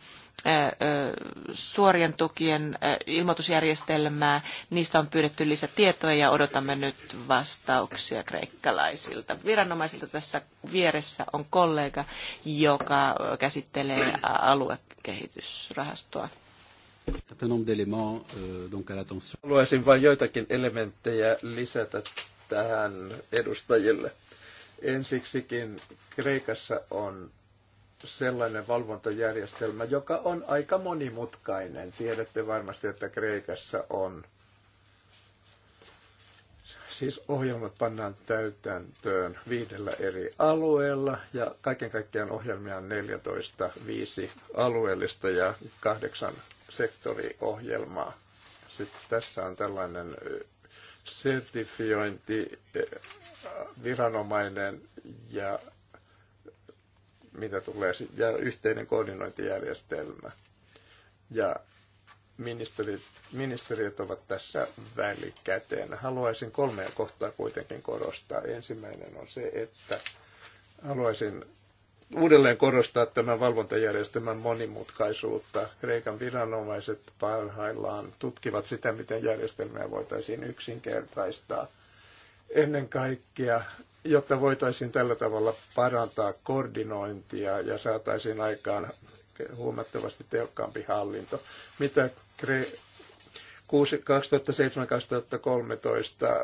suorien tukien ilmoitusjärjestelmää. Niistä on pyydetty lisätietoja ja odotamme nyt vastauksia kreikkalaisilta. Viranomaisilta tässä vieressä on kollega, joka käsittelee aluekehitysrahastoa. Euh, Haluaisin vain joitakin elementtejä lisätä tähän edustajille. Ensiksikin Kreikassa on sellainen valvontajärjestelmä, joka on aika monimutkainen. Tiedätte varmasti, että Kreikassa on. Siis ohjelmat pannaan täytäntöön viidellä eri alueella ja kaiken kaikkiaan ohjelmia on 14, viisi alueellista ja kahdeksan sektoriohjelmaa. Sitten tässä on tällainen sertifiointi viranomainen ja mitä tulee ja yhteinen koordinointijärjestelmä. Ja ministerit, ministeriöt ovat tässä välikäteen. Haluaisin kolmea kohtaa kuitenkin korostaa. Ensimmäinen on se, että haluaisin uudelleen korostaa tämän valvontajärjestelmän monimutkaisuutta. Kreikan viranomaiset parhaillaan tutkivat sitä, miten järjestelmää voitaisiin yksinkertaistaa. Ennen kaikkea, jotta voitaisiin tällä tavalla parantaa koordinointia ja saataisiin aikaan huomattavasti tehokkaampi hallinto. Mitä Kre- 2007-2013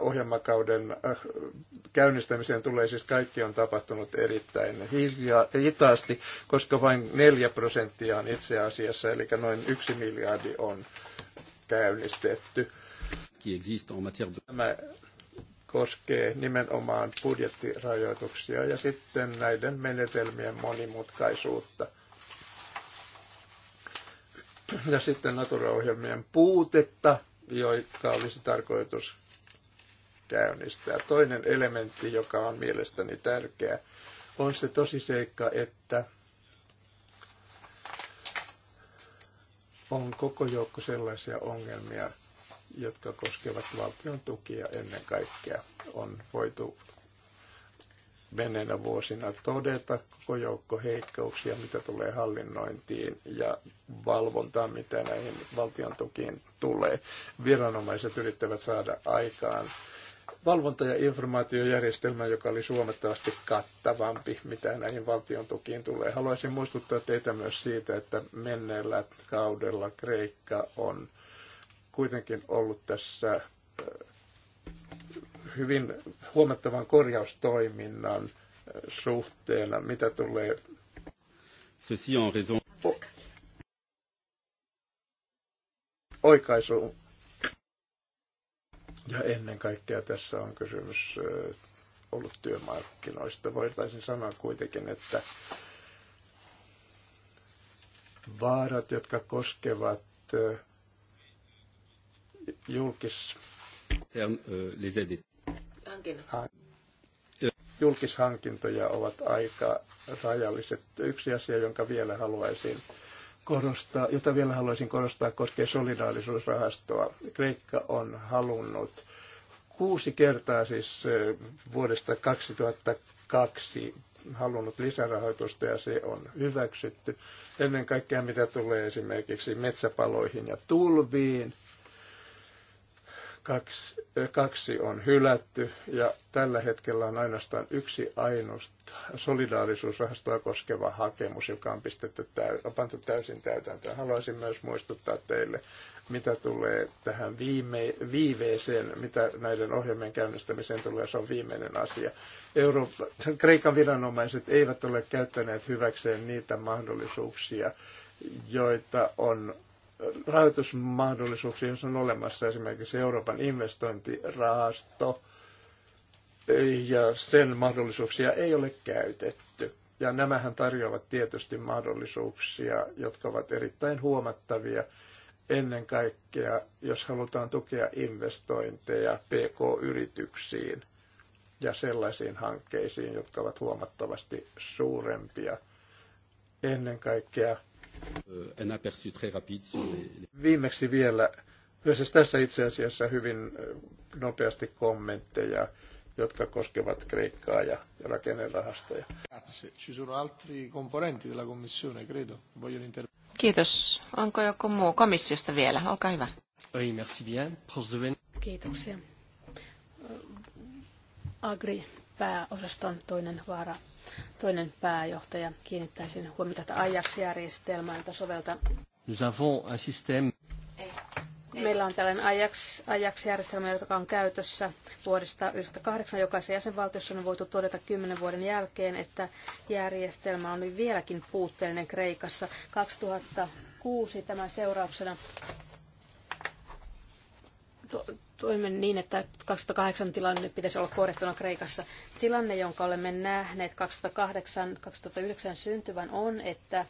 ohjelmakauden äh, käynnistämiseen tulee siis kaikki on tapahtunut erittäin hitaasti, koska vain 4 prosenttia on itse asiassa, eli noin 1 miljardi on käynnistetty. Tämä koskee nimenomaan budjettirajoituksia ja sitten näiden menetelmien monimutkaisuutta. Ja sitten Natura-ohjelmien puutetta, joka olisi tarkoitus käynnistää. Toinen elementti, joka on mielestäni tärkeä, on se tosiseikka, että on koko joukko sellaisia ongelmia, jotka koskevat valtion tukia ennen kaikkea. On voitu menneinä vuosina todeta koko joukko heikkouksia, mitä tulee hallinnointiin ja valvontaan, mitä näihin valtion tukiin tulee. Viranomaiset yrittävät saada aikaan valvonta- ja informaatiojärjestelmä, joka oli huomattavasti kattavampi, mitä näihin valtion tukiin tulee. Haluaisin muistuttaa teitä myös siitä, että menneellä kaudella Kreikka on kuitenkin ollut tässä hyvin huomattavan korjaustoiminnan äh, suhteena, mitä tulee Ceci en raison. O- Ja ennen kaikkea tässä on kysymys äh, ollut työmarkkinoista. Voitaisin sanoa kuitenkin, että vaarat, jotka koskevat äh, julkis... Les edit hankinnat? Julkishankintoja ovat aika rajalliset. Yksi asia, jonka vielä haluaisin korostaa, jota vielä haluaisin korostaa, koskee solidaarisuusrahastoa. Kreikka on halunnut kuusi kertaa siis vuodesta 2002 halunnut lisärahoitusta ja se on hyväksytty. Ennen kaikkea mitä tulee esimerkiksi metsäpaloihin ja tulviin, Kaksi, kaksi on hylätty ja tällä hetkellä on ainoastaan yksi ainoa solidaarisuusrahastoa koskeva hakemus, joka on pistetty täys, pantu täysin täytäntöön. Haluaisin myös muistuttaa teille, mitä tulee tähän viime- viiveeseen, mitä näiden ohjelmien käynnistämiseen tulee, se on viimeinen asia. Euro- Kreikan viranomaiset eivät ole käyttäneet hyväkseen niitä mahdollisuuksia, joita on rahoitusmahdollisuuksia, jos on olemassa esimerkiksi Euroopan investointirahasto, ja sen mahdollisuuksia ei ole käytetty. Ja nämähän tarjoavat tietysti mahdollisuuksia, jotka ovat erittäin huomattavia ennen kaikkea, jos halutaan tukea investointeja PK-yrityksiin ja sellaisiin hankkeisiin, jotka ovat huomattavasti suurempia. Ennen kaikkea Euh, Viimeksi vielä, myös tässä itse asiassa hyvin nopeasti kommentteja, jotka koskevat Kreikkaa ja rakennerahastoja. Kiitos. Onko joku muu komissiosta vielä? Olkaa hyvä. Kiitoksia. Agri-pääosaston toinen vara Toinen pääjohtaja kiinnittäisin huomiota tätä ajax järjestelmään jota soveltaa. Nous avons un système. Meillä on tällainen Ajax-järjestelmä, joka on käytössä vuodesta 1998. Jokaisessa jäsenvaltiossa on voitu todeta kymmenen vuoden jälkeen, että järjestelmä on vieläkin puutteellinen Kreikassa. 2006 tämän seurauksena to, toimme niin, että 2008 tilanne pitäisi olla korjattuna Kreikassa. Tilanne, jonka olemme nähneet 2008-2009 syntyvän, on, että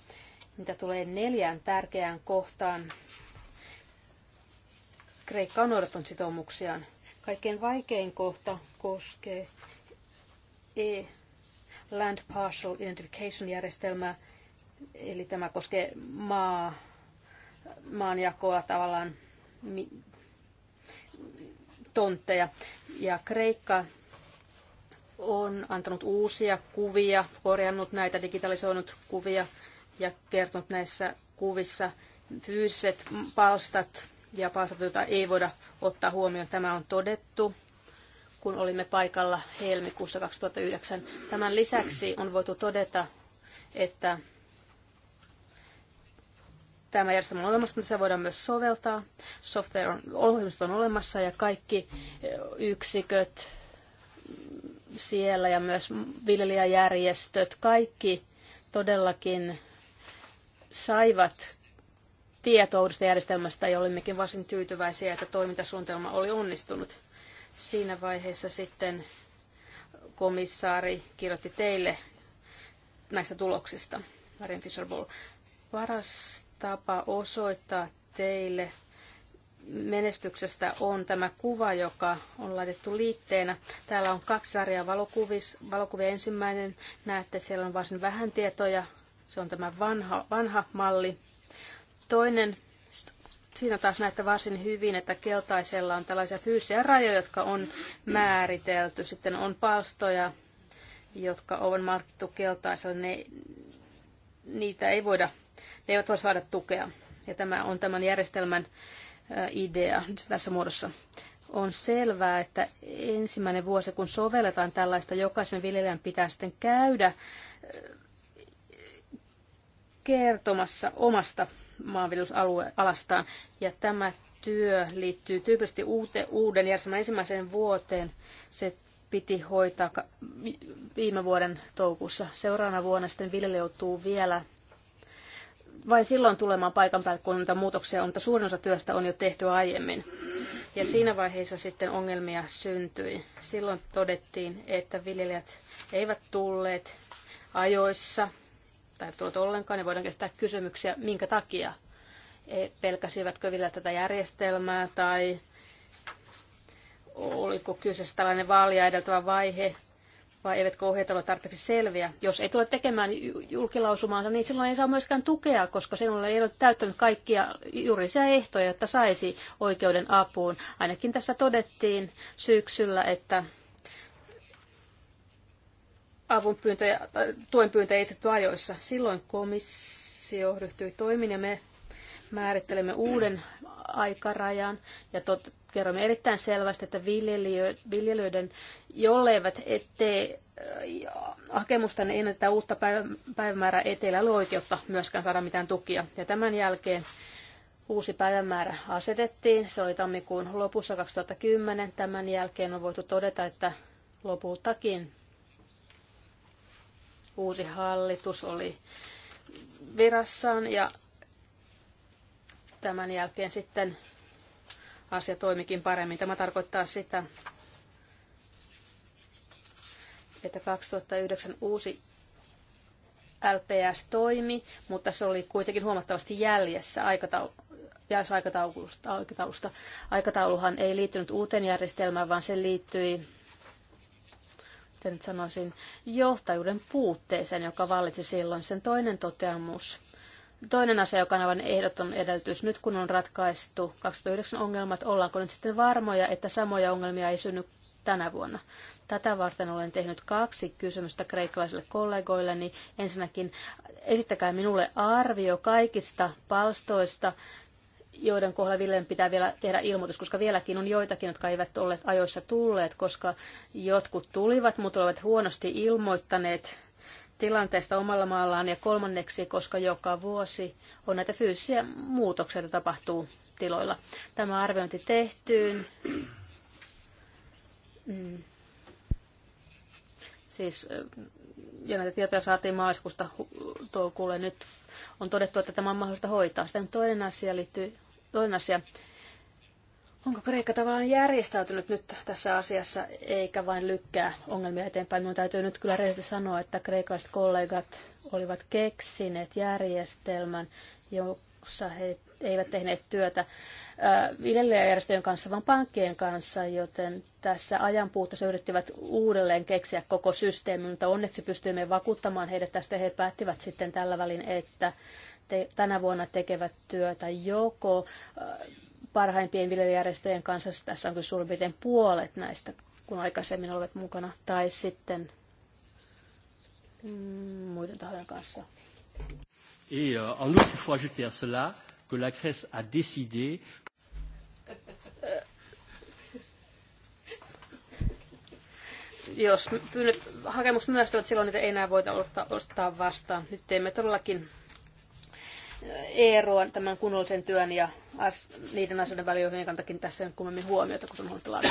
mitä tulee neljään tärkeään kohtaan, Kreikka on odottanut sitoumuksiaan. Kaikkein vaikein kohta koskee e Land Partial Identification-järjestelmää, eli tämä koskee maa, maanjakoa tavallaan tontteja. Ja Kreikka on antanut uusia kuvia, korjannut näitä, digitalisoinut kuvia ja kertonut näissä kuvissa fyysiset palstat ja palstat, joita ei voida ottaa huomioon. Tämä on todettu, kun olimme paikalla helmikuussa 2009. Tämän lisäksi on voitu todeta, että Tämä järjestelmä on olemassa, niin se voidaan myös soveltaa. Software on, ohjelmisto on olemassa ja kaikki eh, yksiköt siellä ja myös viljelijäjärjestöt, kaikki todellakin saivat tietoa uudesta järjestelmästä ja olimmekin varsin tyytyväisiä, että toimintasuunnitelma oli onnistunut. Siinä vaiheessa sitten komissaari kirjoitti teille näistä tuloksista, Karin Fischer-Boll tapa osoittaa teille menestyksestä on tämä kuva, joka on laitettu liitteenä. Täällä on kaksi sarjaa valokuvia. Ensimmäinen näette, siellä on varsin vähän tietoja. Se on tämä vanha, vanha malli. Toinen, siinä taas näette varsin hyvin, että keltaisella on tällaisia fyysisiä rajoja, jotka on määritelty. Sitten on palstoja, jotka on markkittu keltaisella. Ne, niitä ei voida ne eivät voi saada tukea. Ja tämä on tämän järjestelmän idea tässä muodossa. On selvää, että ensimmäinen vuosi, kun sovelletaan tällaista, jokaisen viljelijän pitää sitten käydä kertomassa omasta maanviljelysalastaan. Ja tämä työ liittyy tyypillisesti uuteen uuden järjestelmän ensimmäiseen vuoteen. Se piti hoitaa viime vuoden toukussa. Seuraavana vuonna sitten viljelijä joutuu vielä vain silloin tulemaan paikan päälle, kun niitä muutoksia on, mutta suurin osa työstä on jo tehty aiemmin. Ja siinä vaiheessa sitten ongelmia syntyi. Silloin todettiin, että viljelijät eivät tulleet ajoissa tai tuot ollenkaan, niin voidaan kestää kysymyksiä, minkä takia e, pelkäsivätkö vielä tätä järjestelmää tai oliko kyseessä tällainen vaalia edeltävä vaihe vai eivätkö ohjeet ole tarpeeksi selviä. Jos ei tule tekemään julkilausumaansa, niin silloin ei saa myöskään tukea, koska sinulle ei ole täyttänyt kaikkia juridisia ehtoja, jotta saisi oikeuden apuun. Ainakin tässä todettiin syksyllä, että avunpyyntö ja tuen pyyntö ei esitetty ajoissa. Silloin komissio ryhtyi toimiin ja me määrittelemme uuden aikarajan ja tot, kerromme erittäin selvästi, että viljelijö, viljelijöiden, jolleivät äh, ettei hakemusta niin ei tätä uutta päivämäärää eteellä ole oikeutta myöskään saada mitään tukia. Ja tämän jälkeen uusi päivämäärä asetettiin. Se oli tammikuun lopussa 2010. Tämän jälkeen on voitu todeta, että lopultakin uusi hallitus oli virassaan ja Tämän jälkeen sitten asia toimikin paremmin. Tämä tarkoittaa sitä, että 2009 uusi LPS toimi, mutta se oli kuitenkin huomattavasti jäljessä aikataulu jäljessä aikataulusta, aikataulusta. Aikatauluhan ei liittynyt uuteen järjestelmään, vaan se liittyi sanoisin, johtajuuden puutteeseen, joka vallitsi silloin. Sen toinen toteamus Toinen asia, joka on aivan ehdoton edellytys, nyt kun on ratkaistu 2009 ongelmat, ollaanko nyt sitten varmoja, että samoja ongelmia ei synny tänä vuonna? Tätä varten olen tehnyt kaksi kysymystä kreikkalaisille kollegoilleni. Niin ensinnäkin esittäkää minulle arvio kaikista palstoista, joiden kohdalla Ville pitää vielä tehdä ilmoitus, koska vieläkin on joitakin, jotka eivät olleet ajoissa tulleet, koska jotkut tulivat, mutta olivat huonosti ilmoittaneet tilanteesta omalla maallaan ja kolmanneksi, koska joka vuosi on näitä fyysisiä muutoksia, joita tapahtuu tiloilla. Tämä arviointi tehtyyn. Mm. Siis, ja näitä tietoja saatiin maaliskuusta toukulle. Nyt on todettu, että tämä on mahdollista hoitaa. Sitten toinen asia liittyy, toinen asia Onko Kreikka tavallaan järjestäytynyt nyt tässä asiassa, eikä vain lykkää ongelmia eteenpäin? Minun täytyy nyt kyllä rehellisesti sanoa, että kreikalaiset kollegat olivat keksineet järjestelmän, jossa he eivät tehneet työtä viljelijäjärjestöjen kanssa, vaan pankkien kanssa, joten tässä ajan puutteessa yrittivät uudelleen keksiä koko systeemi, mutta onneksi pystyimme vakuuttamaan heidät tästä. He päättivät sitten tällä välin, että te, tänä vuonna tekevät työtä joko parhaimpien viljelijärjestöjen kanssa. Tässä on kyllä suurin piirtein puolet näistä, kun aikaisemmin olet mukana, tai sitten mm, muiden tahojen kanssa. Et euh, en outre, il faut ajouter à cela que la Grèce a décidé. Jos hakemus myöstävät silloin niitä ei enää voida ottaa vastaan. Nyt teemme todellakin eroa tämän kunnollisen työn ja as, niiden asioiden välillä, joiden kantakin tässä on kummemmin huomiota, kun se on huomattavasti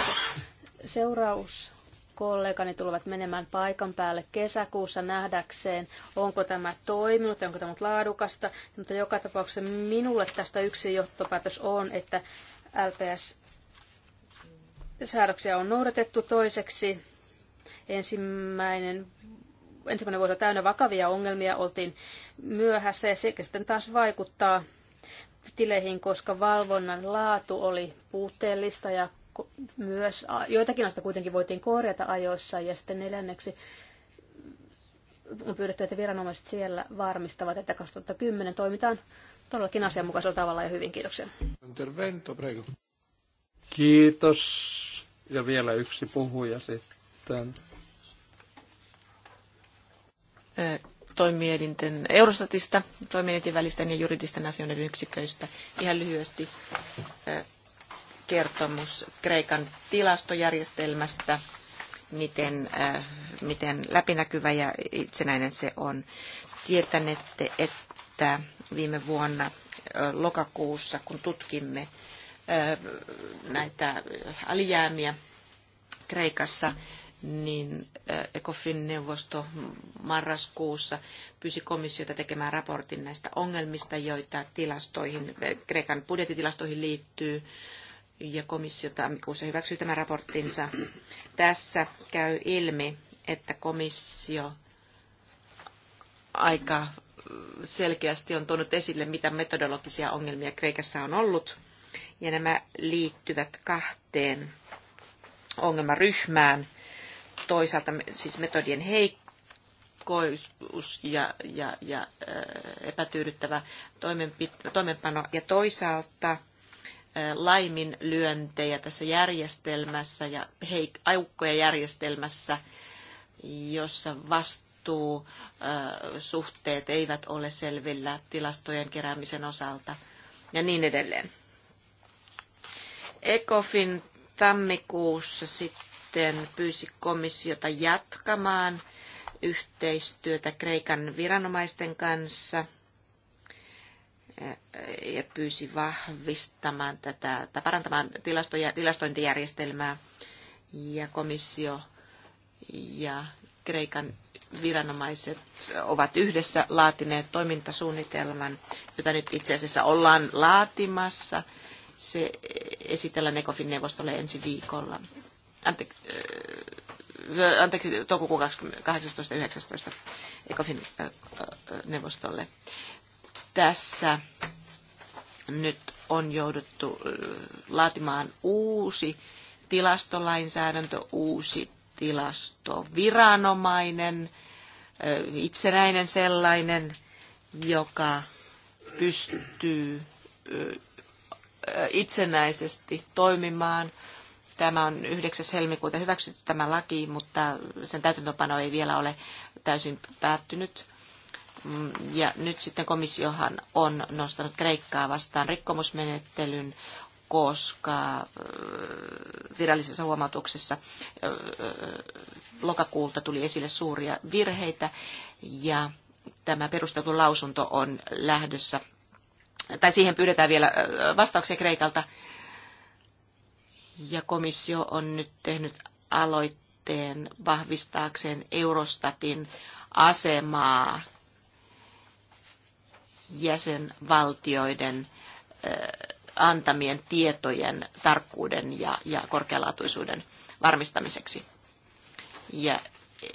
Seuraus kollegani tulevat menemään paikan päälle kesäkuussa nähdäkseen, onko tämä toiminut, onko tämä laadukasta. Mutta joka tapauksessa minulle tästä yksi johtopäätös on, että LPS-säädöksiä on noudatettu toiseksi. Ensimmäinen ensimmäinen vuosi täynnä vakavia ongelmia, oltiin myöhässä ja se sitten taas vaikuttaa tileihin, koska valvonnan laatu oli puutteellista ja myös joitakin asioita kuitenkin voitiin korjata ajoissa ja sitten neljänneksi on pyydetty, että viranomaiset siellä varmistavat, että 2010 toimitaan todellakin asianmukaisella tavalla ja hyvin. Kiitoksia. Intervento, prego. Kiitos. Ja vielä yksi puhuja sitten toimielinten Eurostatista, toimielinten välisten ja juridisten asioiden yksiköistä. Ihan lyhyesti kertomus Kreikan tilastojärjestelmästä, miten, miten läpinäkyvä ja itsenäinen se on. Tietänette, että viime vuonna lokakuussa, kun tutkimme näitä alijäämiä Kreikassa, niin ECOFIN neuvosto marraskuussa pyysi komissiota tekemään raportin näistä ongelmista, joita tilastoihin, Kreikan budjettitilastoihin liittyy ja komissio tammikuussa hyväksyy tämän raporttinsa. Tässä käy ilmi, että komissio aika selkeästi on tuonut esille, mitä metodologisia ongelmia Kreikassa on ollut. Ja nämä liittyvät kahteen ongelmaryhmään, toisaalta siis metodien heikkoisuus ja, ja, ja epätyydyttävä toimenpano ja toisaalta laiminlyöntejä tässä järjestelmässä ja heik- aukkoja järjestelmässä, jossa vastuu suhteet eivät ole selvillä tilastojen keräämisen osalta ja niin edelleen. ECOFIN tammikuussa sitten sitten pyysi komissiota jatkamaan yhteistyötä Kreikan viranomaisten kanssa ja pyysi vahvistamaan tätä, tai parantamaan tilastoja, tilastointijärjestelmää. Ja komissio ja Kreikan viranomaiset ovat yhdessä laatineet toimintasuunnitelman, jota nyt itse asiassa ollaan laatimassa. Se esitellään ECOFIN-neuvostolle ensi viikolla anteeksi, anteeksi toukokuun 18.19. ECOFIN neuvostolle. Tässä nyt on jouduttu laatimaan uusi tilastolainsäädäntö, uusi tilastoviranomainen, itsenäinen sellainen, joka pystyy itsenäisesti toimimaan – Tämä on 9. helmikuuta hyväksytty tämä laki, mutta sen täytäntöpano ei vielä ole täysin päättynyt. Mm, ja nyt sitten komissiohan on nostanut Kreikkaa vastaan rikkomusmenettelyn, koska äh, virallisessa huomautuksessa äh, äh, lokakuulta tuli esille suuria virheitä ja tämä perusteltu lausunto on lähdössä, tai siihen pyydetään vielä vastauksia Kreikalta ja komissio on nyt tehnyt aloitteen vahvistaakseen Eurostatin asemaa jäsenvaltioiden antamien tietojen tarkkuuden ja, ja korkealaatuisuuden varmistamiseksi. Ja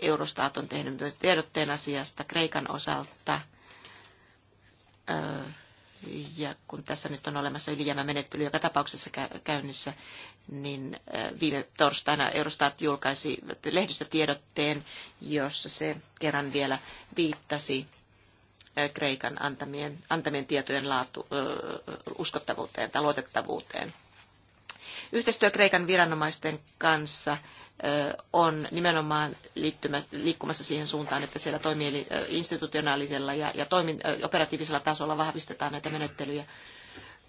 Eurostat on tehnyt myös tiedotteen asiasta Kreikan osalta – ja kun tässä nyt on olemassa ylijäämämenettely joka tapauksessa käynnissä, niin äh, viime torstaina Eurostat julkaisi lehdistötiedotteen, jossa se kerran vielä viittasi äh, Kreikan antamien, antamien tietojen laatu, äh, uskottavuuteen tai luotettavuuteen. Yhteistyö Kreikan viranomaisten kanssa – on nimenomaan liikkumassa siihen suuntaan, että siellä toimii institutionaalisella ja, ja toimin, operatiivisella tasolla vahvistetaan näitä menettelyjä.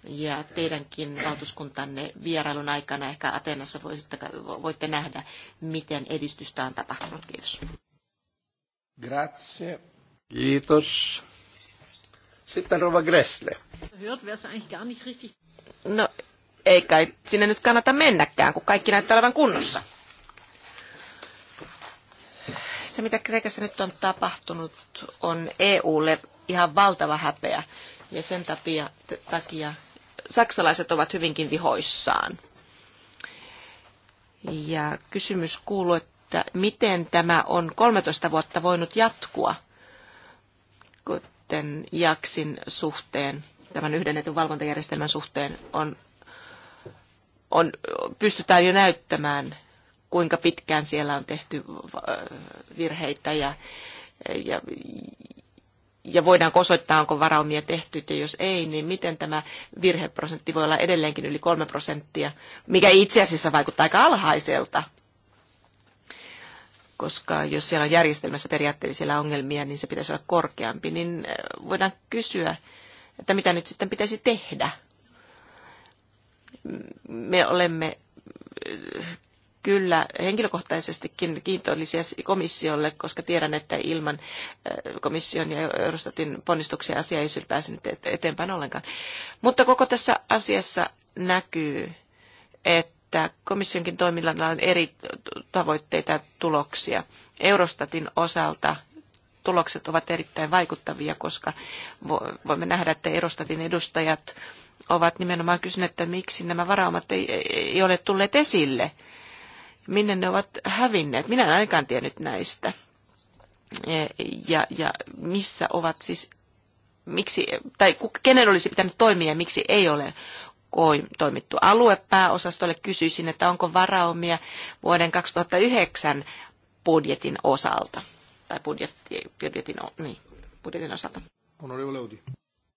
Ja teidänkin valtuuskuntanne vierailun aikana ehkä Atenassa voisitte, voitte nähdä, miten edistystä on tapahtunut. Kiitos. Grazie. Kiitos. Sitten Rova Gressle. No, ei kai sinne nyt kannata mennäkään, kun kaikki näyttää olevan kunnossa se, mitä Kreikassa nyt on tapahtunut, on EUlle ihan valtava häpeä. Ja sen takia, takia saksalaiset ovat hyvinkin vihoissaan. Ja kysymys kuuluu, että miten tämä on 13 vuotta voinut jatkua, kuten jaksin suhteen, tämän yhdennetyn valvontajärjestelmän suhteen on, on, pystytään jo näyttämään kuinka pitkään siellä on tehty äh, virheitä ja, ja, ja voidaanko osoittaa, onko varaumia tehty, ja jos ei, niin miten tämä virheprosentti voi olla edelleenkin yli kolme prosenttia, mikä itse asiassa vaikuttaa aika alhaiselta, koska jos siellä on järjestelmässä periaatteellisia ongelmia, niin se pitäisi olla korkeampi, niin äh, voidaan kysyä, että mitä nyt sitten pitäisi tehdä. Me olemme äh, kyllä henkilökohtaisestikin kiitollisia komissiolle, koska tiedän, että ilman äh, komission ja Eurostatin ponnistuksia asia ei siis pääse nyt eteenpäin ollenkaan. Mutta koko tässä asiassa näkyy, että komissionkin toiminnalla on eri tavoitteita ja tuloksia. Eurostatin osalta tulokset ovat erittäin vaikuttavia, koska voimme nähdä, että Eurostatin edustajat ovat nimenomaan kysyneet, että miksi nämä varaumat ei, ei ole tulleet esille minne ne ovat hävinneet. Minä en ainakaan tiennyt näistä. E, ja, ja missä ovat siis, miksi, tai kenen olisi pitänyt toimia ja miksi ei ole toimittu. Aluepääosastolle kysyisin, että onko varaumia vuoden 2009 budjetin osalta, tai budjetti, budjetin, niin, budjetin osalta.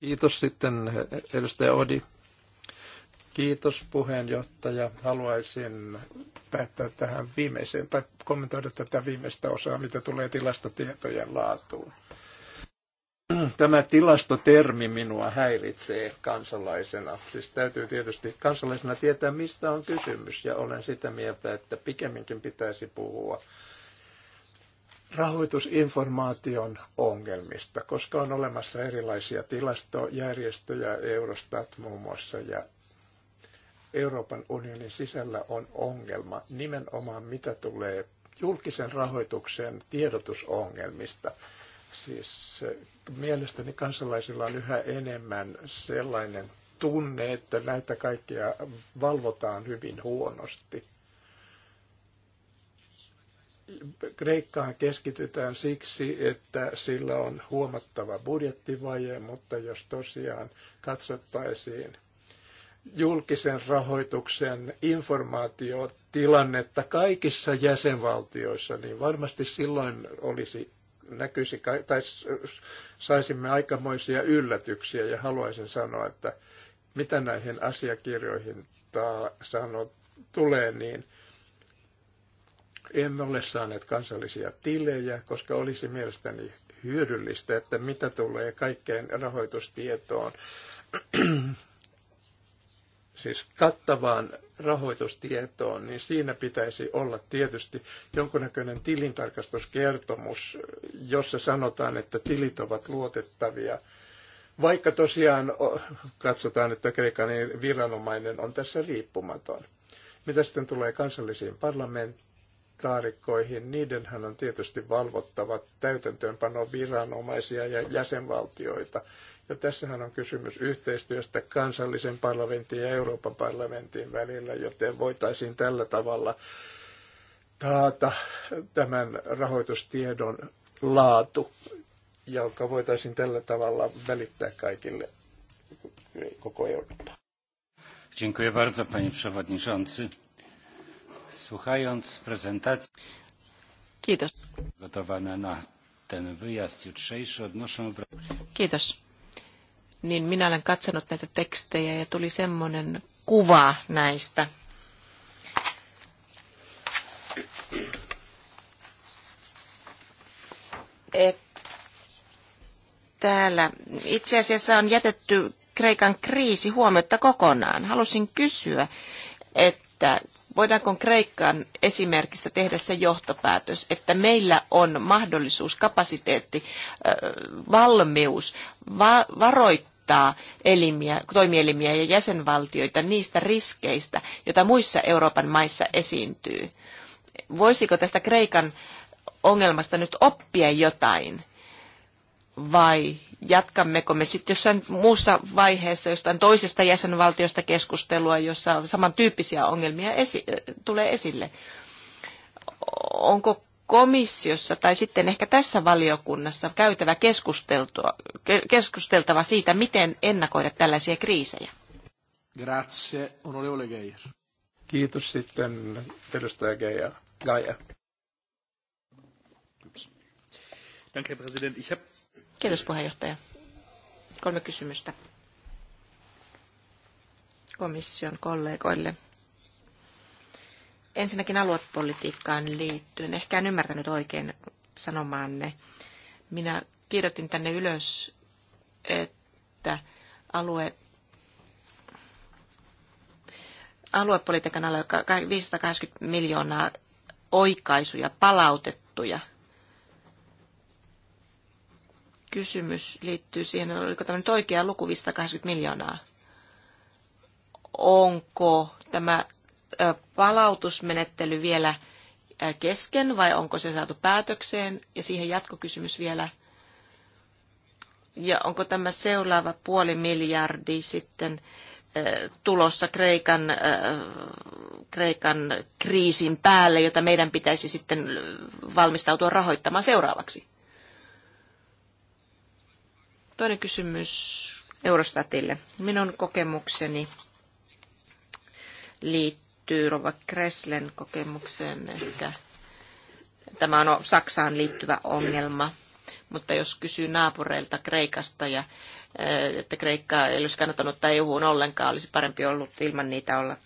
Kiitos sitten edustaja Odi. Kiitos puheenjohtaja. Haluaisin päättää tähän viimeiseen tai kommentoida tätä viimeistä osaa, mitä tulee tilastotietojen laatuun. Tämä tilastotermi minua häiritsee kansalaisena. Siis täytyy tietysti kansalaisena tietää, mistä on kysymys, ja olen sitä mieltä, että pikemminkin pitäisi puhua rahoitusinformaation ongelmista, koska on olemassa erilaisia tilastojärjestöjä, Eurostat muun muassa, ja Euroopan unionin sisällä on ongelma nimenomaan mitä tulee julkisen rahoituksen tiedotusongelmista. Siis eh, mielestäni kansalaisilla on yhä enemmän sellainen tunne, että näitä kaikkia valvotaan hyvin huonosti. Kreikkaan keskitytään siksi, että sillä on huomattava budjettivaje, mutta jos tosiaan katsottaisiin julkisen rahoituksen informaatiotilannetta kaikissa jäsenvaltioissa, niin varmasti silloin olisi näkyisi, tai saisimme aikamoisia yllätyksiä, ja haluaisin sanoa, että mitä näihin asiakirjoihin taa sano, tulee, niin emme ole saaneet kansallisia tilejä, koska olisi mielestäni hyödyllistä, että mitä tulee kaikkeen rahoitustietoon siis kattavaan rahoitustietoon, niin siinä pitäisi olla tietysti jonkunnäköinen tilintarkastuskertomus, jossa sanotaan, että tilit ovat luotettavia. Vaikka tosiaan katsotaan, että Kreikan viranomainen on tässä riippumaton. Mitä sitten tulee kansallisiin parlamentteihin? parlamentaarikkoihin, niidenhän on tietysti valvottava täytäntöönpano viranomaisia ja jäsenvaltioita. Ja tässähän on kysymys yhteistyöstä kansallisen parlamentin ja Euroopan parlamentin välillä, joten voitaisiin tällä tavalla taata tämän rahoitustiedon laatu, joka voitaisiin tällä tavalla välittää kaikille koko Eurooppaan. Dziękuję bardzo, panie przewodniczący. Słuchając prezentacji Kiitos. gotowana na ten wyjazd jutrzejszy odnoszą... Kiitos. Niin minä olen katsonut näitä tekstejä ja tuli semmoinen kuva näistä. Et täällä itse asiassa on jätetty Kreikan kriisi huomiota kokonaan. Halusin kysyä, että voidaanko Kreikan esimerkistä tehdä se johtopäätös, että meillä on mahdollisuus, kapasiteetti, valmius varoittaa elimiä, toimielimiä ja jäsenvaltioita niistä riskeistä, joita muissa Euroopan maissa esiintyy. Voisiko tästä Kreikan ongelmasta nyt oppia jotain vai jatkammeko me sitten jossain muussa vaiheessa jostain toisesta jäsenvaltiosta keskustelua, jossa samantyyppisiä ongelmia esi- tulee esille. Onko komissiossa tai sitten ehkä tässä valiokunnassa käytävä keskusteltava siitä, miten ennakoida tällaisia kriisejä? Grazie, onorevole Geijer. Kiitos sitten edustaja Geijer. Danke, Präsident. Ich habe Kiitos puheenjohtaja. Kolme kysymystä komission kollegoille. Ensinnäkin aluepolitiikkaan liittyen. Ehkä en ymmärtänyt oikein sanomaanne. Minä kirjoitin tänne ylös, että alue, aluepolitiikan alue 580 miljoonaa oikaisuja, palautettuja – kysymys liittyy siihen, oliko tämä nyt oikea luku 580 miljoonaa? Onko tämä palautusmenettely vielä kesken vai onko se saatu päätökseen? Ja siihen jatkokysymys vielä. Ja onko tämä seuraava puoli miljardi sitten tulossa Kreikan, Kreikan kriisin päälle, jota meidän pitäisi sitten valmistautua rahoittamaan seuraavaksi? Toinen kysymys Eurostatille. Minun kokemukseni liittyy Rova Kreslen kokemukseen, että tämä on Saksaan liittyvä ongelma. Mutta jos kysyy naapureilta Kreikasta ja eh, että Kreikka ei olisi kannattanut tai juhuun ollenkaan, olisi parempi ollut ilman niitä olla.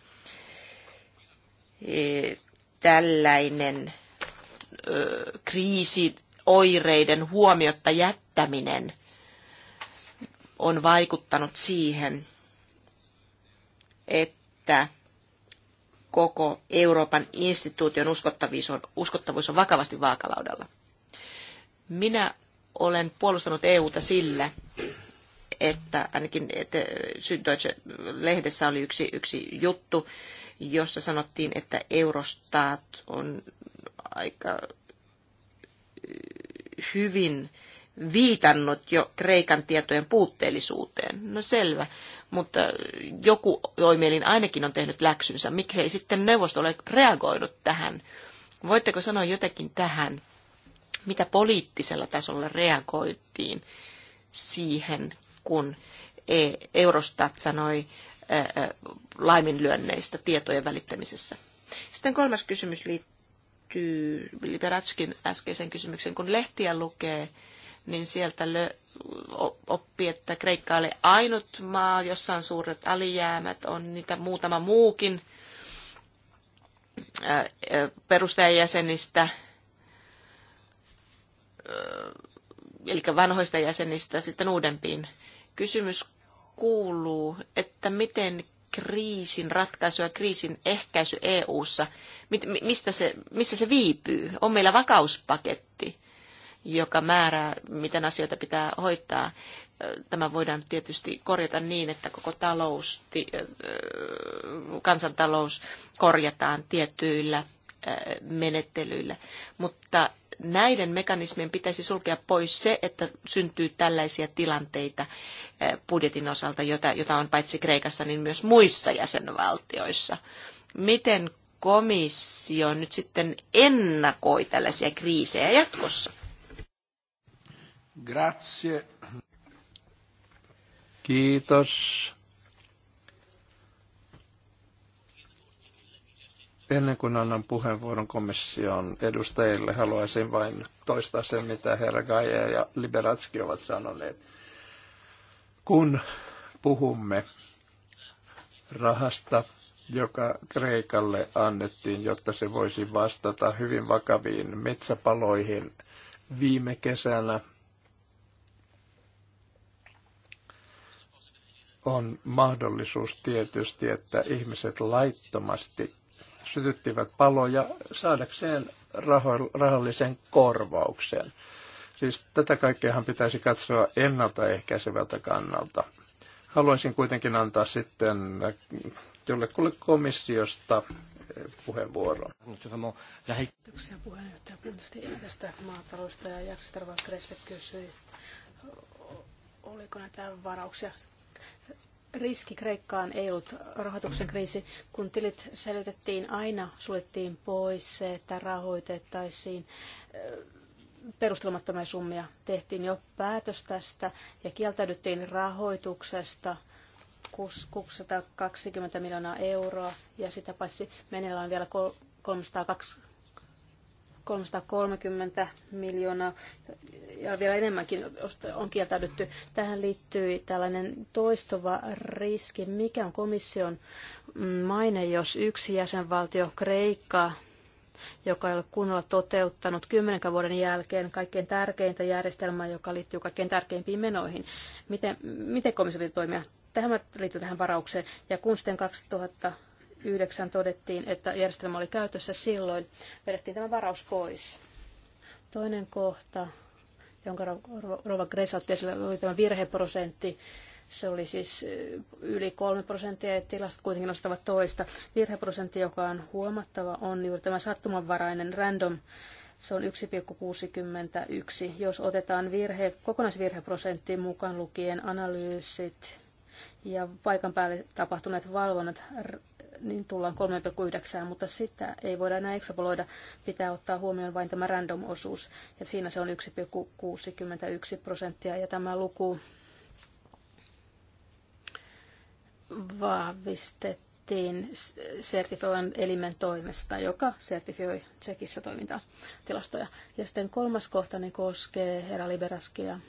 Eh, tällainen eh, kriisi oireiden huomiotta jättäminen – on vaikuttanut siihen, että koko Euroopan instituution uskottavuus on, uskottavuus on vakavasti vaakalaudalla. Minä olen puolustanut EUta sillä, että ainakin että lehdessä oli yksi, yksi juttu, jossa sanottiin, että Eurostat on aika hyvin viitannut jo Kreikan tietojen puutteellisuuteen. No selvä, mutta joku toimielin ainakin on tehnyt läksynsä. Miksei sitten neuvosto ole reagoinut tähän? Voitteko sanoa jotakin tähän? Mitä poliittisella tasolla reagoitiin siihen, kun e- Eurostat sanoi laiminlyönneistä tietojen välittämisessä? Sitten kolmas kysymys liittyy Liberatskin äskeiseen kysymykseen. Kun lehtiä lukee, niin sieltä oppi, että Kreikka oli ainut maa, jossa on suuret alijäämät, on niitä muutama muukin perustajajäsenistä, eli vanhoista jäsenistä sitten uudempiin. Kysymys kuuluu, että miten kriisin ratkaisu ja kriisin ehkäisy EU-ssa, mistä se, missä se viipyy? On meillä vakauspaketti, joka määrää, miten asioita pitää hoitaa. Tämä voidaan tietysti korjata niin, että koko talous, kansantalous korjataan tiettyillä menettelyillä. Mutta näiden mekanismien pitäisi sulkea pois se, että syntyy tällaisia tilanteita budjetin osalta, jota, jota on paitsi Kreikassa, niin myös muissa jäsenvaltioissa. Miten komissio nyt sitten ennakoi tällaisia kriisejä jatkossa? Grazie. Kiitos. Ennen kuin annan puheenvuoron komission edustajille, haluaisin vain toistaa sen, mitä herra Gaia ja Liberatski ovat sanoneet. Kun puhumme rahasta, joka Kreikalle annettiin, jotta se voisi vastata hyvin vakaviin metsäpaloihin viime kesänä, on mahdollisuus tietysti, että ihmiset laittomasti sytyttivät paloja saadakseen raho- rahallisen korvauksen. Siis tätä kaikkeahan pitäisi katsoa ennaltaehkäisevältä kannalta. Haluaisin kuitenkin antaa sitten jollekulle komissiosta eh, puheenvuoron. Kiitoksia puheenjohtaja Puntasti tästä maatalousta ja Jaksistarvan kysyi, oliko näitä varauksia riski Kreikkaan ei ollut rahoituksen kriisi. Kun tilit selitettiin, aina suljettiin pois se, että rahoitettaisiin perustelmattomia summia. Tehtiin jo päätös tästä ja kieltäydyttiin rahoituksesta 620 miljoonaa euroa ja sitä paitsi meneillään vielä 320 330 miljoonaa ja vielä enemmänkin on kieltäydytty. Tähän liittyy tällainen toistuva riski. Mikä on komission maine, jos yksi jäsenvaltio, Kreikka, joka ei ole kunnolla toteuttanut kymmenen vuoden jälkeen kaikkein tärkeintä järjestelmää, joka liittyy kaikkein tärkeimpiin menoihin. Miten, miten komissio toimia? Tähän liittyy tähän varaukseen. Ja kun sitten 2000 2009 todettiin, että järjestelmä oli käytössä silloin. Vedettiin tämä varaus pois. Toinen kohta, jonka Rova Gresa otti esille, oli tämä virheprosentti. Se oli siis yli 3 prosenttia ja tilastot kuitenkin nostavat toista. Virheprosentti, joka on huomattava, on juuri tämä sattumanvarainen random se on 1,61. Jos otetaan virhe, kokonaisvirheprosentti mukaan lukien analyysit ja paikan päälle tapahtuneet valvonnat, niin tullaan 3,9, mutta sitä ei voida enää ekstrapoloida. Pitää ottaa huomioon vain tämä random-osuus, ja siinä se on 1,61 prosenttia, ja tämä luku vahvistettiin sertifioivan elimen toimesta, joka sertifioi Tsekissä toimintatilastoja. Ja sitten kolmas kohta niin koskee herra Liberaskia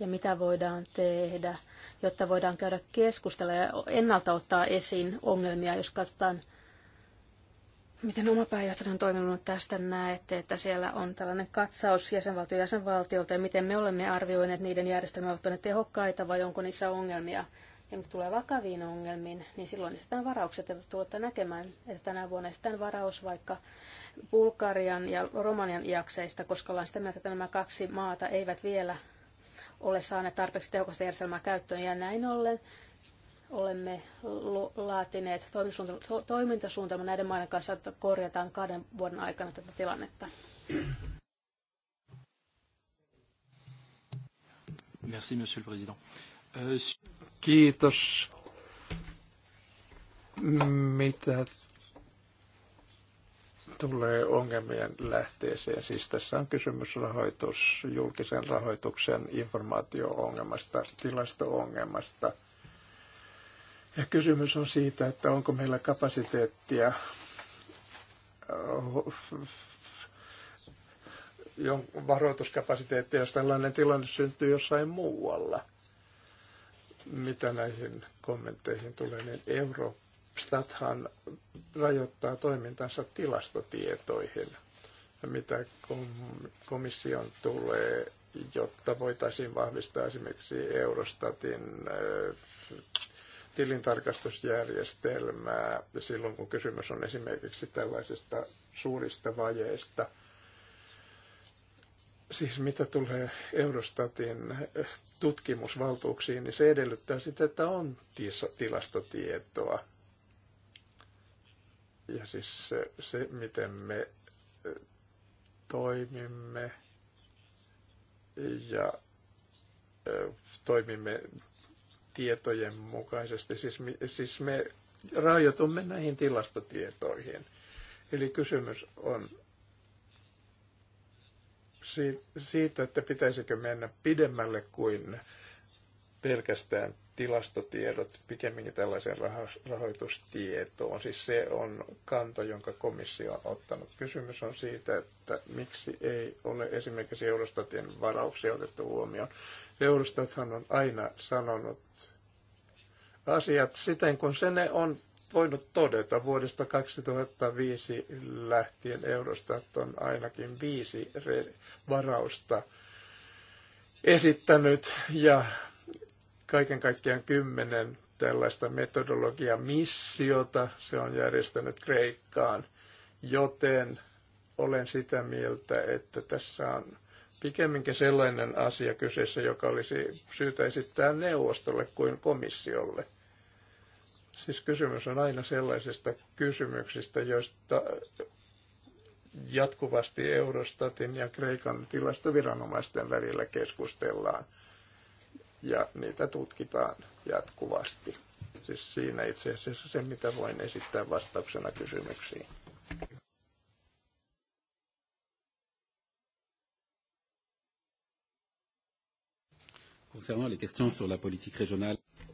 ja mitä voidaan tehdä, jotta voidaan käydä keskustella ja ennalta ottaa esiin ongelmia, jos katsotaan, miten oma pääjohtaja on toiminut tästä. Näette, että siellä on tällainen katsaus jäsenvaltio jäsenvaltiolta ja miten me olemme arvioineet niiden järjestelmät, ovat ne tehokkaita vai onko niissä ongelmia. Ja mitä tulee vakaviin ongelmiin, niin silloin esitetään varaukset, että tulette näkemään, että tänä vuonna esitetään varaus vaikka Bulgarian ja Romanian jakseista, koska ollaan sitä mieltä, että nämä kaksi maata eivät vielä ole saaneet tarpeeksi tehokasta järjestelmää käyttöön ja näin ollen olemme laatineet toimintasuunnitelman näiden maiden kanssa, että korjataan kahden vuoden aikana tätä tilannetta. Merci, monsieur le président. Euh, Kiitos. Mitä tulee ongelmien lähteeseen. Siis tässä on kysymys rahoitus, julkisen rahoituksen informaatio-ongelmasta, tilasto-ongelmasta. Ja kysymys on siitä, että onko meillä kapasiteettia äh, varoituskapasiteettia, jos tällainen tilanne syntyy jossain muualla. Mitä näihin kommentteihin tulee, niin Eurooppa Stathan rajoittaa toimintansa tilastotietoihin, mitä komission tulee, jotta voitaisiin vahvistaa esimerkiksi Eurostatin äh, tilintarkastusjärjestelmää silloin, kun kysymys on esimerkiksi tällaisista suurista vajeista. Siis mitä tulee Eurostatin äh, tutkimusvaltuuksiin, niin se edellyttää sitä, että on tilastotietoa ja siis se, se miten me toimimme ja toimimme tietojen mukaisesti. Siis, siis me rajoitumme näihin tilastotietoihin. Eli kysymys on siitä, että pitäisikö mennä pidemmälle kuin pelkästään tilastotiedot pikemminkin tällaiseen rahoitustietoon. Siis se on kanta, jonka komissio on ottanut. Kysymys on siitä, että miksi ei ole esimerkiksi Eurostatin varauksia otettu huomioon. Eurostathan on aina sanonut asiat siten, kun se ne on voinut todeta. Vuodesta 2005 lähtien Eurostat on ainakin viisi varausta esittänyt ja kaiken kaikkiaan kymmenen tällaista metodologiamissiota se on järjestänyt Kreikkaan, joten olen sitä mieltä, että tässä on pikemminkin sellainen asia kyseessä, joka olisi syytä esittää neuvostolle kuin komissiolle. Siis kysymys on aina sellaisista kysymyksistä, joista jatkuvasti Eurostatin ja Kreikan tilastoviranomaisten välillä keskustellaan ja niitä tutkitaan jatkuvasti. Siis siinä itse asiassa se, mitä voin esittää vastauksena kysymyksiin.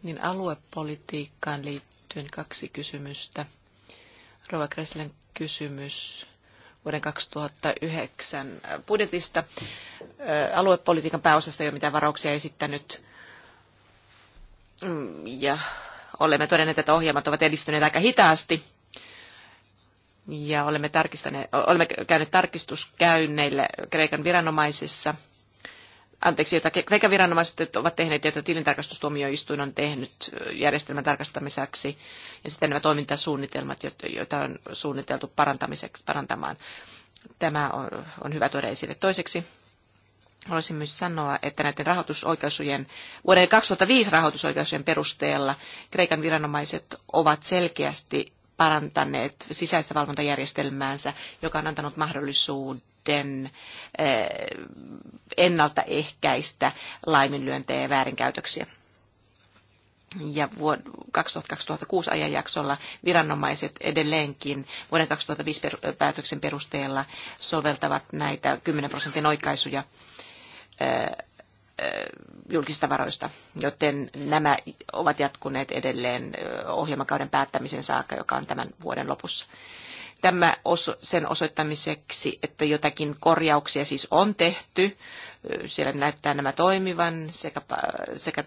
Niin aluepolitiikkaan liittyen kaksi kysymystä. Rova Kreslen kysymys vuoden 2009 budjetista. Aluepolitiikan pääosasta ei ole mitään varauksia esittänyt Mm, ja olemme todenneet, että ohjelmat ovat edistyneet aika hitaasti. Ja olemme, olemme käyneet tarkistuskäynneillä Kreikan viranomaisissa, anteeksi, jota Kreikan viranomaiset ovat tehneet, joita tilintarkastustuomioistuin on tehnyt järjestelmän tarkastamiseksi, ja sitten nämä toimintasuunnitelmat, joita on suunniteltu parantamiseksi, parantamaan. Tämä on, on hyvä tuoda esille. Toiseksi Haluaisin myös sanoa, että näiden rahoitusoikeussujen, vuoden 2005 rahoitusoikeussujen perusteella Kreikan viranomaiset ovat selkeästi parantaneet sisäistä valvontajärjestelmäänsä, joka on antanut mahdollisuuden eh, ennaltaehkäistä laiminlyöntejä ja väärinkäytöksiä. Ja vuod- 2006 ajanjaksolla viranomaiset edelleenkin vuoden 2005 päätöksen perusteella soveltavat näitä 10 prosentin oikaisuja julkisista varoista, joten nämä ovat jatkuneet edelleen ohjelmakauden päättämisen saakka, joka on tämän vuoden lopussa. Tämä sen osoittamiseksi, että jotakin korjauksia siis on tehty, siellä näyttää nämä toimivan sekä, sekä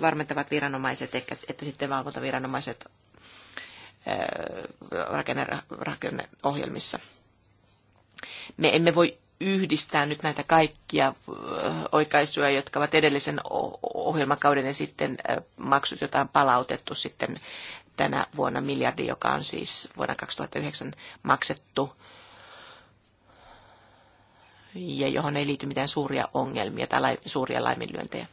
varmentavat viranomaiset että, että sitten valvontaviranomaiset rakenne, rakenneohjelmissa. Me emme voi yhdistää nyt näitä kaikkia äh, oikaisuja, jotka ovat edellisen ohjelmakauden ja sitten äh, maksut, joita on palautettu sitten tänä vuonna miljardi, joka on siis vuonna 2009 maksettu ja johon ei liity mitään suuria ongelmia tai suuria laiminlyöntejä.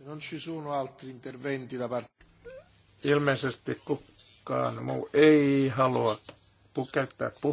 Non ci sono altri interventi da parte. Ilmeisesti kukaan muu ei halua käyttää puheenvuoroa.